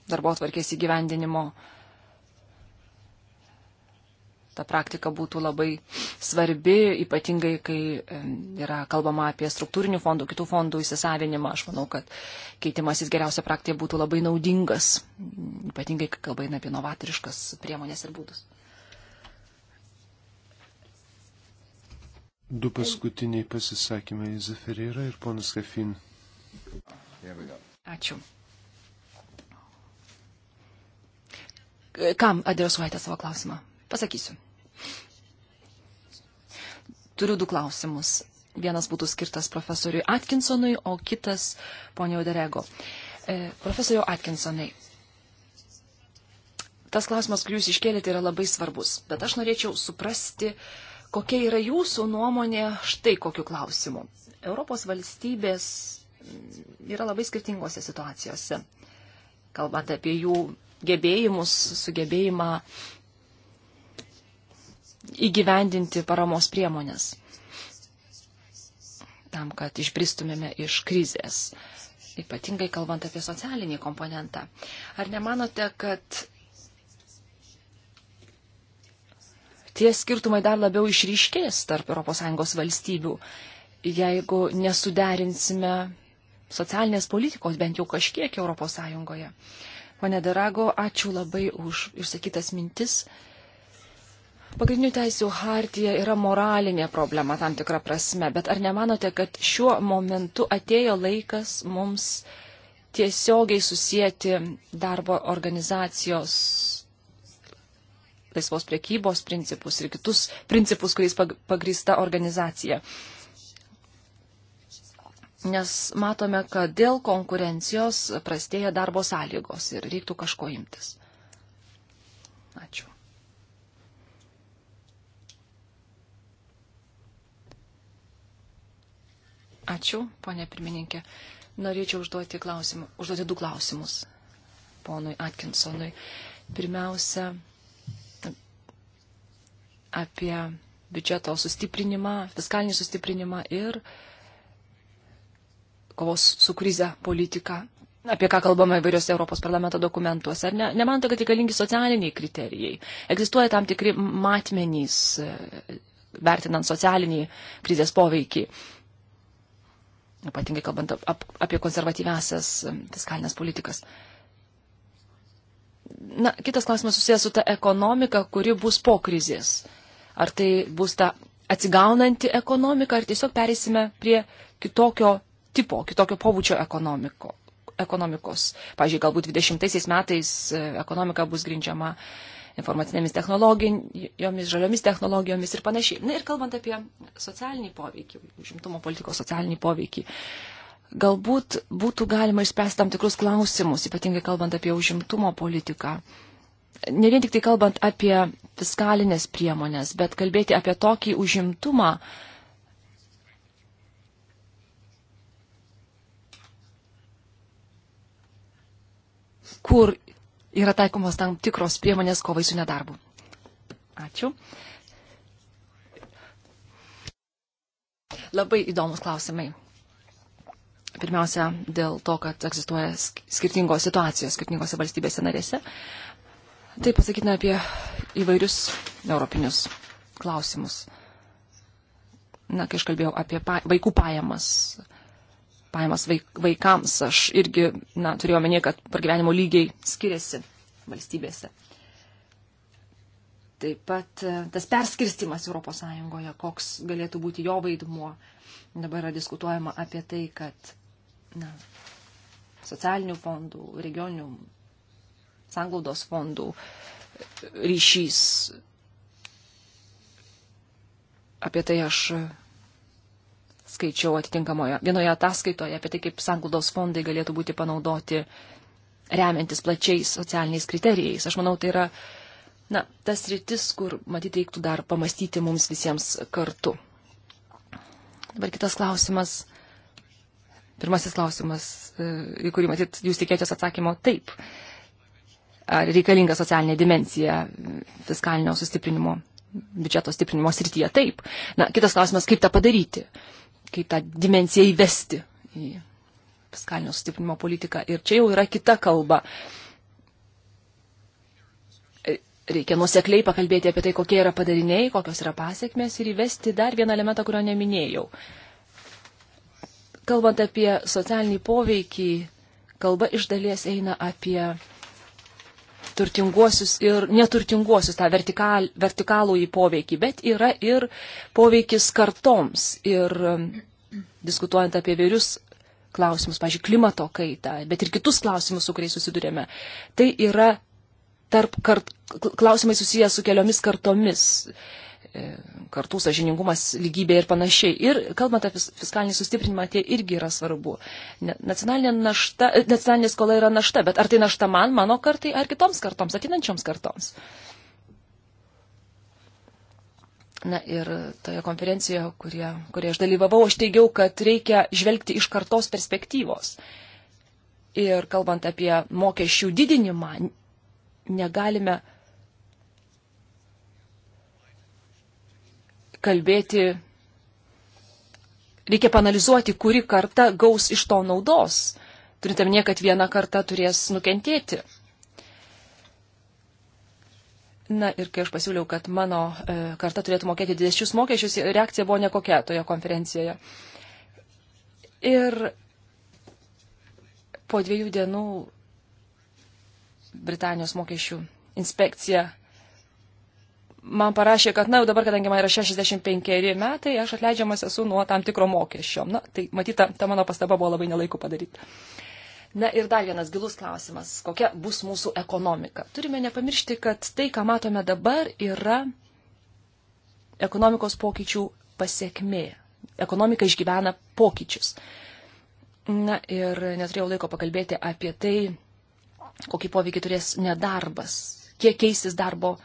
darbo atvarkės įgyvendinimo uh, ta praktika būtų labai svarbi, ypatingai kai yra kalbama apie struktūrinių fondų, kitų fondų įsisavinimą. Aš manau, kad keitimasis geriausia praktika būtų labai naudingas, ypatingai kai kalba eina apie novatoriškas priemonės ir būdus. Du paskutiniai pasisakymai Zeferira ir ponas Kafin. Ačiū. Kam adresuojate savo klausimą? Pasakysiu. Turiu du klausimus. Vienas būtų skirtas profesoriui Atkinsonui, o kitas ponio Derego. E, profesoriu Atkinsonai, tas klausimas, kurį jūs iškėlėte, yra labai svarbus, bet aš norėčiau suprasti, kokia yra jūsų nuomonė štai kokiu klausimu. Europos valstybės mm, yra labai skirtingose situacijose, kalbant apie jų gebėjimus, sugebėjimą įgyvendinti paramos priemonės tam, kad išbristumėme iš krizės, ypatingai kalbant apie socialinį komponentą. Ar nemanote, kad tie skirtumai dar labiau išryškės tarp ES valstybių, jeigu nesuderinsime socialinės politikos bent jau kažkiek ES. Pone Darago, ačiū labai už išsakytas mintis. Pagrindinių teisų hartija yra moralinė problema tam tikrą prasme, bet ar nemanote, kad šiuo momentu atėjo laikas mums tiesiogiai susijęti darbo organizacijos laisvos priekybos principus ir kitus principus, kuriais pagrįsta organizacija? Nes matome, kad dėl konkurencijos prastėja darbo sąlygos ir reiktų kažko imtis. Ačiū. Ačiū, ponė pirmininkė. Norėčiau užduoti, klausimą, užduoti du klausimus ponui Atkinsonui. Pirmiausia, apie biudžeto sustiprinimą, fiskalinį sustiprinimą ir kovos su krize politiką, apie ką kalbame įvairiuose Europos parlamento dokumentuose. Ar ne, nemanote, kad reikalingi socialiniai kriterijai? Egzistuoja tam tikri matmenys e, vertinant socialinį krizės poveikį ypatingai kalbant ap, apie konservatyvesias e, fiskalinės politikas. Na, kitas klausimas susijęs su ta ekonomika, kuri bus po krizės. Ar tai bus ta atsigaunanti ekonomika, ar tiesiog perėsime prie kitokio tipo, kitokio pobūdžio ekonomiko, ekonomikos. Pavyzdžiui, galbūt 20 metais e, ekonomika bus grindžiama uh, informacinėmis technologijomis, žaliomis technologijomis ir panašiai. Na ir kalbant apie socialinį poveikį, užimtumo politikos socialinį poveikį, galbūt būtų galima išspręsti tam tikrus klausimus, ypatingai kalbant apie užimtumo politiką. Ne vien tik tai kalbant apie fiskalinės priemonės, bet kalbėti apie tokį užimtumą, kur yra taikomos tam tikros priemonės kovai su nedarbu. Ačiū. Labai įdomus klausimai. Pirmiausia, dėl to, kad egzistuoja skirtingos situacijos skirtingose valstybėse narėse. Tai pasakytume apie įvairius europinius klausimus. Na, kai aš kalbėjau apie pa vaikų pajamas, pajamas vaikams. Aš irgi na, turėjau menį, kad pragyvenimo lygiai skiriasi valstybėse. Taip pat e, tas perskirstimas ES, koks galėtų būti jo vaidmuo. Dabar yra diskutuojama apie tai, kad na, socialinių fondų, regioninių sanglaudos fondų ryšys. Apie tai aš skaičiau atitinkamoje vienoje ataskaitoje apie tai, kaip sanglaudos fondai galėtų būti panaudoti remiantis plačiais socialiniais kriterijais. Aš manau, tai yra na, tas rytis, kur matyti reiktų dar pamastyti mums visiems kartu. Dabar kitas klausimas. Pirmasis klausimas, e, į kurį matyt jūs tikėtės atsakymo taip. Ar reikalinga socialinė dimensija fiskalinio sustiprinimo biudžeto stiprinimo srityje. Taip. Na, kitas klausimas, kaip tą padaryti kaip tą dimenciją įvesti į fiskalinio sustiprinimo politiką. Ir čia jau yra kita kalba. Reikia nusekliai pakalbėti apie tai, kokie yra padariniai, kokios yra pasiekmes ir įvesti dar vieną elementą, kurio neminėjau. Kalbant apie socialinį poveikį, kalba iš dalies eina apie turtinguosius ir neturtinguosius, tą vertikal, vertikalų į poveikį, bet yra ir poveikis kartoms. Ir um, diskutuojant apie vairius klausimus, pažiūrėjau, klimato kaitą, bet ir kitus klausimus, su kuriais susidurėme, tai yra tarp kart, klausimai susijęs su keliomis kartomis. E, kartų sažiningumas, lygybė ir panašiai. Ir kalbant apie fiskalinį sustiprinimą, tai irgi yra svarbu. Nacionalinė, našta, e, nacionalinė skola yra našta, bet ar tai našta man, mano kartai, ar kitoms kartoms, atinančioms kartoms? Na ir toje konferencijoje, kurie, kurie aš dalyvavau, aš teigiau, kad reikia žvelgti iš kartos perspektyvos. Ir kalbant apie mokesčių didinimą, negalime kalbėti, reikia panalizuoti, kuri karta gaus iš to naudos. Turite minė, kad viena karta turės nukentėti. Na ir kai aš pasiūliau, kad mano e, karta turėtų mokėti didesnius mokesčius, reakcija buvo nekokia toje konferencijoje. Ir po dviejų dienų Britanijos mokesčių inspekcija man parašė, kad, na, jau dabar, kadangi man yra 65 metai, aš atleidžiamas esu nuo tam tikro mokesčio. Na, tai matyta, ta mano pastaba buvo labai nelaiku padaryti. Na ir dar vienas gilus klausimas, kokia bus mūsų ekonomika. Turime nepamiršti, kad tai, ką matome dabar, yra ekonomikos pokyčių pasiekmė. Ekonomika išgyvena pokyčius. Na ir neturėjau laiko pakalbėti apie tai, kokį poveikį turės nedarbas, kiek keisis darbo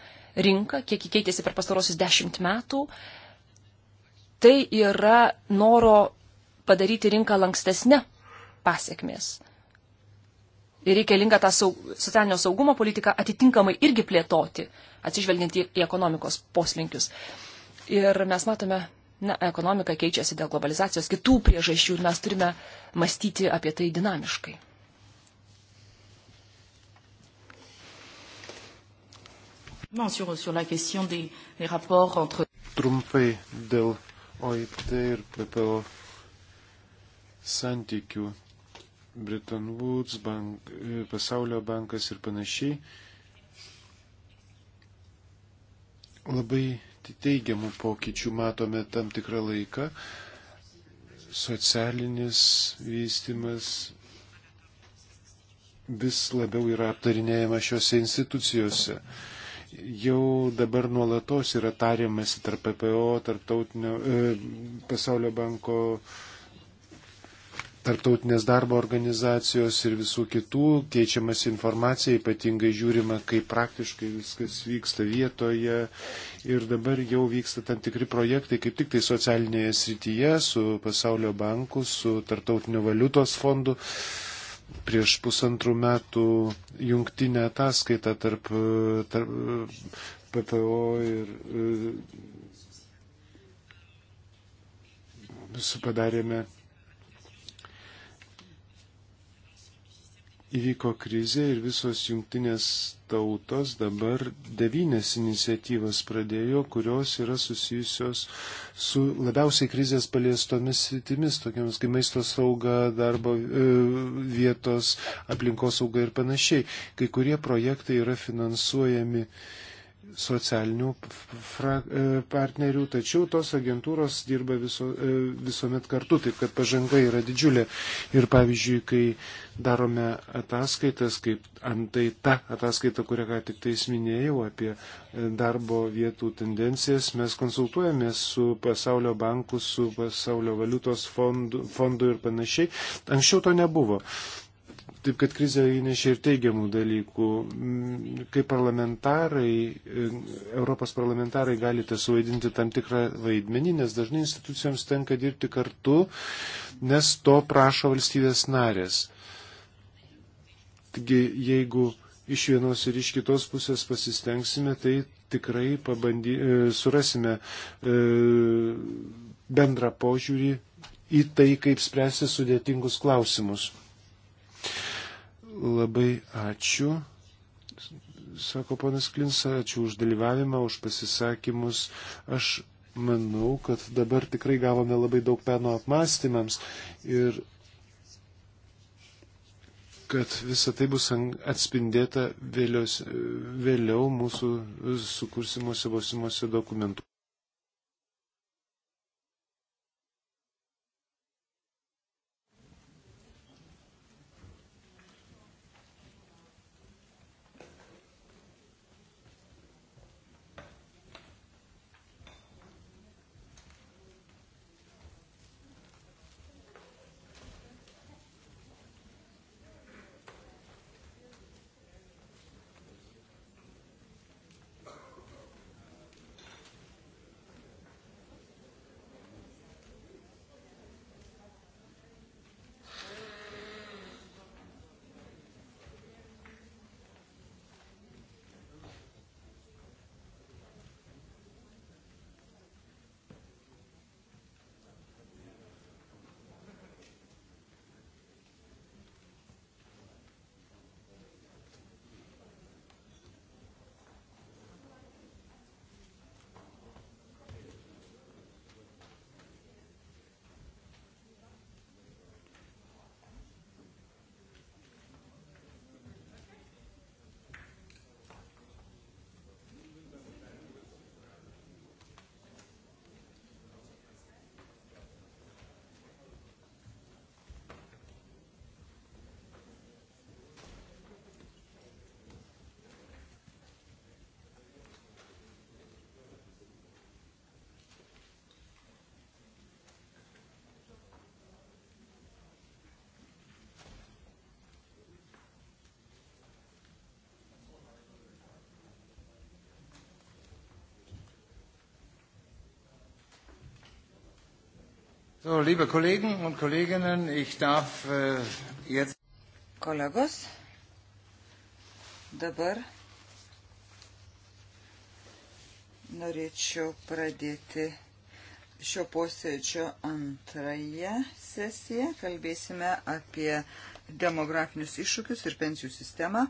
rinka, kiek ji keitėsi per pastarosius dešimt metų, tai yra noro padaryti rinką lankstesnę pasiekmės. Ir reikalinga tą saug, socialinio saugumo politiką atitinkamai irgi plėtoti, atsižvelgiant į, į ekonomikos poslinkius. Ir mes matome, na, ekonomika keičiasi dėl globalizacijos kitų priežasčių ir mes turime mąstyti apie tai dinamiškai. Trumpai dėl OIT ir PPO santykių. Bretton Woods, bank, e, pasaulio bankas ir panašiai. Labai teigiamų pokyčių matome tam tikrą laiką. Socialinis vystimas vis labiau yra aptarinėjama šiuose institucijose. Mm jau dabar nuolatos yra tariamasi tarp PPO, tarptautinio e, pasaulio banko, tarptautinės darbo organizacijos ir visų kitų, keičiamas informacija, ypatingai žiūrima, kaip praktiškai viskas vyksta vietoje. Ir dabar jau vyksta tam tikri projektai, kaip tik tai socialinėje srityje, su pasaulio banku, su tarptautinio valiutos fondu. E, prieš pusantrų metų jungtinę ataskaitą tarp, e, tarp e, PPO ir e, padarėme įvyko krizė ir visos jungtinės tautos dabar devynės iniciatyvas pradėjo, kurios yra susijusios su labiausiai krizės paliestomis sitimis, tokiamis kaip maisto sauga, darbo e, vietos, aplinkos sauga ir panašiai. Kai kurie projektai yra finansuojami socialinių e, partnerių, tačiau tos agentūros dirba viso, e, visuomet kartu, taip kad pažanga yra didžiulė. Ir pavyzdžiui, kai darome ataskaitas, kaip antai ta ataskaita, kurią ką tik tais minėjau apie e, darbo vietų tendencijas, mes konsultuojamės su Pasaulio banku, su Pasaulio valiutos fondu, fondu ir panašiai. Anksčiau to nebuvo. Taip kad krizė įnešė ir teigiamų dalykų. Mm, kaip parlamentarai, mm, Europos parlamentarai galite suvaidinti tam tikrą vaidmenį, nes dažnai institucijoms tenka dirbti kartu, nes to prašo valstybės narės. Taigi, jeigu iš vienos ir iš kitos pusės pasistengsime, tai tikrai pabandy, e, surasime e, bendrą požiūrį į tai, kaip spręsti sudėtingus klausimus. Labai ačiū, sako panas Klinsa, ačiū už dalyvavimą, už pasisakymus. Aš manau, kad dabar tikrai gavome labai daug peno apmąstymams ir kad visa tai bus atspindėta vėlios, vėliau mūsų sukursimuose būsimuose dokumentų. So, liebe Kollegen und Kolleginnen, ich darf äh, jetzt. Kolegos, dabar norėčiau pradėti šio posėdžio antrąją sesiją. Kalbėsime apie demografinius iššūkius ir pensijų sistemą.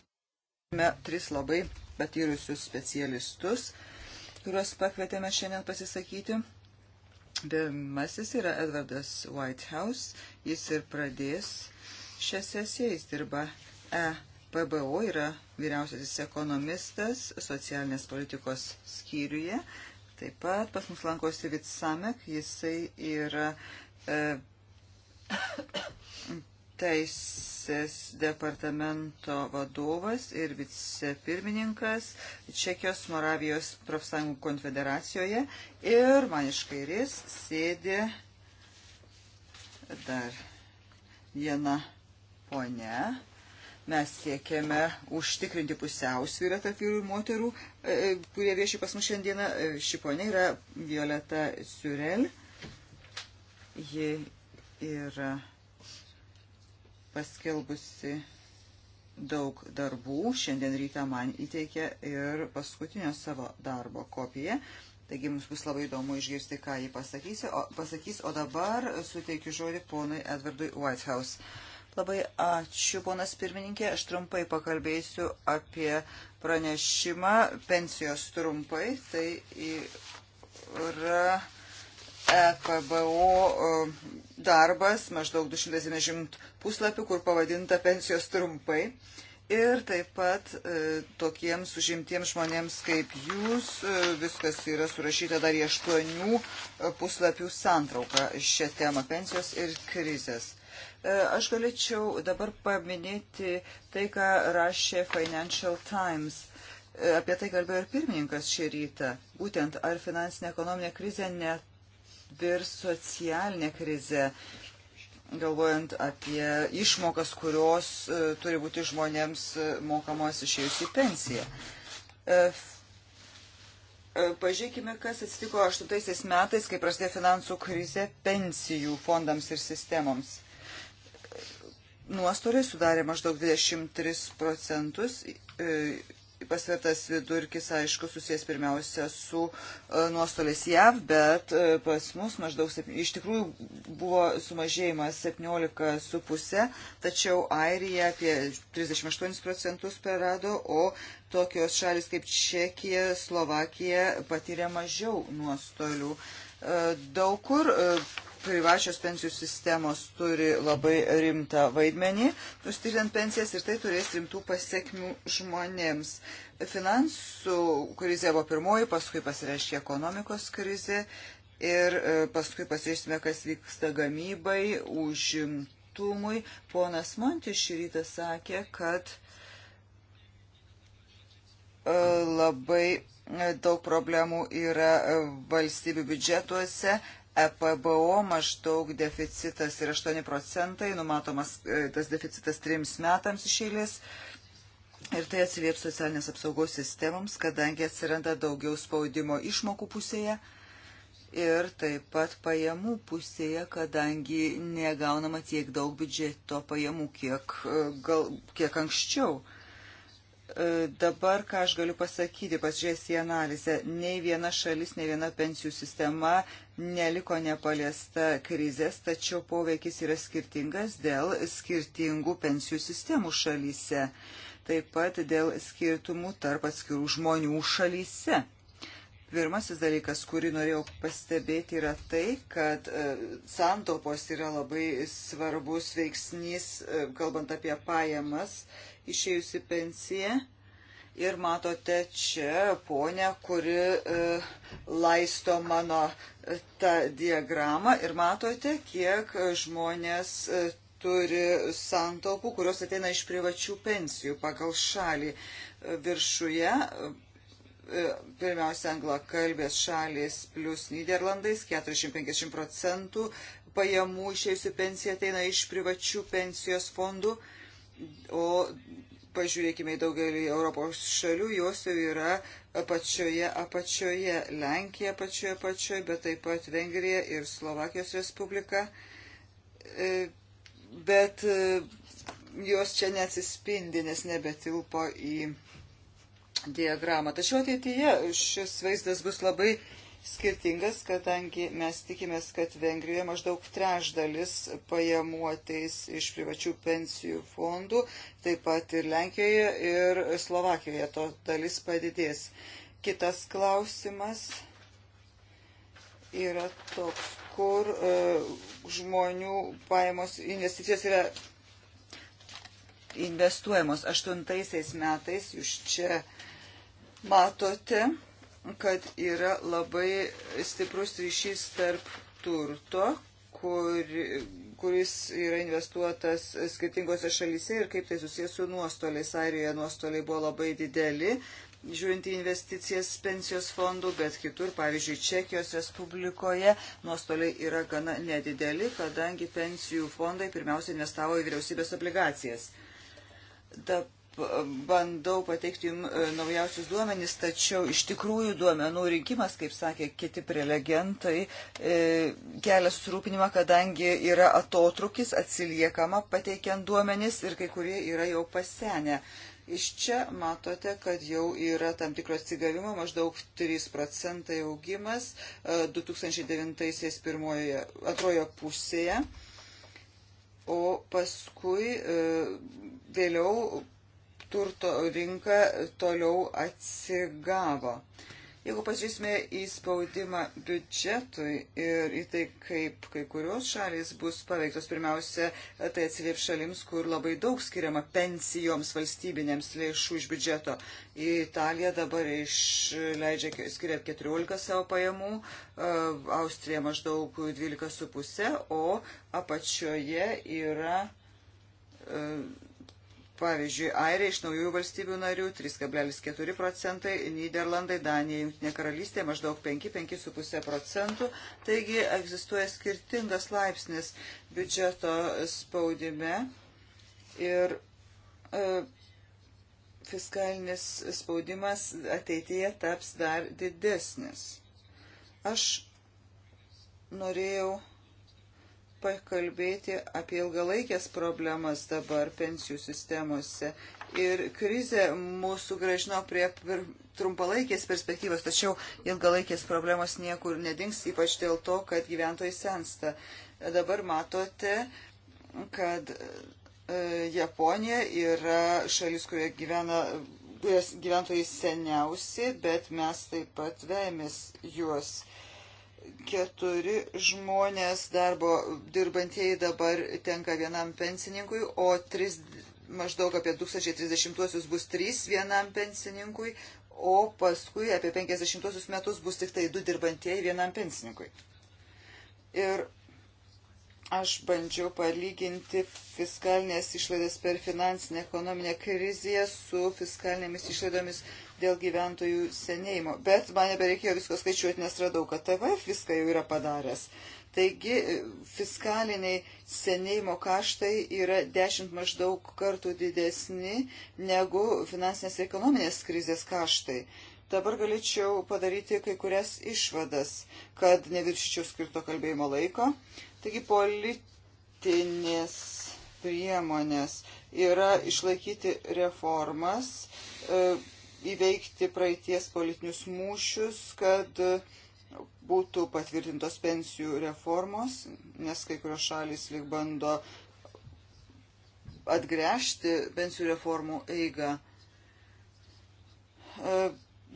Turime tris labai patyrusius specialistus, kuriuos pakvietėme šiandien pasisakyti. Pirmasis yra Edvardas Whitehouse, jis ir pradės šią sesiją, jis dirba EPBO, yra vyriausiasis ekonomistas socialinės politikos skyriuje. Taip pat pas mus lankosi Vitsamek, jisai yra e, *coughs* teis teisės departamento vadovas ir vicepirmininkas Čekijos Moravijos profsąjungų konfederacijoje ir man iš kairės sėdė dar viena ponia. Mes siekiame užtikrinti pusiausvyrą tarp vyrų ir moterų, e, e, kurie vieši pas mus šiandieną. E, ši ponia yra Violeta Siurel. Ji yra paskelbusi daug darbų. Šiandien ryte man įteikė ir paskutinio savo darbo kopiją. Taigi mums bus labai įdomu išgirsti, ką jį pasakys. O, pasakys, o dabar suteikiu žodį ponui Edvardui Whitehouse. Labai ačiū, ponas pirmininkė. Aš trumpai pakalbėsiu apie pranešimą pensijos trumpai. Tai yra EPBO e, darbas, maždaug 270 puslapių, kur pavadinta pensijos trumpai. Ir taip pat e, tokiems užimtiems žmonėms kaip jūs, e, viskas yra surašyta dar į aštuonių puslapių santrauką šią temą pensijos ir krizės. Aš galėčiau dabar paminėti tai, ką rašė Financial Times. Apie tai kalbėjo ir pirmininkas šį rytą. Būtent ar finansinė ekonominė krizė net virs socialinė krize, galvojant apie išmokas, kurios e, turi būti žmonėms e, mokamos išėjus į pensiją. E, pažiūrėkime, kas atsitiko 8 metais, kai prasidėjo finansų krizė pensijų fondams ir sistemoms. Nuostoliai sudarė maždaug 23 procentus, pasvertas vidurkis, aišku, susijęs pirmiausia su e, nuostoliais JAV, bet e, pas mus maždaug, iš tikrųjų, buvo sumažėjimas 17,5, tačiau Airija apie 38 procentus prarado, o tokios šalis kaip Čekija, Slovakija patyrė mažiau nuostolių. E, daug kur privačios pensijų sistemos turi labai rimtą vaidmenį, nustilinant pensijas ir tai turės rimtų pasiekmių žmonėms. Finansų krizė buvo pirmoji, paskui pasireiškė ekonomikos krizė ir e, paskui pasireiškime, kas vyksta gamybai, užimtumui. Ponas Montis šį rytą sakė, kad e, labai daug problemų yra e, valstybių biudžetuose, EPBO maždaug deficitas yra 8 procentai, numatomas e, tas deficitas trims metams iš eilės. Ir tai atsilieps socialinės apsaugos sistemoms, kadangi atsiranda daugiau spaudimo išmokų pusėje ir taip pat pajamų pusėje, kadangi negaunama tiek daug biudžeto pajamų, kiek, e, gal, kiek anksčiau. E, dabar, ką aš galiu pasakyti, pasižiūrėjęs į analizę, nei viena šalis, nei viena pensijų sistema neliko nepaliesta krizės, tačiau poveikis yra skirtingas dėl skirtingų pensijų sistemų šalyse, taip pat dėl skirtumų tarp atskirų žmonių šalyse. Pirmasis dalykas, kurį norėjau pastebėti, yra tai, kad e, santopos yra labai svarbus veiksnys, e, kalbant apie pajamas išėjusi pensiją. Ir matote čia ponę, kuri e, laisto mano e, tą diagramą ir matote, kiek e, žmonės e, turi santaupų, kurios ateina iš privačių pensijų pagal šalį. E, viršuje pirmiausia anglakalbės šalis plus Niderlandais 450 procentų pajamų išėjusių pensija ateina iš privačių pensijos fondų o pažiūrėkime į daugelį Europos šalių, jos jau yra apačioje, apačioje, Lenkija apačioje, apačioje, bet taip pat Vengrija ir Slovakijos Respublika. E, bet e, jos čia neatsispindi, nes nebetilpo į diagramą. Tačiau ateityje šis vaizdas bus labai skirtingas, kadangi mes tikimės, kad Vengrijoje maždaug trešdalis pajamų ateis iš privačių pensijų fondų, taip pat ir Lenkijoje ir Slovakijoje to dalis padidės. Kitas klausimas yra toks, kur e, žmonių pajamos investicijos yra investuojamos. Aštuntaisiais metais jūs čia matote kad yra labai stiprus ryšys tarp turto, kur, kuris yra investuotas skirtingose šalyse ir kaip tai susijęs su nuostoliais. Airijoje nuostoliai buvo labai dideli, žiūrint į investicijas pensijos fondų, bet kitur, pavyzdžiui, Čekijos Respublikoje nuostoliai yra gana nedideli, kadangi pensijų fondai pirmiausia investavo į vyriausybės obligacijas. Dabar bandau pateikti jums e, naujausius duomenys, tačiau iš tikrųjų duomenų rinkimas, kaip sakė kiti prelegentai, e, kelia susirūpinimą, kadangi yra atotrukis, atsiliekama pateikiant duomenys ir kai kurie yra jau pasenę. Iš čia matote, kad jau yra tam tikro atsigavimo, maždaug 3 procentai augimas 2009 e, pirmoje, antrojo pusėje o paskui vėliau turto rinka toliau atsigavo. Jeigu pažiūrėsime į spaudimą biudžetui ir į tai, kaip kai kurios šalis bus paveiktos, pirmiausia, tai atsiliep šalims, kur labai daug skiriama pensijoms valstybinėms lėšų iš biudžeto. Italija dabar išleidžia, skiria 14 savo pajamų, Austrija maždaug 12,5, o apačioje yra Pavyzdžiui, Airija iš naujųjų valstybių narių 3,4 procentai, Niderlandai, Danija, Junktinė karalystė maždaug 5-5,5 procentų. Taigi egzistuoja skirtingas laipsnis biudžeto spaudime ir e, fiskalinis spaudimas ateityje taps dar didesnis. Aš norėjau pakalbėti apie ilgalaikės problemas dabar pensijų sistemose. Ir krizė mūsų gražino prie trumpalaikės perspektyvos, tačiau ilgalaikės problemos niekur nedings, ypač dėl to, kad gyventojai sensta. Dabar matote, kad e, Japonija yra šalis, kurioje gyvena gyventojai seniausi, bet mes taip pat vejamės juos. Uh, keturi žmonės darbo dirbantieji dabar tenka vienam pensininkui, o tris, maždaug apie 2030 bus trys vienam pensininkui, o paskui apie 50 metus bus tik tai du dirbantieji vienam pensininkui. Ir aš bandžiau palyginti fiskalinės išlaidas per finansinę ekonominę krizę su fiskalinėmis išlaidomis dėl gyventojų senėjimo. Bet man nebereikėjo visko skaičiuoti, nes radau, kad TVF viską jau yra padaręs. Taigi e, fiskaliniai senėjimo kaštai yra dešimt maždaug kartų didesni negu finansinės ir ekonominės krizės kaštai. Dabar galėčiau padaryti kai kurias išvadas, kad neviršyčiau skirto kalbėjimo laiko. Taigi politinės priemonės yra išlaikyti reformas, e, įveikti praeities politinius mūšius, kad būtų patvirtintos pensijų reformos, nes kai kurios šalys lik bando atgręžti pensijų reformų eigą. E,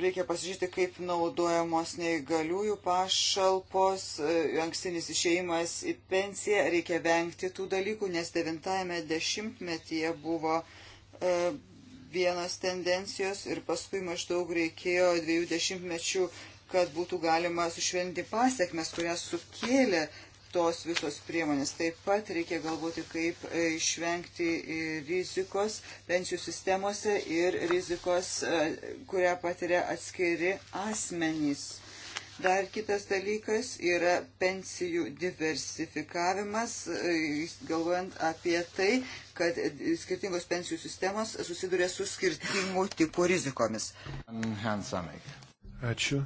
reikia pasižiūrėti, kaip naudojamos neįgaliųjų pašalpos, e, ankstinis išeimas į pensiją, reikia vengti tų dalykų, nes devintajame dešimtmetyje buvo e, vienos tendencijos ir paskui maždaug reikėjo dviejų dešimtmečių, kad būtų galima sušvelninti pasiekmes, kurias sukėlė tos visos priemonės. Taip pat reikia galvoti, kaip e, išvengti e, rizikos pensijų sistemose ir rizikos, e, kurią patiria atskiri asmenys. Dar kitas dalykas yra pensijų diversifikavimas, e, galvojant apie tai, kad skirtingos pensijų sistemos susiduria su skirtingų tipų rizikomis. Ačiū.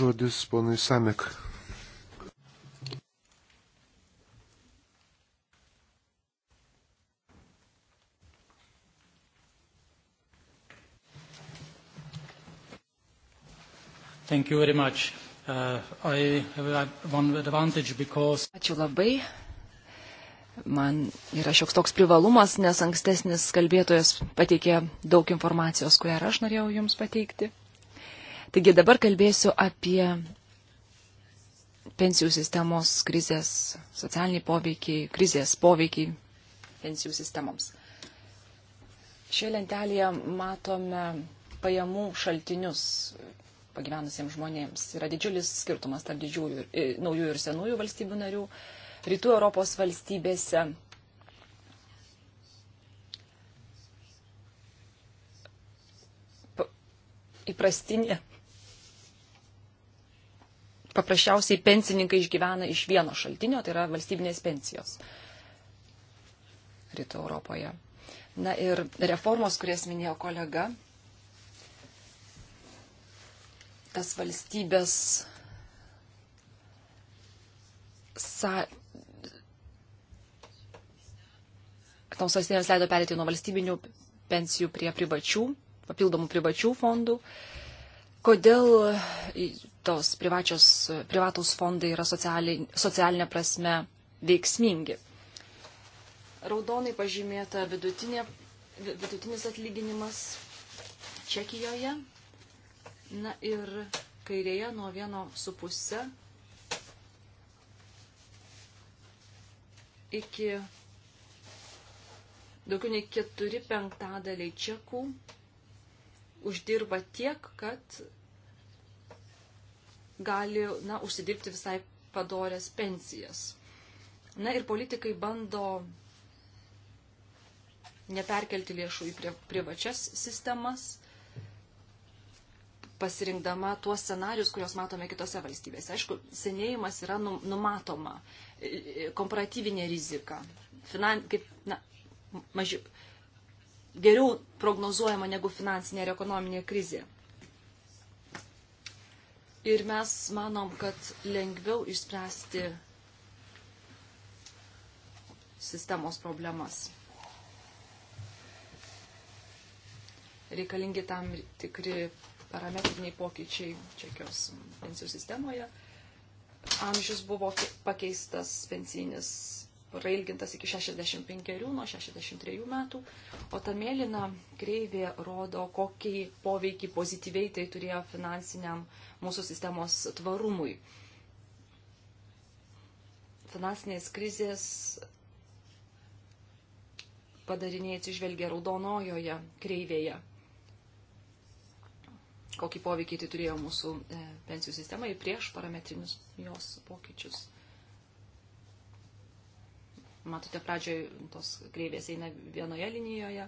Žodis ponui Samek. Thank you very much. Uh, I have one advantage because... Ačiū labai. Man yra šioks toks privalumas, nes ankstesnis kalbėtojas pateikė daug informacijos, kurią aš norėjau Jums pateikti. Taigi dabar kalbėsiu apie pensijų sistemos krizės, socialiniai poveikiai, krizės poveikiai pensijų sistemoms. Šioje lentelėje matome pajamų šaltinius pagyvenusiems žmonėms. Yra didžiulis skirtumas tarp didžiųjų, e, naujųjų ir senųjų valstybių narių. Rytų Europos valstybėse įprastinė. Paprasčiausiai pensininkai išgyvena iš vieno šaltinio, tai yra valstybinės pensijos rytų Europoje. Na ir reformos, kurias minėjo kolega, tas valstybės sa... toms valstybėms leido perėti nuo valstybinių pensijų prie privačių, papildomų privačių fondų. Kodėl tos privačios, privatus fondai yra socialinė, socialinė prasme veiksmingi? Raudonai pažymėta vidutinė, vidutinis atlyginimas Čekijoje Na ir kairėje nuo vieno su pusė iki daugiau nei keturi penktadaliai čekų uždirba tiek, kad gali, na, užsidirbti visai padorės pensijas. Na ir politikai bando neperkelti lėšų į privačias sistemas, pasirinkdama tuos scenarius, kuriuos matome kitose valstybėse. Aišku, senėjimas yra numatoma, komparatyvinė rizika, finan, kaip, na, maži, geriau prognozuojama negu finansinė ir ekonominė krizė. Ir mes manom, kad lengviau išspręsti sistemos problemas. Reikalingi tam tikri parametriniai pokyčiai Čekijos pensijų sistemoje. Amžius buvo pakeistas pensinis, prailgintas iki 65 nuo 63 metų, o ta mėlyna kreivė rodo, kokį poveikį pozityviai tai turėjo finansiniam mūsų sistemos tvarumui. Finansinės krizės padariniai atsižvelgia raudonojoje kreivėje kokį poveikį tai turėjo mūsų e, pensijų sistemai prieš parametrinius jos pokyčius. Matote, pradžioje tos kreivės eina vienoje linijoje,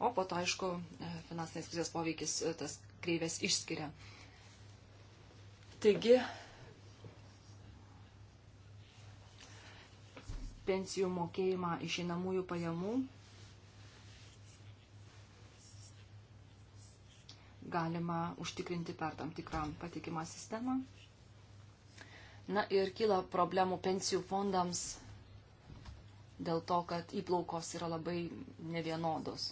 o po to, aišku, e, finansinės krizės poveikis e, tas kreivės išskiria. Taigi, pensijų mokėjimą iš einamųjų pajamų galima užtikrinti per tam tikrą patikimą sistemą. Na ir kyla problemų pensijų fondams dėl to, kad įplaukos yra labai nevienodos.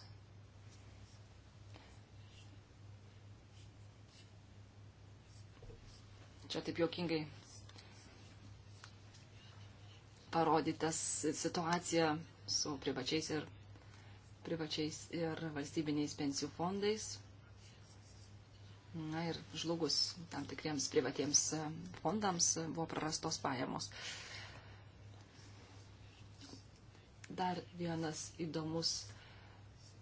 Čia taip jokingai parodytas situacija su privačiais ir, privačiais ir valstybiniais pensijų fondais. Na ir žlugus tam tikriems privatiems e, fondams e, buvo prarastos pajamos. Dar vienas įdomus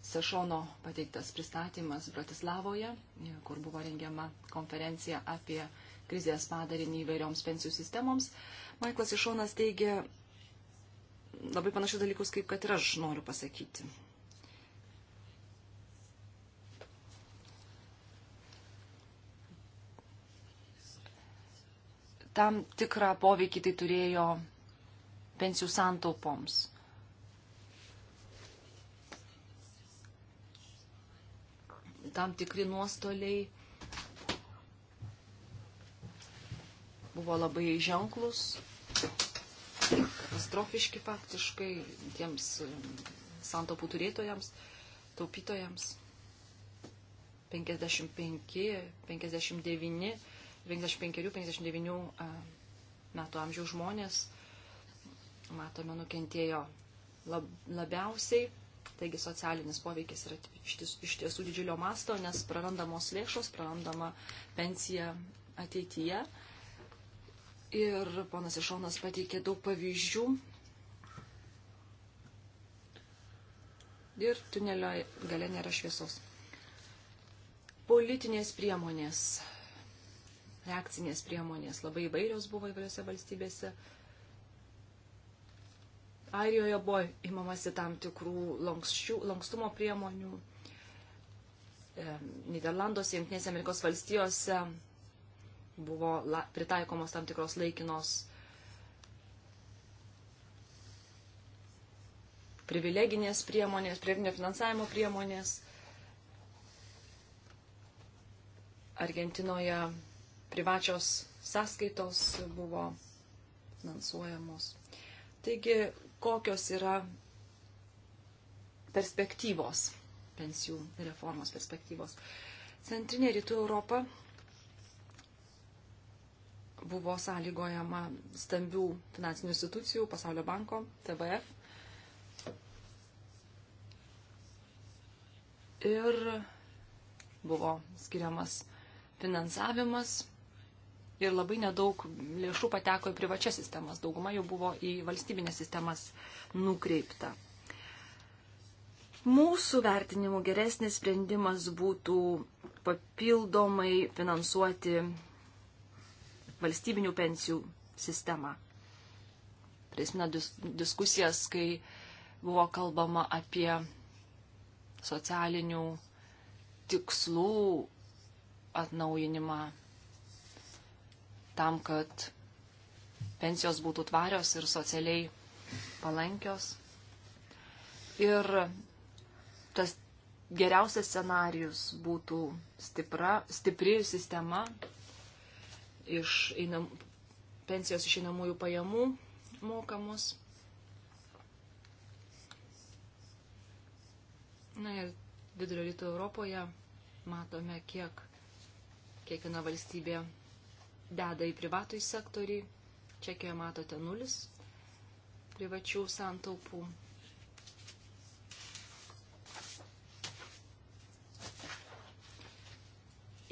Sešono pateiktas pristatymas Bratislavoje, e, kur buvo rengiama konferencija apie krizės padarinį įvairioms pensijų sistemoms. Maiklas Išonas teigia labai panašius dalykus, kaip kad ir aš noriu pasakyti. tam tikrą poveikį tai turėjo pensijų santaupoms. Tam tikri nuostoliai buvo labai ženklus, katastrofiški faktiškai tiems um, santaupų turėtojams, taupytojams. 55, 59 55-59 metų amžiaus žmonės, matome, nukentėjo lab, labiausiai. Taigi socialinis poveikis yra iš tiesų didžiulio masto, nes prarandamos lėšos, prarandama pensija ateityje. Ir ponas Išonas pateikė daug pavyzdžių. Ir tunelio gale nėra šviesos. Politinės priemonės reakcinės priemonės labai įvairios buvo įvairiose valstybėse. Airijoje buvo imamasi tam tikrų lankščių, lankstumo priemonių. E, Niderlanduose, Junktinėse Amerikos valstijose buvo la, pritaikomos tam tikros laikinos privileginės priemonės, privileginio finansavimo priemonės. Argentinoje privačios sąskaitos buvo finansuojamos. Taigi, kokios yra perspektyvos, pensijų reformos perspektyvos. Centrinė rytų Europa buvo sąlygojama stambių finansinių institucijų, Pasaulio banko, TVF. Ir buvo skiriamas finansavimas ir labai nedaug lėšų pateko į privačias sistemas, dauguma jau buvo į valstybinės sistemas nukreipta. Mūsų vertinimu geresnis sprendimas būtų papildomai finansuoti valstybinių pensijų sistemą. Prisimena dis diskusijas, kai buvo kalbama apie socialinių tikslų atnaujinimą tam, kad pensijos būtų tvarios ir socialiai palankios. Ir tas geriausias scenarius būtų stipra, stipri sistema iš einam, pensijos išeinamųjų pajamų mokamos. Na ir vidurio rytų Europoje matome, kiek kiekviena valstybė deda į privatų į sektorį. Čekijoje matote nulis privačių santaupų.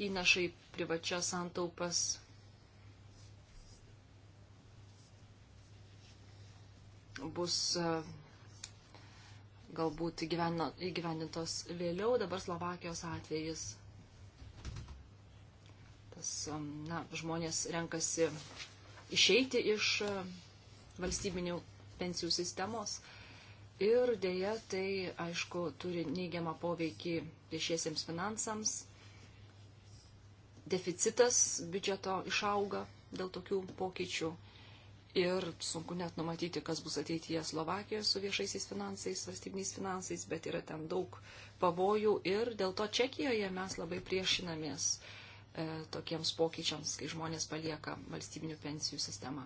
Įnašai privačias santaupas bus e, galbūt įgyvendintos vėliau, dabar Slovakijos atvejis na, žmonės renkasi išeiti iš e, valstybinių pensijų sistemos. Ir dėja, tai, aišku, turi neigiamą poveikį viešiesiems finansams. Deficitas biudžeto išauga dėl tokių pokyčių. Ir sunku net numatyti, kas bus ateityje Slovakijoje su viešaisiais finansais, valstybiniais finansais, bet yra ten daug pavojų. Ir dėl to Čekijoje mes labai priešinamės uh, E, tokiems pokyčiams, kai žmonės palieka valstybinių pensijų sistemą.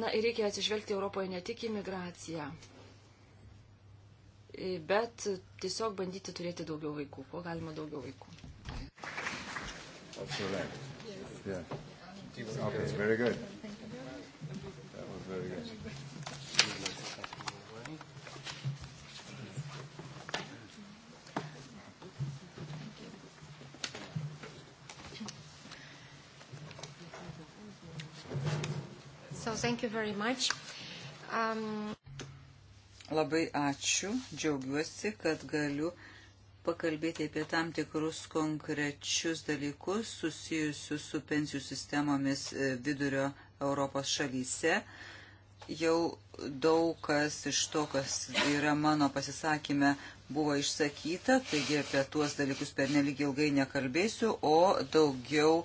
Na ir reikia atsižvelgti Europoje ne tik į migraciją, bet tiesiog bandyti turėti daugiau vaikų, kuo galima daugiau vaikų. Okay, very good. That was very good. thank you very much. Um... Labai ačiū, džiaugiuosi, kad galiu pakalbėti apie tam tikrus konkrečius dalykus susijusius su pensijų sistemomis e, vidurio Europos šalyse. Jau daug kas iš to, kas yra mano pasisakymė, buvo išsakyta, taigi apie tuos dalykus per nelik ilgai nekalbėsiu, o daugiau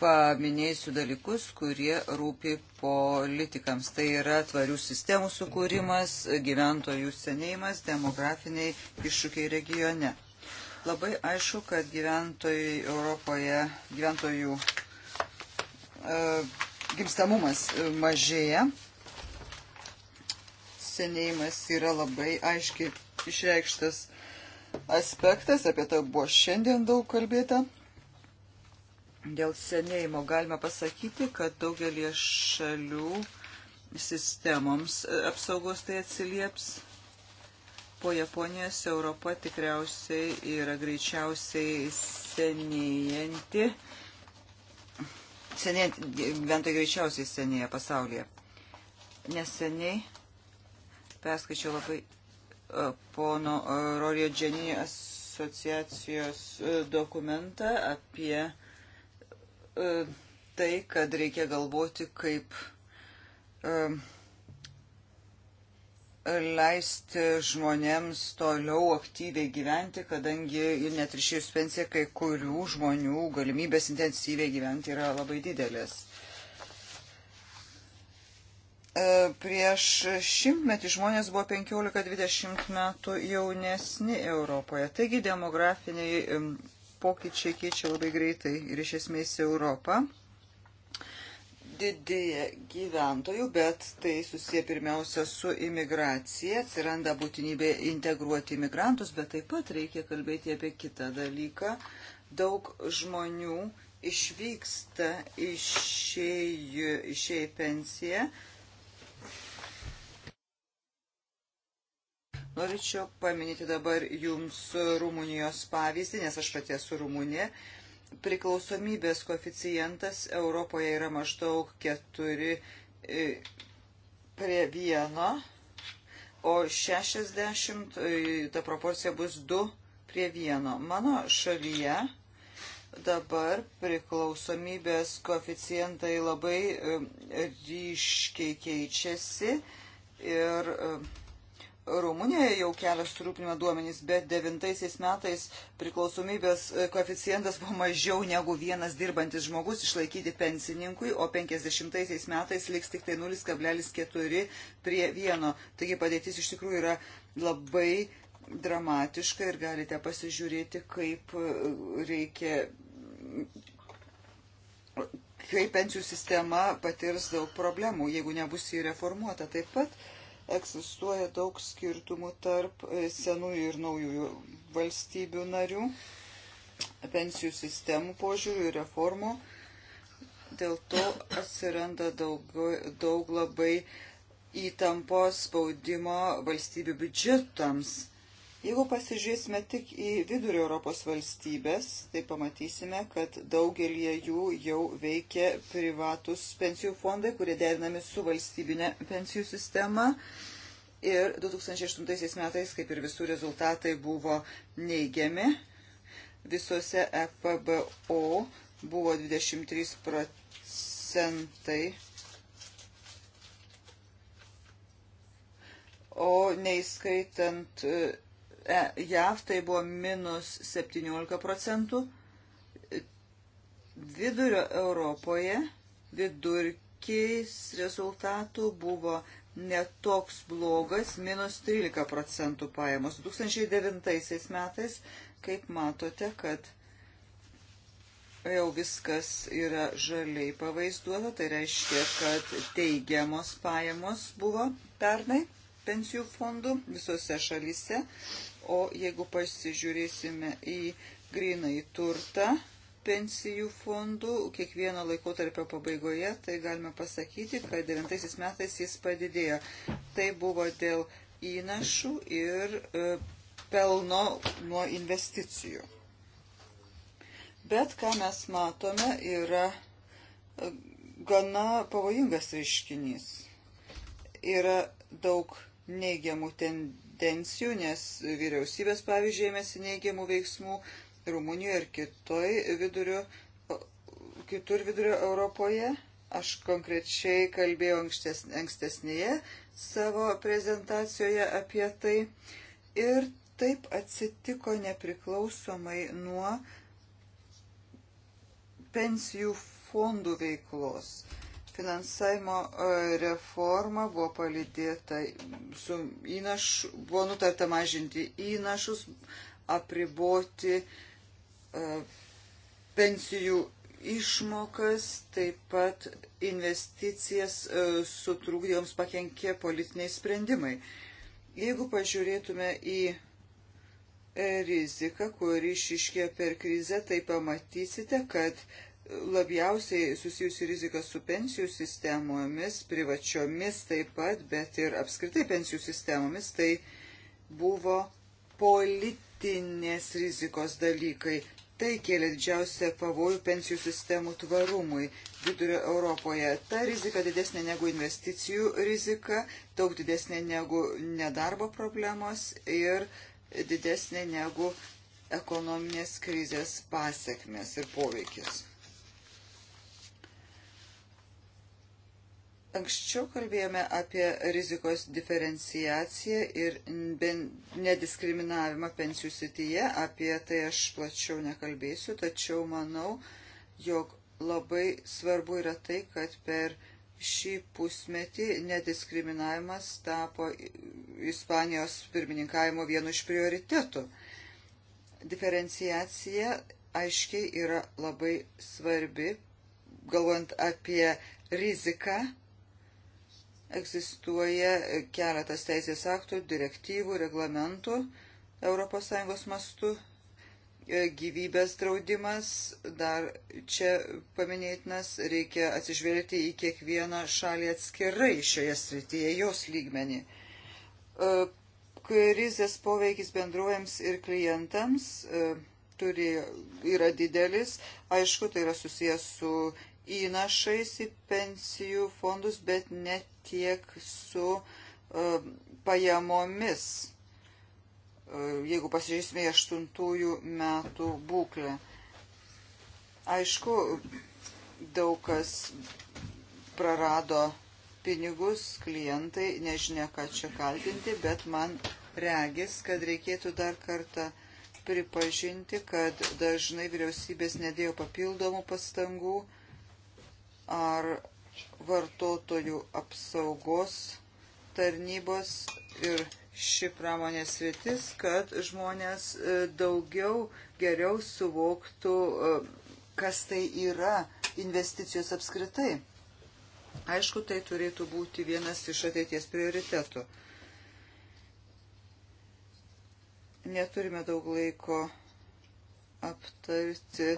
paminėsiu dalykus, kurie rūpi politikams. Tai yra tvarių sistemų sukūrimas, gyventojų senėjimas, demografiniai iššūkiai regione. Labai aišku, kad gyventojai Europoje, gyventojų e, gimstamumas mažėja. Senėjimas yra labai aiškiai išreikštas aspektas, apie tai buvo šiandien daug kalbėta. Dėl senėjimo galima pasakyti, kad daugelie šalių sistemoms e, apsaugos tai atsilieps. Po Japonijos Europa tikriausiai yra greičiausiai senėjanti. Senėjanti, gyventojai greičiausiai senėja pasaulyje. Neseniai perskaičiau labai e, pono e, Rorio Dženį asociacijos dokumentą apie E, tai, kad reikia galvoti, kaip e, leisti žmonėms toliau aktyviai gyventi, kadangi ir net ir šiais pensija kai kurių žmonių galimybės intensyviai gyventi yra labai didelės. E, prieš šimtmetį žmonės buvo 15-20 metų jaunesni Europoje, taigi demografiniai pokyčiai keičia labai greitai ir iš esmės Europą. Didėja gyventojų, bet tai susiję pirmiausia su imigracija. Atsiranda būtinybė integruoti imigrantus, bet taip pat reikia kalbėti apie kitą dalyką. Daug žmonių išvyksta išėjų, išėjų pensiją Norėčiau paminėti dabar jums Rumunijos pavyzdį, nes aš pati esu Rumunė. Priklausomybės koeficientas Europoje yra maždaug 4 e, prie 1, o 60 e, ta proporcija bus 2 prie 1. Mano šalyje dabar priklausomybės koeficientai labai e, ryškiai keičiasi ir Rumunijoje jau kelia surūpinimą duomenys, bet devintaisiais metais priklausomybės e, koeficientas buvo mažiau negu vienas dirbantis žmogus išlaikyti pensininkui, o penkisdešimtaisiais metais liks tik tai 0,4 prie vieno. Taigi padėtis iš tikrųjų yra labai dramatiška ir galite pasižiūrėti, kaip e, reikia kaip pensijų sistema patirs daug problemų, jeigu nebus jį reformuota. Taip pat uh, egzistuoja daug skirtumų tarp e, senųjų ir naujųjų valstybių narių, pensijų sistemų požiūrių ir reformų. Dėl to atsiranda daug, daug labai įtampos spaudimo valstybių biudžetams Jeigu pasižiūrėsime tik į vidurio Europos valstybės, tai pamatysime, kad daugelie jų jau veikia privatus pensijų fondai, kurie derinami su valstybinė pensijų sistema. Ir 2008 metais, kaip ir visų rezultatai, buvo neigiami. Visose EPBO buvo 23 procentai. O neįskaitant E, JAV tai buvo minus 17 procentų, vidurio Europoje vidurkiais rezultatų buvo netoks blogas, minus 13 procentų pajamos. 2009 metais, kaip matote, kad jau viskas yra žaliai pavaizduota, tai reiškia, kad teigiamos pajamos buvo pernai pensijų fondų visose šalyse. O jeigu pasižiūrėsime į grinai turtą pensijų fondų kiekvieno laikotarpio pabaigoje, tai galime pasakyti, kad 9 metais jis padidėjo. Tai buvo dėl įnašų ir e, pelno nuo investicijų. Bet ką mes matome yra e, gana pavojingas reiškinys. Yra daug neigiamų tendencijų tendencijų, nes vyriausybės, pavyzdžiui, ėmėsi neigiamų veiksmų Rumunijoje ir kitoj vidurio, kitur vidurio Europoje. Aš konkrečiai kalbėjau ankštes, ankstesnėje savo prezentacijoje apie tai. Ir taip atsitiko nepriklausomai nuo pensijų fondų veiklos. Finansavimo e, reforma buvo palydėta su įnašu, buvo nutarta mažinti įnašus, apriboti e, pensijų išmokas, taip pat investicijas e, sutrūkdėjoms pakenkė politiniai sprendimai. Jeigu pažiūrėtume į riziką, kuri išiškė per krizę, tai pamatysite, kad labiausiai susijusi rizika su pensijų sistemomis, privačiomis taip pat, bet ir apskritai pensijų sistemomis, tai buvo politinės rizikos dalykai. Tai kėlė didžiausią pavojų pensijų sistemų tvarumui vidurio Europoje. Ta rizika didesnė negu investicijų rizika, daug didesnė negu nedarbo problemos ir didesnė negu ekonominės krizės pasiekmes ir poveikis. Anksčiau kalbėjome apie rizikos diferenciaciją ir nediskriminavimą pensijų sityje, apie tai aš plačiau nekalbėsiu, tačiau manau, jog labai svarbu yra tai, kad per šį pusmetį nediskriminavimas tapo Ispanijos pirmininkavimo vienu iš prioritetų. Diferenciacija aiškiai yra labai svarbi, galvojant apie riziką Egzistuoja keletas teisės aktų, direktyvų, reglamentų ES mastu. E, gyvybės draudimas, dar čia paminėtinas, reikia atsižvelgti į kiekvieną šalį atskirai šioje srityje, jos lygmenį e, krizės poveikis bendruojams ir klientams e, turi, yra didelis. Aišku, tai yra susijęs su įnašais į pensijų fondus, bet ne tiek su uh, pajamomis, uh, jeigu pasižiūrėsime į aštuntųjų metų būklę. Aišku, daug kas prarado pinigus klientai, nežinia, ką čia kaltinti, bet man regis, kad reikėtų dar kartą pripažinti, kad dažnai vyriausybės nedėjo papildomų pastangų ar vartotojų apsaugos tarnybos ir ši pramonės sritis, kad žmonės e, daugiau geriau suvoktų, e, kas tai yra investicijos apskritai. Aišku, tai turėtų būti vienas iš ateities prioritetų. Neturime daug laiko aptarti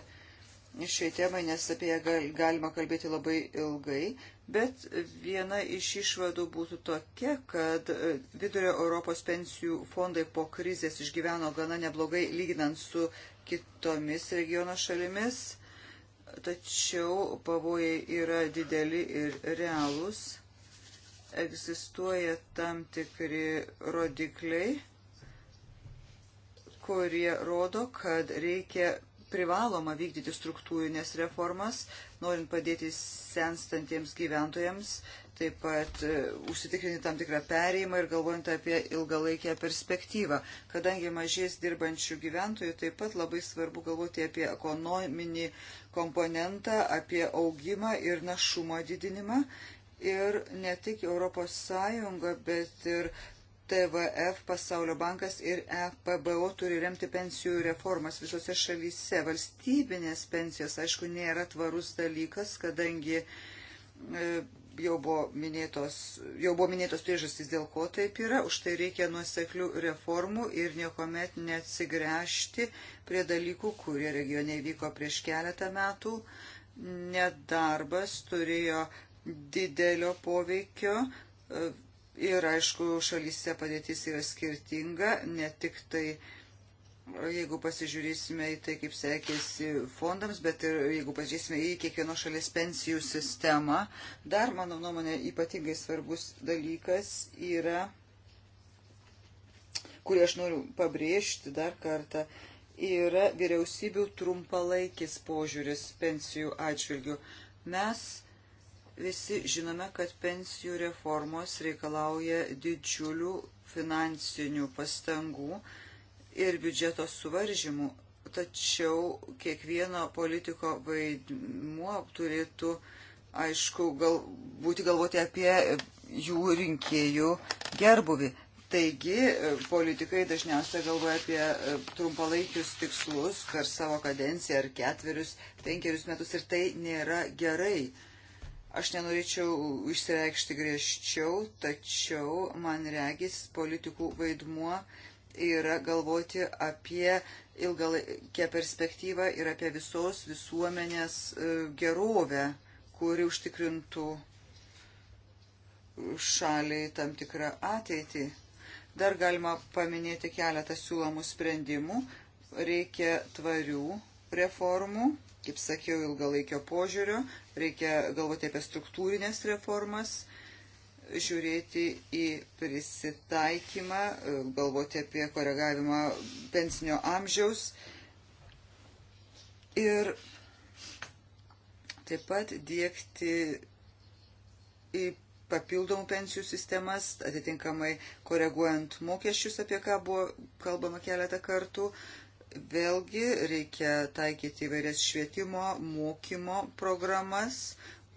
šiai temai, nes apie ją galima kalbėti labai ilgai, bet viena iš išvadų būtų tokia, kad e, vidurio Europos pensijų fondai po krizės išgyveno gana neblogai lyginant su kitomis regiono šalimis, tačiau pavojai yra dideli ir realūs. Egzistuoja tam tikri rodikliai, kurie rodo, kad reikia privaloma vykdyti struktūrinės reformas, norint padėti senstantiems gyventojams, taip pat e, užsitikrinti tam tikrą perėjimą ir galvojant apie ilgalaikę perspektyvą. Kadangi mažės dirbančių gyventojų, taip pat labai svarbu galvoti apie ekonominį komponentą, apie augimą ir našumo didinimą. Ir ne tik ES, bet ir TVF, Pasaulio bankas ir EPBO turi remti pensijų reformas visose šalyse. Valstybinės pensijos, aišku, nėra tvarus dalykas, kadangi e, jau buvo minėtos, jau buvo minėtos priežastys, dėl ko taip yra. Už tai reikia nuoseklių reformų ir niekuomet neatsigręžti prie dalykų, kurie regione vyko prieš keletą metų. Nedarbas turėjo didelio poveikio e, Ir aišku, šalyse padėtis yra skirtinga, ne tik tai, jeigu pasižiūrėsime į tai, kaip sekėsi fondams, bet ir jeigu pažiūrėsime į kiekvieno šalies pensijų sistemą. Dar, mano nuomonė, ypatingai svarbus dalykas yra, kurį aš noriu pabrėžti dar kartą, yra vyriausybių trumpalaikis požiūris pensijų atžvilgių. Mes Visi žinome, kad pensijų reformos reikalauja didžiulių finansinių pastangų ir biudžeto suvaržymų, tačiau kiekvieno politiko vaidmuo turėtų, aišku, gal, būti galvoti apie jų rinkėjų gerbuvi. Taigi, politikai dažniausiai galvoja apie e, trumpalaikius tikslus per savo kadenciją ar ketverius, penkerius metus ir tai nėra gerai Aš nenorėčiau išsireikšti griežčiau, tačiau man regis politikų vaidmuo yra galvoti apie ilgalaikę perspektyvą ir apie visos visuomenės e, gerovę, kuri užtikrintų šaliai tam tikrą ateitį. Dar galima paminėti keletą siūlomų sprendimų. Reikia tvarių reformų kaip sakiau, ilgalaikio požiūrio, reikia galvoti apie struktūrinės reformas, žiūrėti į prisitaikymą, galvoti apie koregavimą pensinio amžiaus ir taip pat dėkti į papildomų pensijų sistemas, atitinkamai koreguojant mokesčius, apie ką buvo kalbama keletą kartų, uh, Vėlgi reikia taikyti įvairias švietimo, mokymo programas,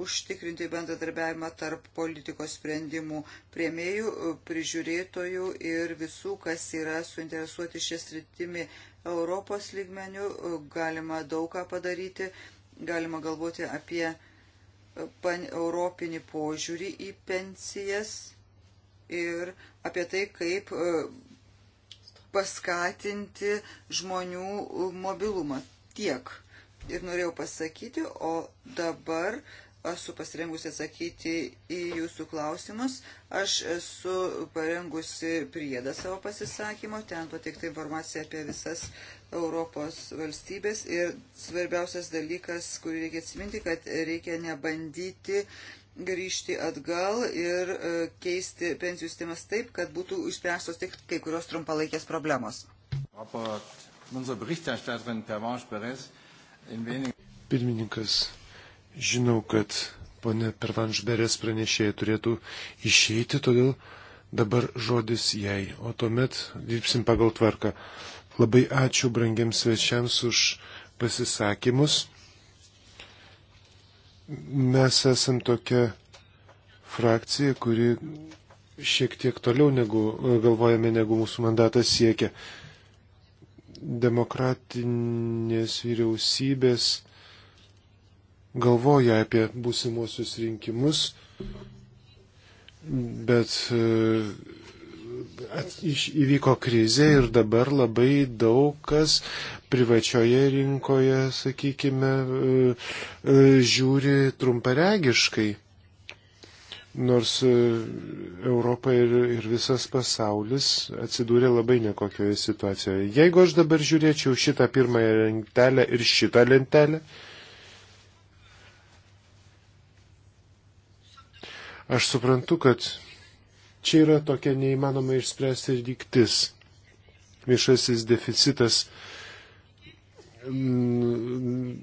užtikrinti bendradarbiavimą tarp politikos sprendimų prieimėjų, prižiūrėtojų ir visų, kas yra suinteresuoti šią sritimį Europos lygmenių. Galima daug ką padaryti, galima galvoti apie europinį požiūrį į pensijas ir apie tai, kaip paskatinti žmonių mobilumą. Tiek. Ir norėjau pasakyti, o dabar esu pasirengusi atsakyti į jūsų klausimus. Aš esu parengusi priedą savo pasisakymo, ten pateikta informacija apie visas Europos valstybės ir svarbiausias dalykas, kurį reikia atsiminti, kad reikia nebandyti uh, grįžti atgal ir e, keisti pensijų sistemas taip, kad būtų išspręstos tik kai kurios trumpalaikės problemos. Pirmininkas, žinau, kad ponė Pervanžberės pranešėja turėtų išeiti, todėl dabar žodis jai, o tuomet dirbsim pagal tvarką. Labai ačiū brangiams svečiams už pasisakymus mes esam tokia frakcija, kuri šiek tiek toliau negu galvojame, negu mūsų mandatas siekia. Demokratinės vyriausybės galvoja apie būsimuosius rinkimus, bet e, at, iš, įvyko krizė ir dabar labai daug kas privačioje rinkoje, sakykime, e, e, žiūri trumparegiškai. Nors e, Europa ir, ir visas pasaulis atsidūrė labai nekokioje situacijoje. Jeigu aš dabar žiūrėčiau šitą pirmąją lentelę ir šitą lentelę, aš suprantu, kad čia yra tokia neįmanoma išspręsti ryktis. Viešasis deficitas Mm,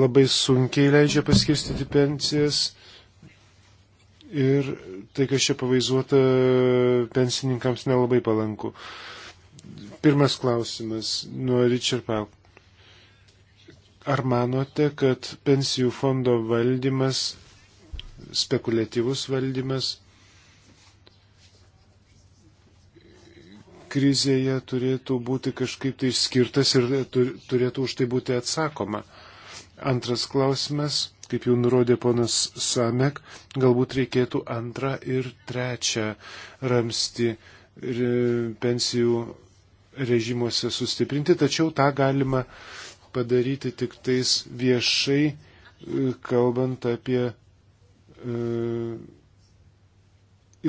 labai sunkiai leidžia paskirstyti pensijas. Ir tai, kas čia pavaizduota, pensininkams nelabai palanku. Pirmas klausimas nuo Richard Pau. Ar manote, kad pensijų fondo valdymas, spekuliatyvus valdymas, krizėje turėtų būti kažkaip tai išskirtas ir turėtų už tai būti atsakoma. Antras klausimas, kaip jau nurodė ponas Samek, galbūt reikėtų antrą ir trečią ramsti pensijų režimuose sustiprinti, tačiau tą galima padaryti tik tais viešai, e, kalbant apie e,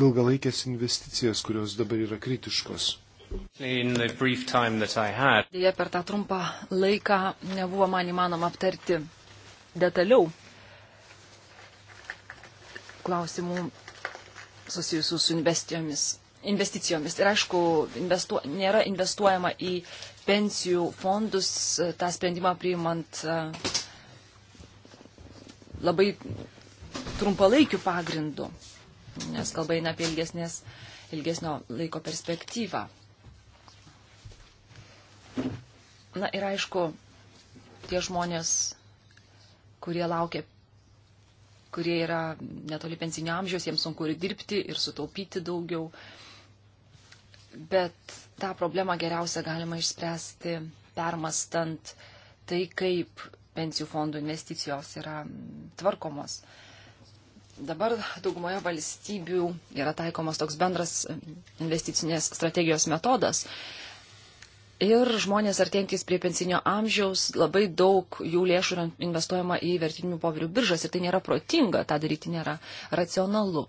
ilgalaikės investicijas, kurios dabar yra kritiškos. Dėja, per tą trumpą laiką nebuvo man įmanoma aptarti detaliau klausimų susijusių su investijomis. investicijomis. Ir aišku, investu, nėra investuojama į pensijų fondus, tą sprendimą priimant e, labai trumpalaikių pagrindų, nes kalba eina apie ilgesnės, ilgesnio laiko perspektyvą. Na ir aišku, tie žmonės, kurie laukia, kurie yra netoli pensinio amžiaus, jiems sunku ir dirbti, ir sutaupyti daugiau. Bet tą problemą geriausia galima išspręsti permastant tai, kaip pensijų fondų investicijos yra tvarkomos. Dabar daugumoje valstybių yra taikomas toks bendras investicinės strategijos metodas, Ir žmonės artėjantys prie pensinio amžiaus, labai daug jų lėšų yra investuojama į vertinių poverių biržas ir tai nėra protinga, tą daryti nėra racionalu.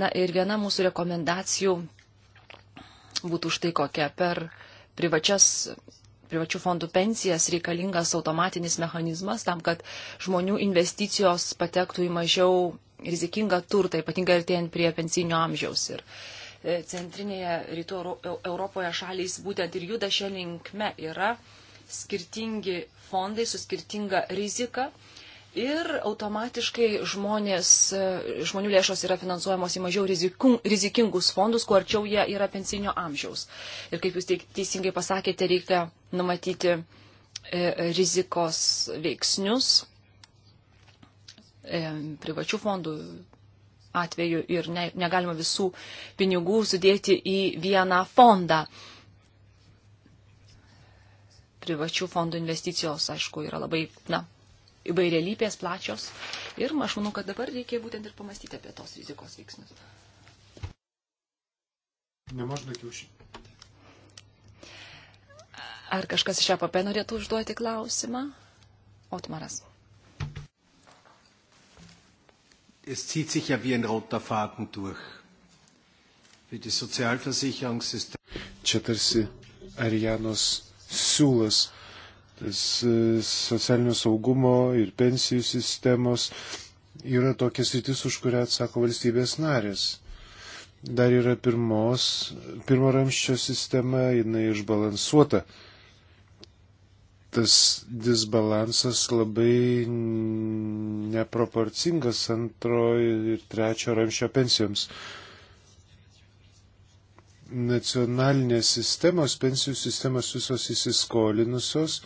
Na ir viena mūsų rekomendacijų būtų štai kokia per privačias privačių fondų pensijas reikalingas automatinis mechanizmas tam, kad žmonių investicijos patektų į mažiau rizikingą turtą, ypatingai artėjant prie pensinio amžiaus. Ir E, centrinėje rytų Europoje šalys būtent ir juda šią linkme yra skirtingi fondai su skirtinga rizika. Ir automatiškai žmonės, e, žmonių lėšos yra finansuojamos į mažiau rizikingus fondus, kuo arčiau jie yra pensinio amžiaus. Ir kaip jūs teisingai pasakėte, reikia numatyti e, rizikos veiksnius privačių fondų, atveju ir ne, negalima visų pinigų sudėti į vieną fondą. Privačių fondų investicijos, aišku, yra labai, na, įvairialypės, plačios. Ir aš manau, kad dabar reikia būtent ir pamastyti apie tos rizikos veiksnius. Nemažda kiaušį. Ar kažkas iš APP e norėtų užduoti klausimą? Otmaras. es zieht sich ja wie ein roter Faden durch. Für die Sozialversicherungssystem. Čia tarsi Arianos siūlas, tas e, socialinio saugumo ir pensijų sistemos yra tokia sritis, už kurią atsako valstybės narės. Dar yra pirmos, pirmo ramščio sistema, jinai išbalansuota. Uh, tas disbalansas labai neproporcingas antrojo ir trečio ramščio pensijoms. Nacionalinės sistemos, pensijų sistemos visos įsiskolinusios.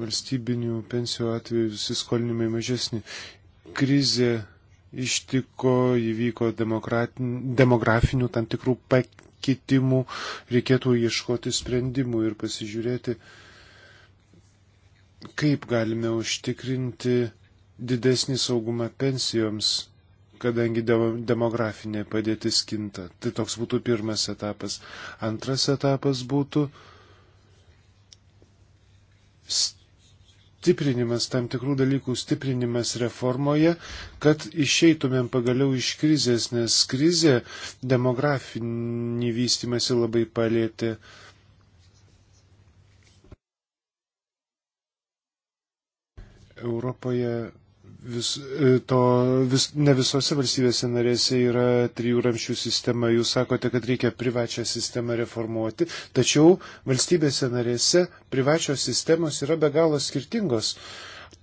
Valstybinių pensijų atveju įsiskolinimai mažesni. Krizė ištiko, įvyko demografinių tam tikrų pakitimų, reikėtų ieškoti sprendimų ir pasižiūrėti, kaip galime užtikrinti didesnį saugumą pensijoms, kadangi demografinė padėtis kinta. Tai toks būtų pirmas etapas. Antras etapas būtų stiprinimas, tam tikrų dalykų stiprinimas reformoje, kad išeitumėm pagaliau iš krizės, nes krizė demografinį vystimąsi labai palėtė. Europoje vis, e, to, vis, ne visose valstybėse narėse yra trijų ramščių sistema. Jūs sakote, kad reikia privačią sistemą reformuoti, tačiau valstybėse narėse privačios sistemos yra be galo skirtingos.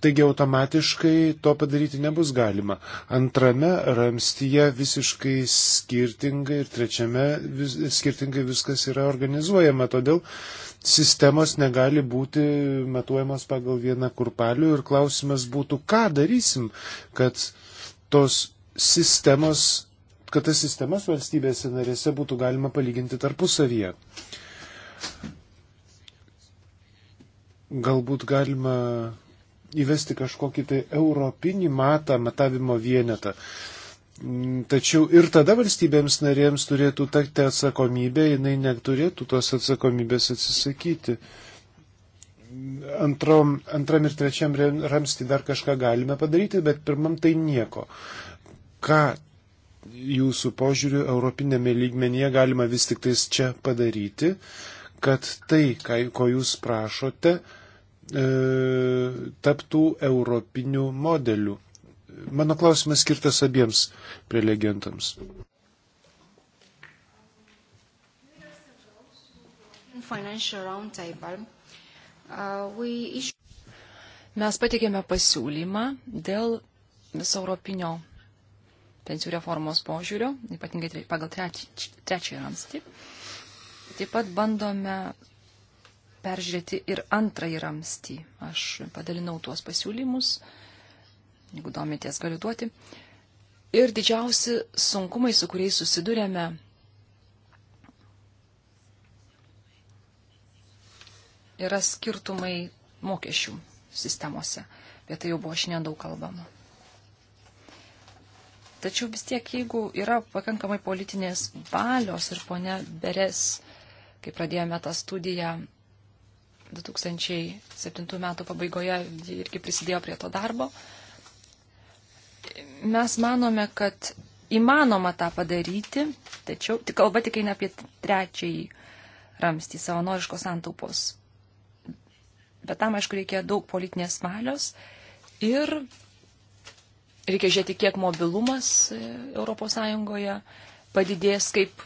Taigi automatiškai to padaryti nebus galima. Antrame ramstyje visiškai skirtingai ir trečiame vis, skirtingai viskas yra organizuojama. Todėl uh, sistemos negali būti matuojamos pagal vieną kurpalių ir klausimas būtų, ką darysim, kad tos sistemos, kad tas sistemas valstybėse narėse būtų galima palyginti tarpusavyje. Galbūt galima įvesti kažkokį tai europinį matą, matavimo vienetą. Uh, Mm, tačiau ir tada valstybėms narėms turėtų tekti atsakomybė, jinai neturėtų tos atsakomybės atsisakyti. Antrom, antram ir trečiam ramsti dar kažką galime padaryti, bet pirmam tai nieko. Ką jūsų požiūriu europinėme lygmenyje galima vis tik tais čia padaryti, kad tai, ką, ko jūs prašote, e, taptų europiniu modeliu? Mano klausimas skirtas abiems prelegentams. Uh, Mes patikėme pasiūlymą dėl viso europinio pensijų reformos požiūrio, ypatingai pagal trečiąjį ramstį. Taip pat bandome peržiūrėti ir antrąjį ramstį. Aš padalinau tuos pasiūlymus jeigu domitės, galiu duoti. Ir didžiausi sunkumai, su kuriais susidurėme, yra skirtumai mokesčių sistemose. Apie tai jau buvo šiandien daug kalbama. Tačiau vis tiek, jeigu yra pakankamai politinės valios ir ponia Beres, kai pradėjome tą studiją 2007 metų pabaigoje, irgi prisidėjo prie to darbo, mes manome, kad įmanoma tą padaryti, tačiau tik kalba tik eina apie trečiąjį ramstį savanoriškos santaupos. Bet tam, aišku, reikia daug politinės valios ir reikia žiūrėti, kiek mobilumas ES padidės, kaip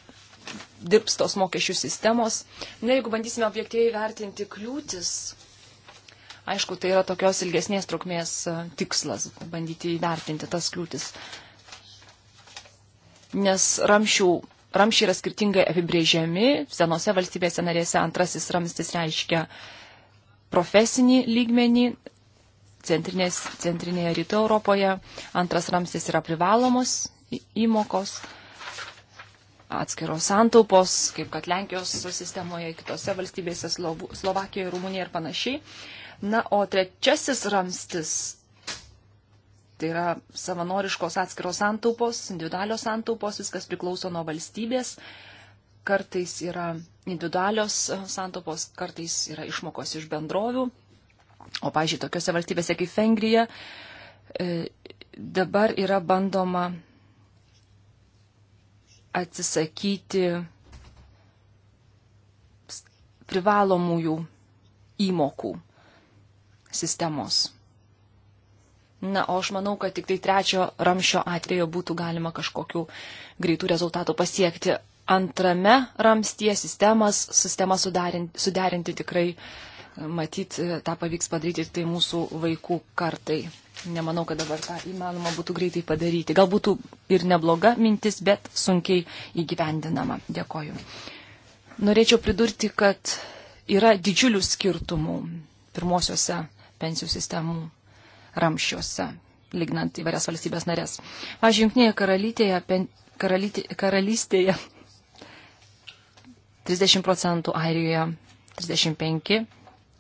dirbs tos mokesčių sistemos. Na, jeigu bandysime objektyviai vertinti kliūtis, Aišku, tai yra tokios ilgesnės trukmės e, tikslas - bandyti įvertinti tas kliūtis. Nes ramšių, ramšiai yra skirtingai apibrėžiami, senose valstybėse narėse antrasis ramstis reiškia profesinį lygmenį, centrinės, centrinėje rytų Europoje. Antras ramstis yra privalomos įmokos, atskiros santaupos, kaip kad Lenkijos sistemoje, kitose valstybėse, Slovakijoje, Rumunijoje ir panašiai. Na, o trečiasis ramstis tai yra savanoriškos atskiros santaupos, individualios santaupos, viskas priklauso nuo valstybės. Kartais yra individualios e, santaupos, kartais yra išmokos iš bendrovių. O, pažiūrėjau, tokiuose valstybėse kaip Vengrija e, dabar yra bandoma atsisakyti privalomųjų įmokų sistemos. Na, o aš manau, kad tik tai trečio ramšio atveju būtų galima kažkokiu greitų rezultatų pasiekti. Antrame ramstie sistemas, sistemą suderinti, suderinti tikrai, e, matyt, e, tą pavyks padaryti tik tai mūsų vaikų kartai. Nemanau, kad dabar tą įmanoma būtų greitai padaryti. Gal būtų ir nebloga mintis, bet sunkiai įgyvendinama. Dėkoju. Norėčiau pridurti, kad yra didžiulių skirtumų pirmosiuose pensijų sistemų ramščiuose, lygnant įvairias valstybės narės. Pavyzdžiui, Junktinėje karalystėje, pen, karalytė, karalystėje 30 *laughs* procentų, Airijoje 35,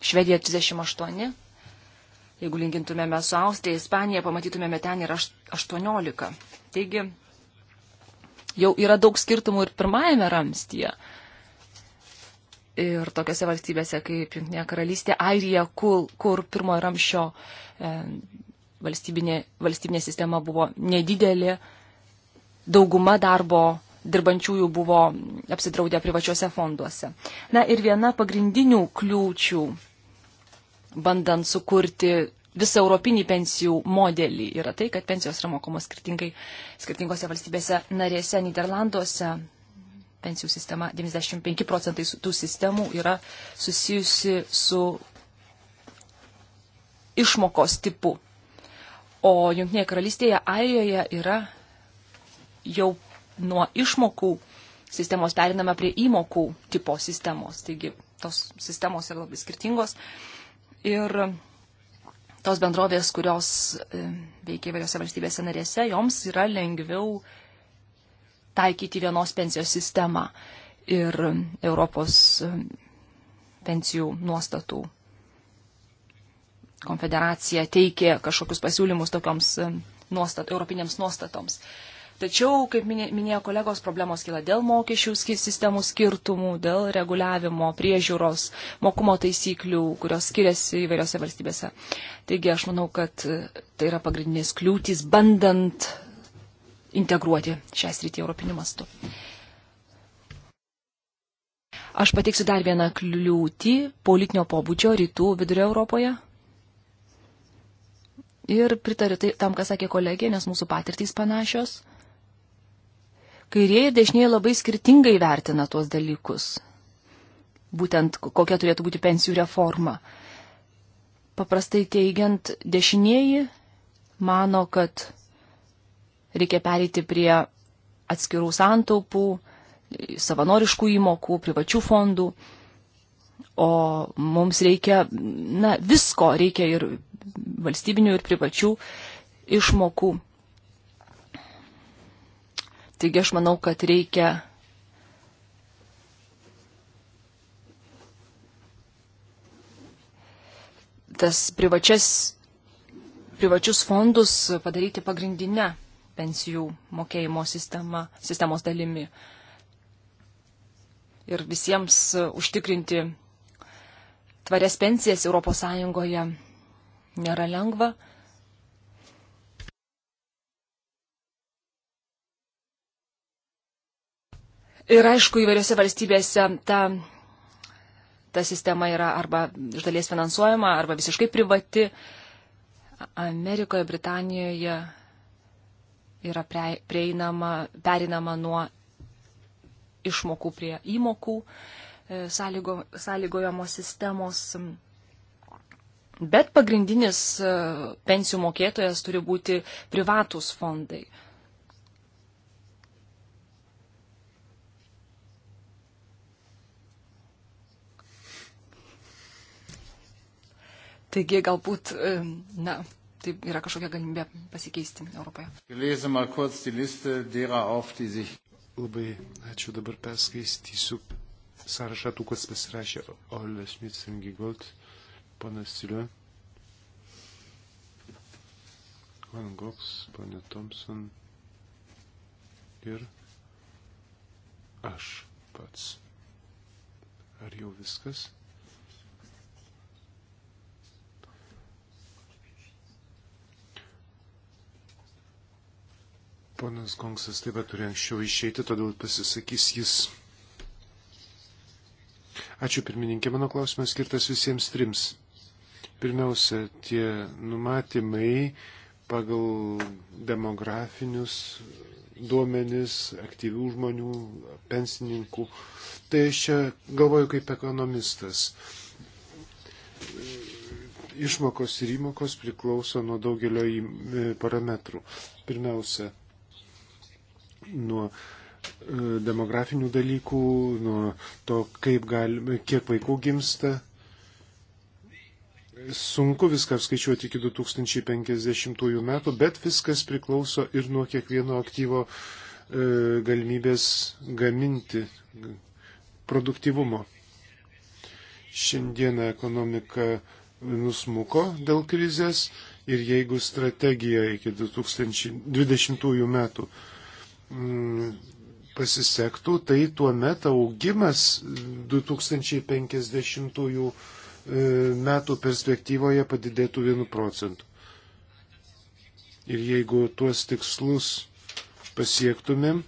Švedija 38. Jeigu lygintumėme su Austrija, Ispanija, pamatytumėme ten yra 18. Taigi jau yra daug skirtumų ir pirmajame ramstyje ir tokiose valstybėse kaip Junktinė karalystė, Airija, kur, kur pirmojo ramšio e, valstybinė, valstybinė sistema buvo nedidelė, dauguma darbo dirbančiųjų buvo apsidraudę privačiuose fonduose. Na ir viena pagrindinių kliūčių, bandant sukurti visą europinį pensijų modelį, yra tai, kad pensijos yra mokomos skirtingose valstybėse narėse, Niderlanduose, pensijų sistema, 95 procentai tų sistemų yra susijusi su išmokos tipu. O Junktinėje karalystėje, Airijoje yra jau nuo išmokų sistemos perinama prie įmokų tipo sistemos. Taigi tos sistemos yra labai skirtingos. Ir tos bendrovės, kurios e, veikia įvairiose valstybėse narėse, joms yra lengviau taikyti vienos pensijos sistemą ir Europos pensijų nuostatų konfederacija teikė kažkokius pasiūlymus tokioms e, nuostat, europinėms nuostatoms. Tačiau, kaip minėjo kolegos, problemos kyla dėl mokesčių sistemų skirtumų, dėl reguliavimo, priežiūros, mokumo taisyklių, kurios skiriasi įvairiose valstybėse. Taigi aš manau, kad e, tai yra pagrindinės kliūtis, bandant integruoti šią sritį europiniu mastu. Aš pateiksiu dar vieną kliūtį politinio pobūdžio rytų vidurio Europoje. Ir pritariu tai, tam, ką sakė kolegė, nes mūsų patirtys panašios. Kairieji ir dešinieji labai skirtingai vertina tuos dalykus. Būtent kokia turėtų būti pensijų reforma. Paprastai teigiant, dešinieji mano, kad reikia pereiti prie atskirų santaupų, savanoriškų įmokų, privačių fondų. O mums reikia, na, visko reikia ir valstybinių, ir privačių išmokų. Taigi aš manau, kad reikia tas privačias, privačius fondus padaryti pagrindinę pensijų mokėjimo sistema, sistemos dalimi. Ir visiems e, užtikrinti tvarias pensijas ES nėra lengva. Ir aišku, įvairiose valstybėse ta, ta sistema yra arba iš dalies finansuojama, arba visiškai privati. Amerikoje, Britanijoje, yra prieinama, perinama nuo išmokų prie įmokų e, sąlygo, sąlygojamos sistemos. Bet pagrindinis e, pensijų mokėtojas turi būti privatus fondai. Taigi galbūt, e, na, tai yra kažkokia galimybė pasikeisti Europoje. Labai ačiū dabar perskaistysiu sąrašą tų, kas pasirašė Olė Šmitsengigold, panas Siliu, Van Goks, panė Thompson ir aš pats. Ar jau viskas? Ponas Gongsas taip pat turi anksčiau išeiti, todėl pasisakys jis. Ačiū pirmininkė, mano klausimas skirtas visiems trims. Pirmiausia, tie numatymai pagal demografinius duomenis, aktyvių žmonių, pensininkų. Tai aš čia galvoju kaip ekonomistas. Išmokos ir įmokos priklauso nuo daugelio parametrų. Pirmiausia, nuo e, demografinių dalykų, nuo to, kaip galime, kiek vaikų gimsta. Sunku viską apskaičiuoti iki 2050 metų, bet viskas priklauso ir nuo kiekvieno aktyvo e, galimybės gaminti produktivumo. Šiandieną ekonomika nusmuko dėl krizės ir jeigu strategija iki 2020 metų Mm, pasisektų, tai tuo metu augimas 2050 e, metų perspektyvoje padidėtų 1 procentu. Ir jeigu tuos tikslus pasiektumėm,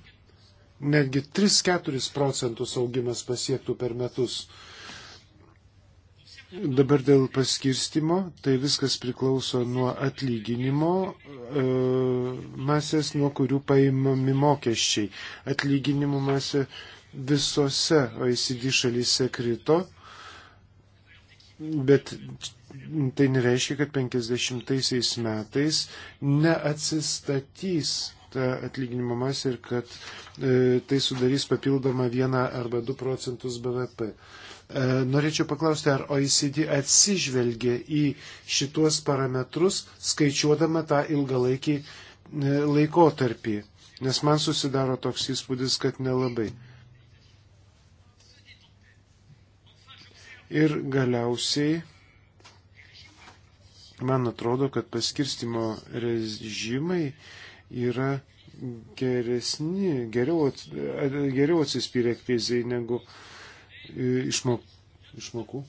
netgi 3-4 procentus augimas pasiektų per metus, Dabar dėl paskirstimo, tai viskas priklauso nuo atlyginimo e, masės, nuo kurių paimami mokesčiai. Atlyginimų masė visose OECD šalyse krito, bet tai nereiškia, kad 50 metais neatsistatys ta atlyginimo masė ir kad e, tai sudarys papildomą 1 arba 2 procentus BVP. E, E, norėčiau paklausti, ar OECD atsižvelgia į šituos parametrus, skaičiuodama tą ilgalaikį e, laikotarpį, nes man susidaro toks įspūdis, kad nelabai. Ir galiausiai, man atrodo, kad paskirstimo režimai yra geresni, geriau, geriau atsispyrę krizai negu uh, išmok, išmokų.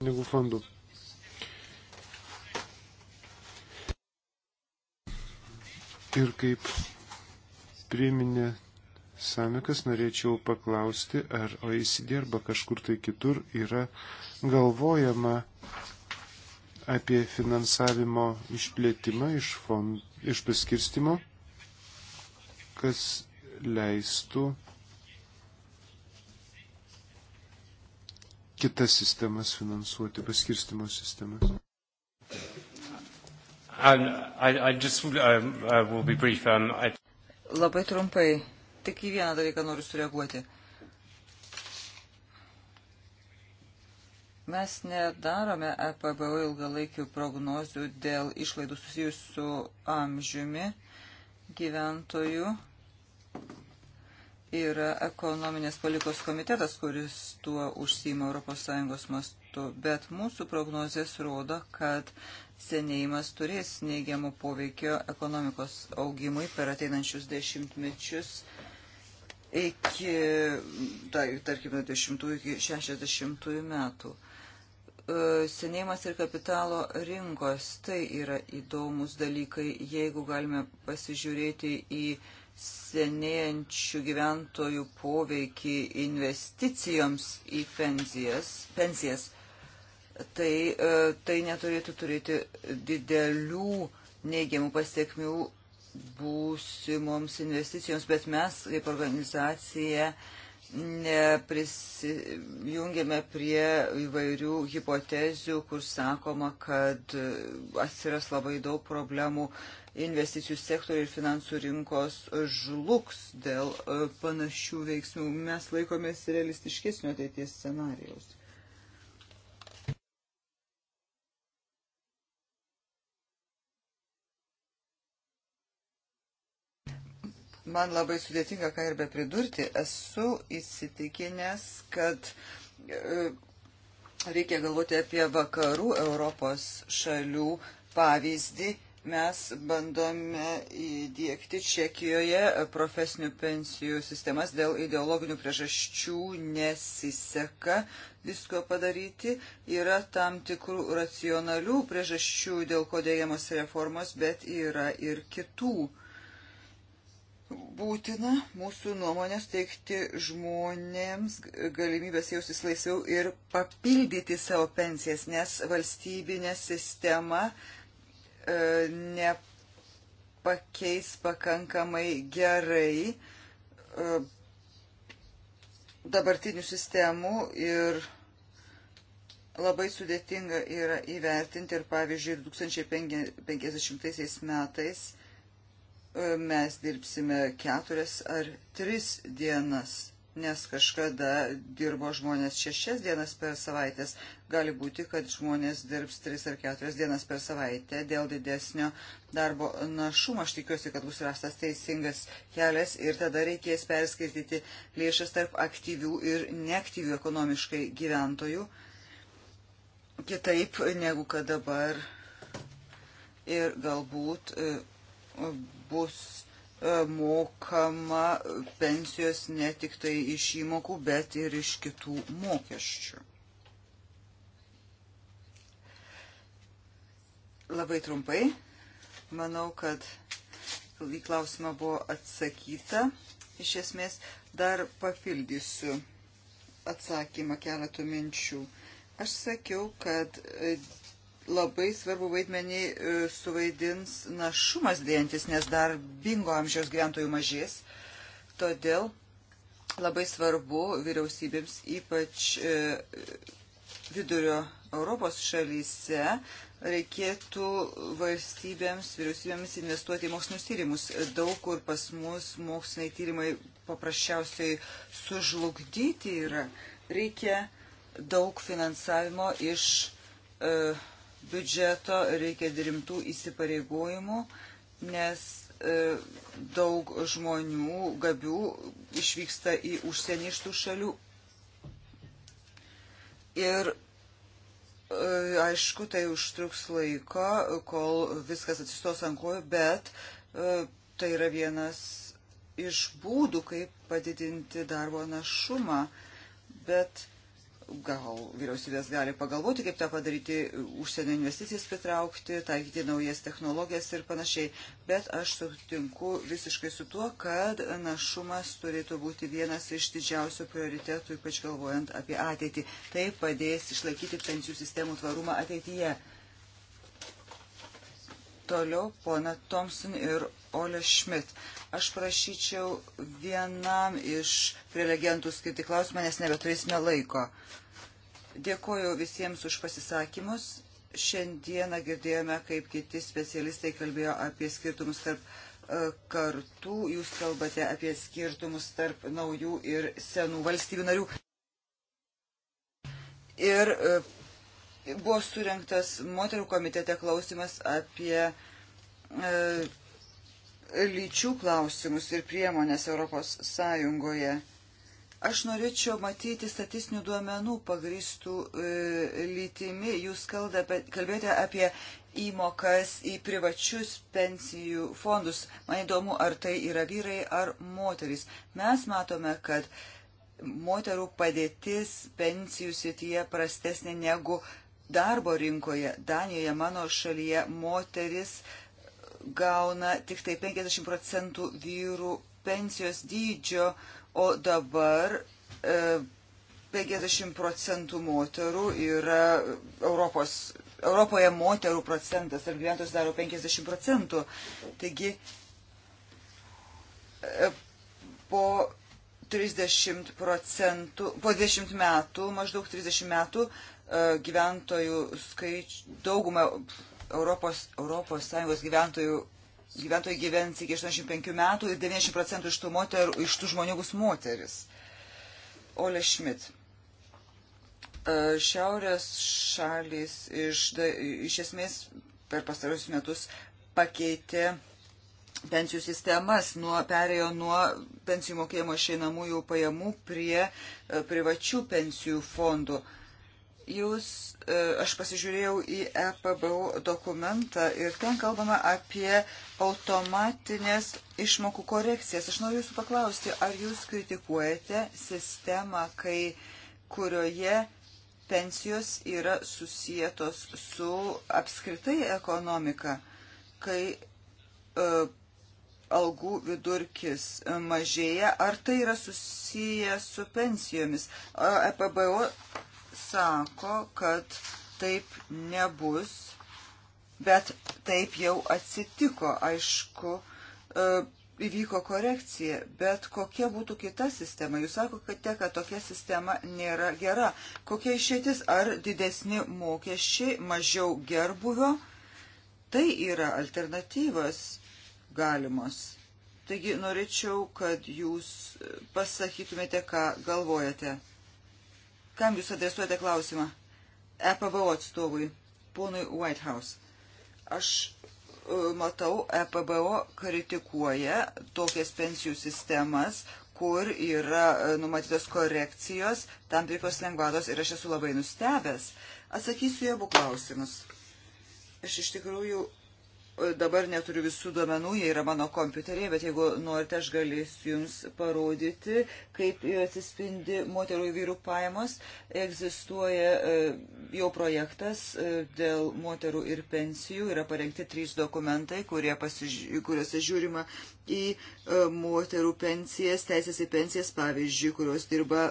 Pinigų fondų. Ir kaip priminė Samikas, norėčiau paklausti, ar OECD arba kažkur tai kitur yra galvojama apie finansavimo išplėtimą iš, fond, iš paskirstimo kas leistų kitas sistemas finansuoti, paskirstimo sistemas. Um, um, uh, um, Labai trumpai, tik į vieną dalyką noriu sureaguoti. Mes nedarome EPBO ilgalaikių prognozių dėl išlaidų susijusių su amžiumi gyventojų yra ekonominės palikos komitetas, kuris tuo užsima ES mastu, bet mūsų prognozijas rodo, kad senėjimas turės neigiamų poveikio ekonomikos augimui per ateinančius dešimtmečius iki, tai, tarkime, 10 iki 60 metų. E, senėjimas ir kapitalo rinkos - tai yra įdomus dalykai, jeigu galime pasižiūrėti į senėjančių gyventojų poveikį investicijoms į pensijas, pensijas tai, e, tai neturėtų turėti didelių neigiamų pasiekmių būsimoms investicijoms, bet mes kaip organizacija neprisijungėme prie įvairių hipotezių, kur sakoma, kad atsiras labai daug problemų investicijų sektorių ir finansų rinkos žlugs dėl e, panašių veiksmų. Mes laikomės realistiškesnio ateities scenarijaus. man labai sudėtinga, ką ir be pridurti, esu įsitikinęs, kad e, reikia galvoti apie vakarų Europos šalių pavyzdį. Mes bandome įdėkti Čekijoje profesinių pensijų sistemas dėl ideologinių priežasčių nesiseka visko padaryti. Yra tam tikrų racionalių priežasčių, dėl ko dėjamos reformos, bet yra ir kitų priežasčių būtina mūsų nuomonės teikti žmonėms galimybės jaustis laisviau ir papildyti savo pensijas, nes valstybinė sistema e, nepakeis pakankamai gerai e, dabartinių sistemų ir labai sudėtinga yra įvertinti ir pavyzdžiui 2050 metais mes dirbsime keturias ar tris dienas, nes kažkada dirbo žmonės šešias dienas per savaitės. Gali būti, kad žmonės dirbs tris ar keturias dienas per savaitę dėl didesnio darbo našumo. Aš tikiuosi, kad bus rastas teisingas kelias ir tada reikės perskirtyti lėšas tarp aktyvių ir neaktyvių ekonomiškai gyventojų. Kitaip negu kad dabar. Ir galbūt e, bus e, mokama pensijos ne tik tai iš įmokų, bet ir iš kitų mokesčių. Labai trumpai, manau, kad į klausimą buvo atsakyta. Iš esmės, dar papildysiu atsakymą keletų minčių. Aš sakiau, kad labai svarbu vaidmenį e, suvaidins našumas dėjantis, nes dar bingo amžiaus gyventojų mažės. Todėl labai svarbu vyriausybėms, ypač e, vidurio Europos šalyse, reikėtų valstybėms, vyriausybėms investuoti į mokslinius tyrimus. Daug kur pas mus moksliniai tyrimai paprasčiausiai sužlugdyti yra. Reikia daug finansavimo iš uh, biudžeto, reikia rimtų įsipareigojimų, nes e, daug žmonių gabių išvyksta į užsienį iš tų šalių. Ir e, aišku, tai užtruks laiko, kol viskas atsistos ant kojų, bet e, tai yra vienas iš būdų, kaip padidinti darbo našumą. Bet gal vyriausybės gali pagalvoti, kaip tą padaryti, užsienio investicijas pritraukti, taikyti naujas technologijas ir panašiai. Bet aš sutinku visiškai su tuo, kad našumas turėtų būti vienas iš didžiausių prioritetų, ypač galvojant apie ateitį. Tai padės išlaikyti pensijų sistemų tvarumą ateityje. Toliau pona Thompson ir Ole Schmidt. Aš prašyčiau vienam iš prelegentų skirti klausimą, nes nebeturėsime laiko. Dėkoju visiems už pasisakymus. Šiandieną girdėjome, kaip kiti specialistai kalbėjo apie skirtumus tarp e, kartų. Jūs kalbate apie skirtumus tarp naujų ir senų valstybių narių. Ir e, buvo surinktas moterų komitete klausimas apie e, lyčių klausimus ir priemonės Europos Sąjungoje. Aš norėčiau matyti statistinių duomenų pagristų e, lytimi. Jūs kalbėjote apie įmokas į privačius pensijų fondus. Man įdomu, ar tai yra vyrai ar moteris. Mes matome, kad moterų padėtis pensijų sityje prastesnė negu darbo rinkoje. Danijoje, mano šalyje, moteris e, gauna tik tai 50 procentų vyrų pensijos dydžio, o dabar e, 50 procentų moterų yra Europos, Europoje moterų procentas, ar gyventojus daro 50 procentų. Taigi e, po 30 procentų, po 20 metų, maždaug 30 metų e, gyventojų skaičių, daugumą Europos, Europos Sąjungos gyventojų gyventojai gyvens iki 85 metų ir 90 procentų iš tų, moterų, iš tų žmonių bus moteris. Ole Schmidt. E, šiaurės šalis iš, iš esmės per pastarus metus pakeitė pensijų sistemas, nuo, perėjo nuo pensijų mokėjimo šeinamųjų pajamų prie e, privačių pensijų fondų. Uh, Jūs, e, aš pasižiūrėjau į EPBO dokumentą ir ten kalbama apie automatinės išmokų korekcijas. Aš noriu jūsų paklausti, ar jūs kritikuojate sistemą, kai, kurioje pensijos yra susijėtos su apskritai ekonomika, kai uh, algų vidurkis mažėja, ar tai yra susiję su pensijomis. EPBO e sako, kad taip nebus, bet taip jau atsitiko, aišku, e, įvyko korekcija, bet kokia būtų kita sistema? Jūs sakote, kad tokia sistema nėra gera. Kokia išėtis? Ar didesni mokesčiai, mažiau gerbuvio? Tai yra alternatyvas galimos. Taigi norėčiau, kad jūs pasakytumėte, ką galvojate. Kam jūs adresuojate klausimą? EPBO atstovui, ponui Whitehouse. Aš e, matau, EPBO kritikuoja tokias pensijų sistemas, kur yra e, numatytos korekcijos, tam tikros lengvatos ir aš esu labai nustebęs. Atsakysiu į abu klausimus. Aš iš tikrųjų dabar neturiu visų duomenų, jie yra mano kompiuterėje, bet jeigu norite, aš galėsiu jums parodyti, kaip atsispindi moterų ir vyrų pajamos. Egzistuoja e, jau projektas e, dėl moterų ir pensijų, yra parengti trys dokumentai, pasiži... kuriuose žiūrima į e, moterų pensijas, teisės į pensijas, pavyzdžiui, kurios dirba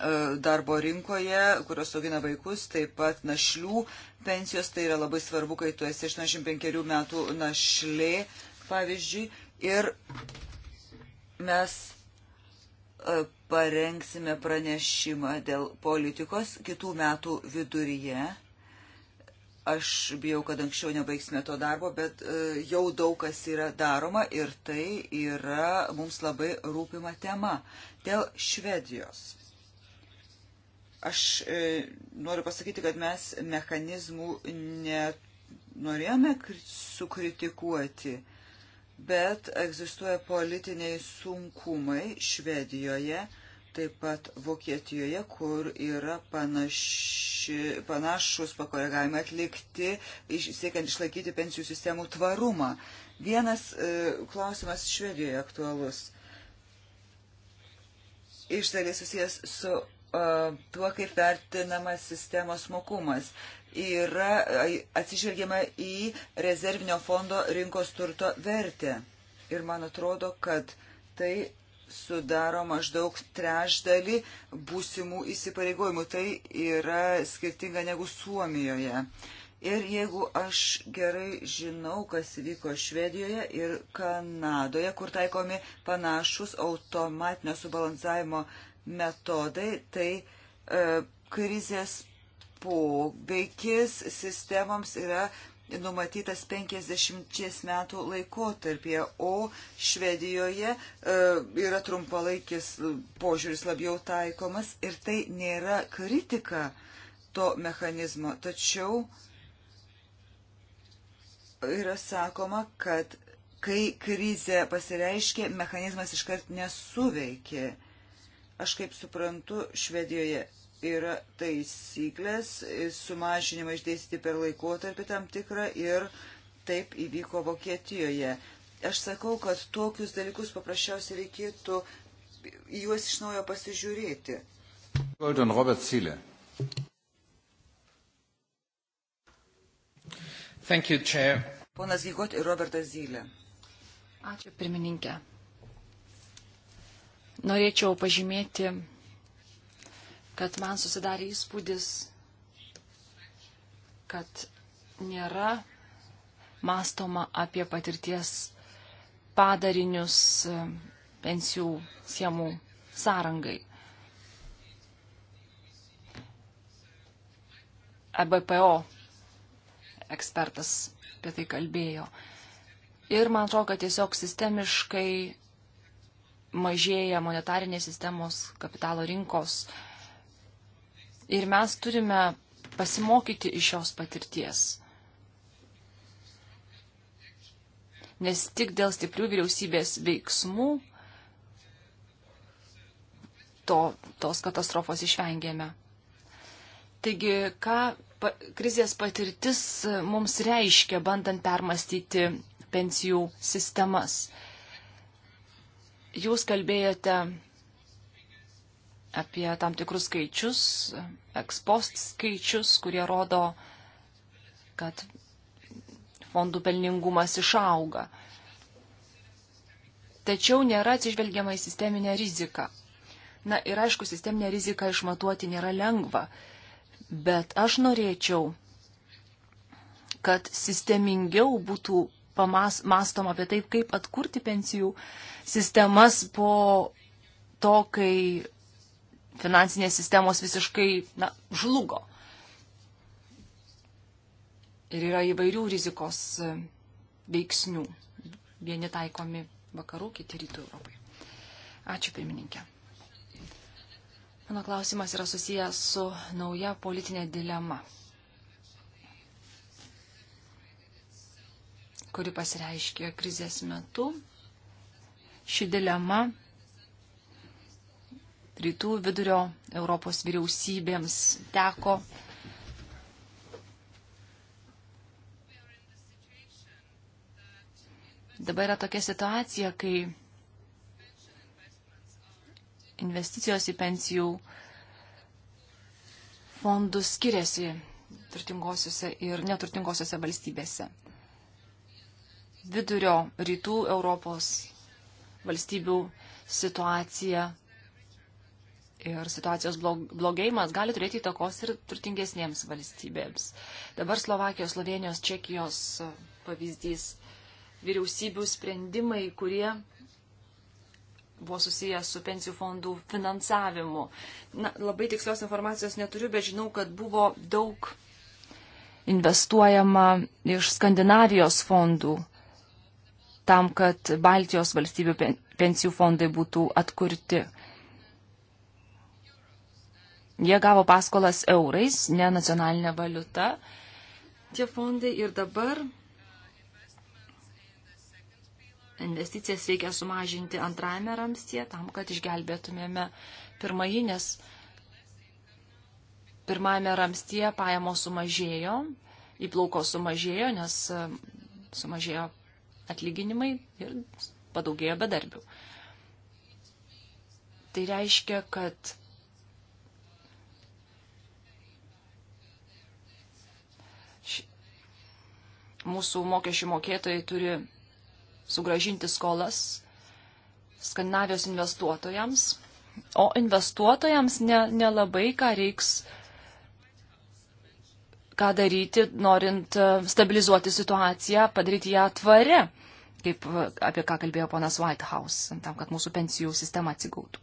E, darbo rinkoje, kurios augina vaikus, taip pat našlių pensijos, tai yra labai svarbu, kai tu esi 85 metų našlė, pavyzdžiui, ir mes e, parengsime pranešimą dėl politikos kitų metų viduryje. Aš bijau, kad anksčiau nebaigsime to darbo, bet e, jau daug kas yra daroma ir tai yra mums labai rūpima tema dėl Švedijos. Aš e, noriu pasakyti, kad mes mechanizmų nenorėjome sukritikuoti, bet egzistuoja politiniai sunkumai Švedijoje, taip pat Vokietijoje, kur yra panaši, panašus pakoregavimai atlikti, iš, siekiant išlaikyti pensijų sistemų tvarumą. Vienas e, klausimas Švedijoje aktualus iš dalies susijęs su tuo, kaip vertinamas sistemos mokumas. Yra atsižvelgiama į rezervinio fondo rinkos turto vertę. Ir man atrodo, kad tai sudaro maždaug trešdalį būsimų įsipareigojimų. Tai yra skirtinga negu Suomijoje. Ir jeigu aš gerai žinau, kas vyko Švedijoje ir Kanadoje, kur taikomi panašus automatinio subalansavimo metodai, tai e, krizės poveikis sistemoms yra numatytas 50 metų laikotarpyje, o Švedijoje e, yra trumpalaikis požiūris labiau taikomas ir tai nėra kritika to mechanizmo. Tačiau yra sakoma, kad kai krizė pasireiškė, mechanizmas iškart nesuveikė. Aš kaip suprantu, Švedijoje yra taisyklės sumažinimą išdėstyti per laikotarpį tam tikrą ir taip įvyko Vokietijoje. Aš sakau, kad tokius dalykus paprasčiausiai reikėtų juos iš naujo pasižiūrėti. Goldon Robert Sile. Thank you, Chair. Ponas Gigot ir Robertas Zylė. Ačiū, pirmininkė norėčiau pažymėti, kad man susidarė įspūdis, kad nėra mąstoma apie patirties padarinius e, pensijų siemų sąrangai. EBPO ekspertas apie tai kalbėjo. Ir man atrodo, kad tiesiog sistemiškai mažėja monetarinės sistemos, kapitalo rinkos. Ir mes turime pasimokyti iš šios patirties. Nes tik dėl stiprių vyriausybės veiksmų to, tos katastrofos išvengėme. Taigi, ką pa, krizės patirtis mums reiškia, bandant permastyti pensijų sistemas. Jūs kalbėjote apie tam tikrus skaičius, ekspost skaičius, kurie rodo, kad fondų pelningumas išauga. Tačiau nėra atsižvelgiama į sisteminę riziką. Na ir aišku, sisteminę riziką išmatuoti nėra lengva, bet aš norėčiau, kad sistemingiau būtų pamas, mastom apie tai, kaip atkurti pensijų sistemas po to, kai finansinės sistemos visiškai na, žlugo. Ir yra įvairių rizikos e, veiksnių. Vieni taikomi vakarų, kiti rytų Europai. Ačiū pirmininkė. Mano klausimas yra susijęs su nauja politinė dilema kuri pasireiškė krizės metu. Ši dilema rytų vidurio Europos vyriausybėms teko Dabar yra tokia situacija, kai investicijos į pensijų fondus skiriasi turtingosiose ir neturtingosiose valstybėse vidurio rytų Europos valstybių situacija ir situacijos blogėjimas gali turėti įtakos ir turtingesniems valstybėms. Dabar Slovakijos, Slovenijos, Čekijos pavyzdys vyriausybių sprendimai, kurie buvo susijęs su pensijų fondų finansavimu. Na, labai tikslios informacijos neturiu, bet žinau, kad buvo daug investuojama iš Skandinavijos fondų tam, kad Baltijos valstybių pensijų fondai būtų atkurti. Jie gavo paskolas eurais, ne nacionalinė valiuta. Tie fondai ir dabar investicijas reikia sumažinti antrajame ramstie tam, kad išgelbėtumėme pirmąjį, nes pirmajame ramstie pajamos sumažėjo, įplaukos sumažėjo, nes sumažėjo atlyginimai ir padaugėjo bedarbių. Tai reiškia, kad mūsų mokesčių mokėtojai turi sugražinti skolas Skandinavijos investuotojams, o investuotojams nelabai ne, ne ką reiks ką daryti, norint e, stabilizuoti situaciją, padaryti ją tvari, kaip e, apie ką kalbėjo ponas Whitehouse, tam, kad mūsų pensijų sistema atsigautų.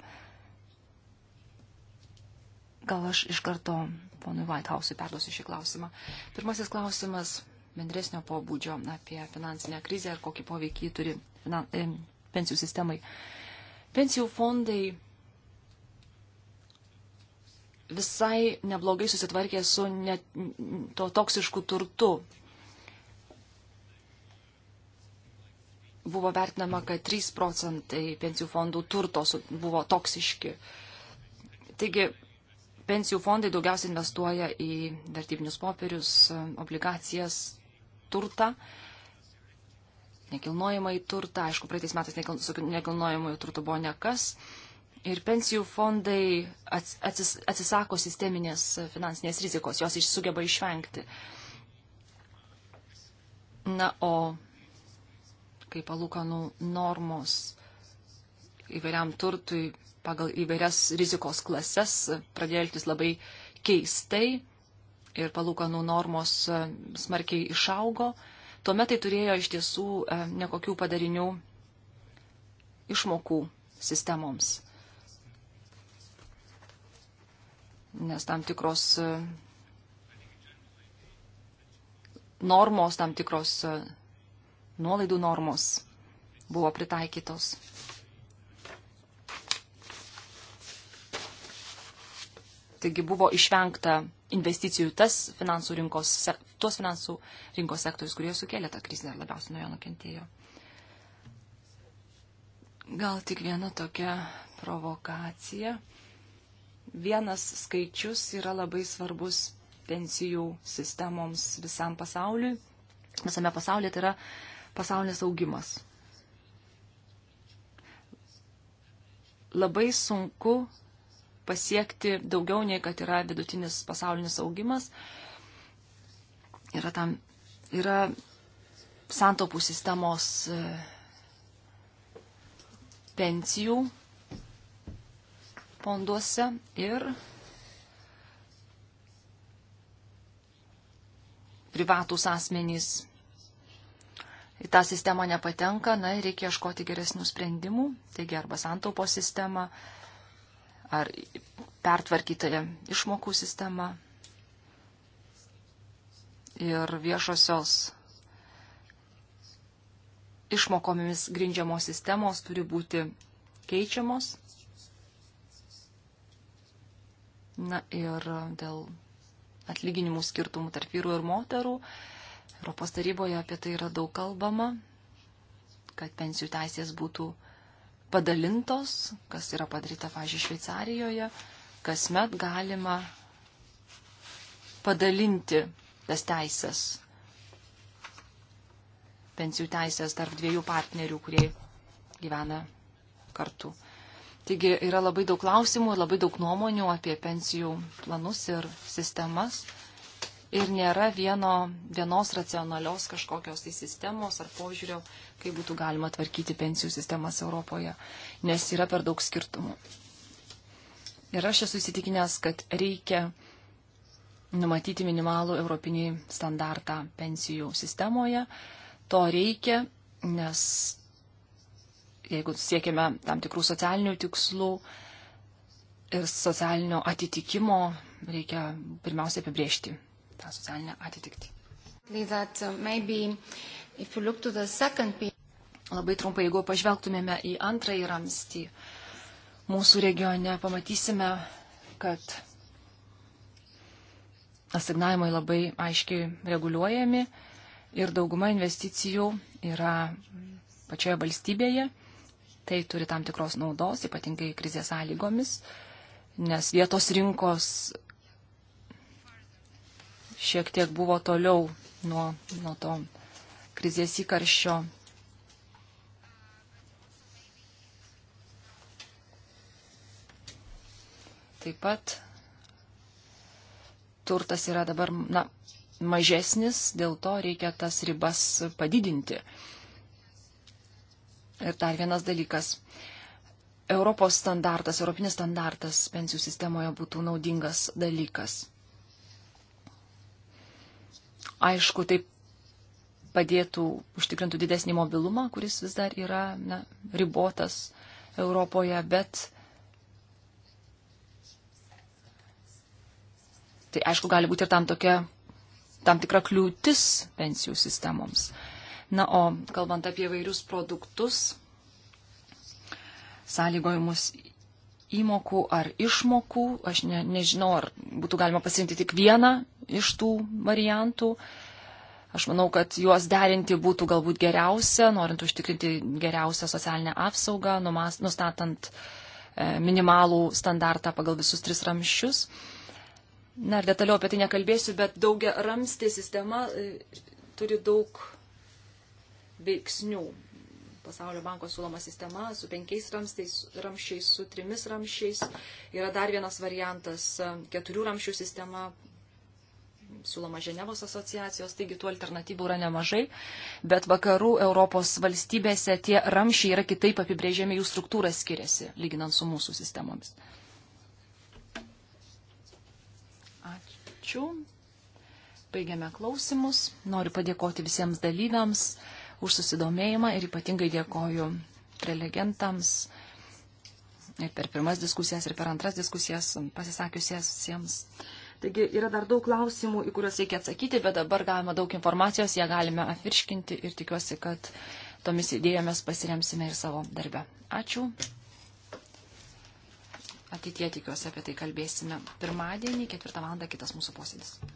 Gal aš iš karto ponui Whitehouse'ui perduosiu šį klausimą. Pirmasis klausimas bendresnio pobūdžio apie finansinę krizę ir kokį poveikį turi finan... E, pensijų sistemai. Pensijų fondai visai neblogai susitvarkė su ne, to toksišku turtu. Buvo vertinama, kad 3 procentai pensijų fondų turto su, buvo toksiški. Taigi, pensijų fondai daugiausiai investuoja į vertybinius popierius, obligacijas, turtą nekilnojamą į turtą, aišku, praeitais metais nekilnojamųjų turtų buvo nekas, Ir pensijų fondai atsis, atsisako sisteminės finansinės rizikos, jos sugeba išvengti. Na, o kaip palūkanų normos įvairiam turtui pagal įvairias rizikos klases pradėjo elgtis labai keistai ir palūkanų normos e, smarkiai išaugo, tuomet tai turėjo iš tiesų e, nekokių padarinių išmokų sistemoms. nes tam tikros e, normos, tam tikros e, nuolaidų normos buvo pritaikytos. Taigi buvo išvengta investicijų tas finansų rinkos, tuos finansų rinkos sektorius, kurie sukėlė tą krizę ir labiausiai nuo jo nukentėjo. Gal tik viena tokia provokacija vienas skaičius yra labai svarbus pensijų sistemoms visam pasauliui. Visame pasaulyje tai yra pasaulinis augimas. Labai sunku pasiekti daugiau nei kad yra vidutinis pasaulinis augimas. Yra, tam, yra santaupų sistemos e, pensijų fonduose ir privatus asmenys į tą sistemą nepatenka, na ir reikia ieškoti geresnių sprendimų, taigi arba santaupo sistema, ar pertvarkytoje išmokų sistema ir viešosios išmokomis grindžiamos sistemos turi būti keičiamos. Na ir dėl atlyginimų skirtumų tarp vyrų ir moterų. Europos taryboje apie tai yra daug kalbama, kad pensijų teisės būtų padalintos, kas yra padaryta, pažiūrėjau, Šveicarijoje. Kasmet galima padalinti tas teisės, pensijų teisės tarp dviejų partnerių, kurie gyvena kartu. Taigi yra labai daug klausimų, labai daug nuomonių apie pensijų planus ir sistemas. Ir nėra vieno, vienos racionalios kažkokios tai sistemos ar požiūrio, kaip būtų galima tvarkyti pensijų sistemas Europoje, nes yra per daug skirtumų. Ir aš esu įsitikinęs, kad reikia numatyti minimalų europinį standartą pensijų sistemoje. To reikia, nes jeigu siekiame tam tikrų socialinių tikslų ir socialinio atitikimo, reikia pirmiausia apibriežti tą socialinę atitikti. Uh, labai trumpai, jeigu pažvelgtumėme į antrąjį ramstį, mūsų regione pamatysime, kad asignavimai labai aiškiai reguliuojami ir dauguma investicijų yra pačioje valstybėje tai turi tam tikros naudos, ypatingai krizės sąlygomis, nes vietos rinkos šiek tiek buvo toliau nuo, nuo to krizės įkarščio. Taip pat turtas yra dabar na, mažesnis, dėl to reikia tas ribas padidinti. Uh, Ir dar vienas dalykas. Europos standartas, europinis standartas pensijų sistemoje būtų naudingas dalykas. Aišku, taip padėtų užtikrintų didesnį mobilumą, kuris vis dar yra na, ribotas Europoje, bet tai aišku gali būti ir tam, tokia, tam tikra kliūtis pensijų sistemoms. Na, o kalbant apie vairius produktus, sąlygojimus įmokų ar išmokų, aš ne, nežinau, ar būtų galima pasirinkti tik vieną iš tų variantų. Aš manau, kad juos derinti būtų galbūt geriausia, norint užtikrinti geriausią socialinę apsaugą, numas, nustatant e, minimalų standartą pagal visus tris ramščius. Na ir detaliau apie tai nekalbėsiu, bet daugia ramstė sistema e, turi daug veiksnių. Pasaulio banko siūloma sistema su penkiais ramstais, ramščiais, su trimis ramščiais. Yra dar vienas variantas e, - keturių ramščių sistema, siūloma Ženevos asociacijos, taigi tų alternatyvų yra nemažai, bet vakarų Europos valstybėse tie ramšiai yra kitaip apibrėžiami, jų struktūra skiriasi, lyginant su mūsų sistemomis. Ačiū. Baigiame klausimus. Noriu padėkoti visiems dalyviams už susidomėjimą ir ypatingai dėkoju prelegentams ir per pirmas diskusijas ir per antras diskusijas pasisakiusiesiems. Taigi yra dar daug klausimų, į kuriuos reikia atsakyti, bet dabar gavome daug informacijos, ją galime atvirškinti ir tikiuosi, kad tomis idėjomis pasiremsime ir savo darbę. Ačiū. Ateitie tikiuosi apie tai kalbėsime pirmadienį, ketvirtą valandą kitas mūsų posėdis.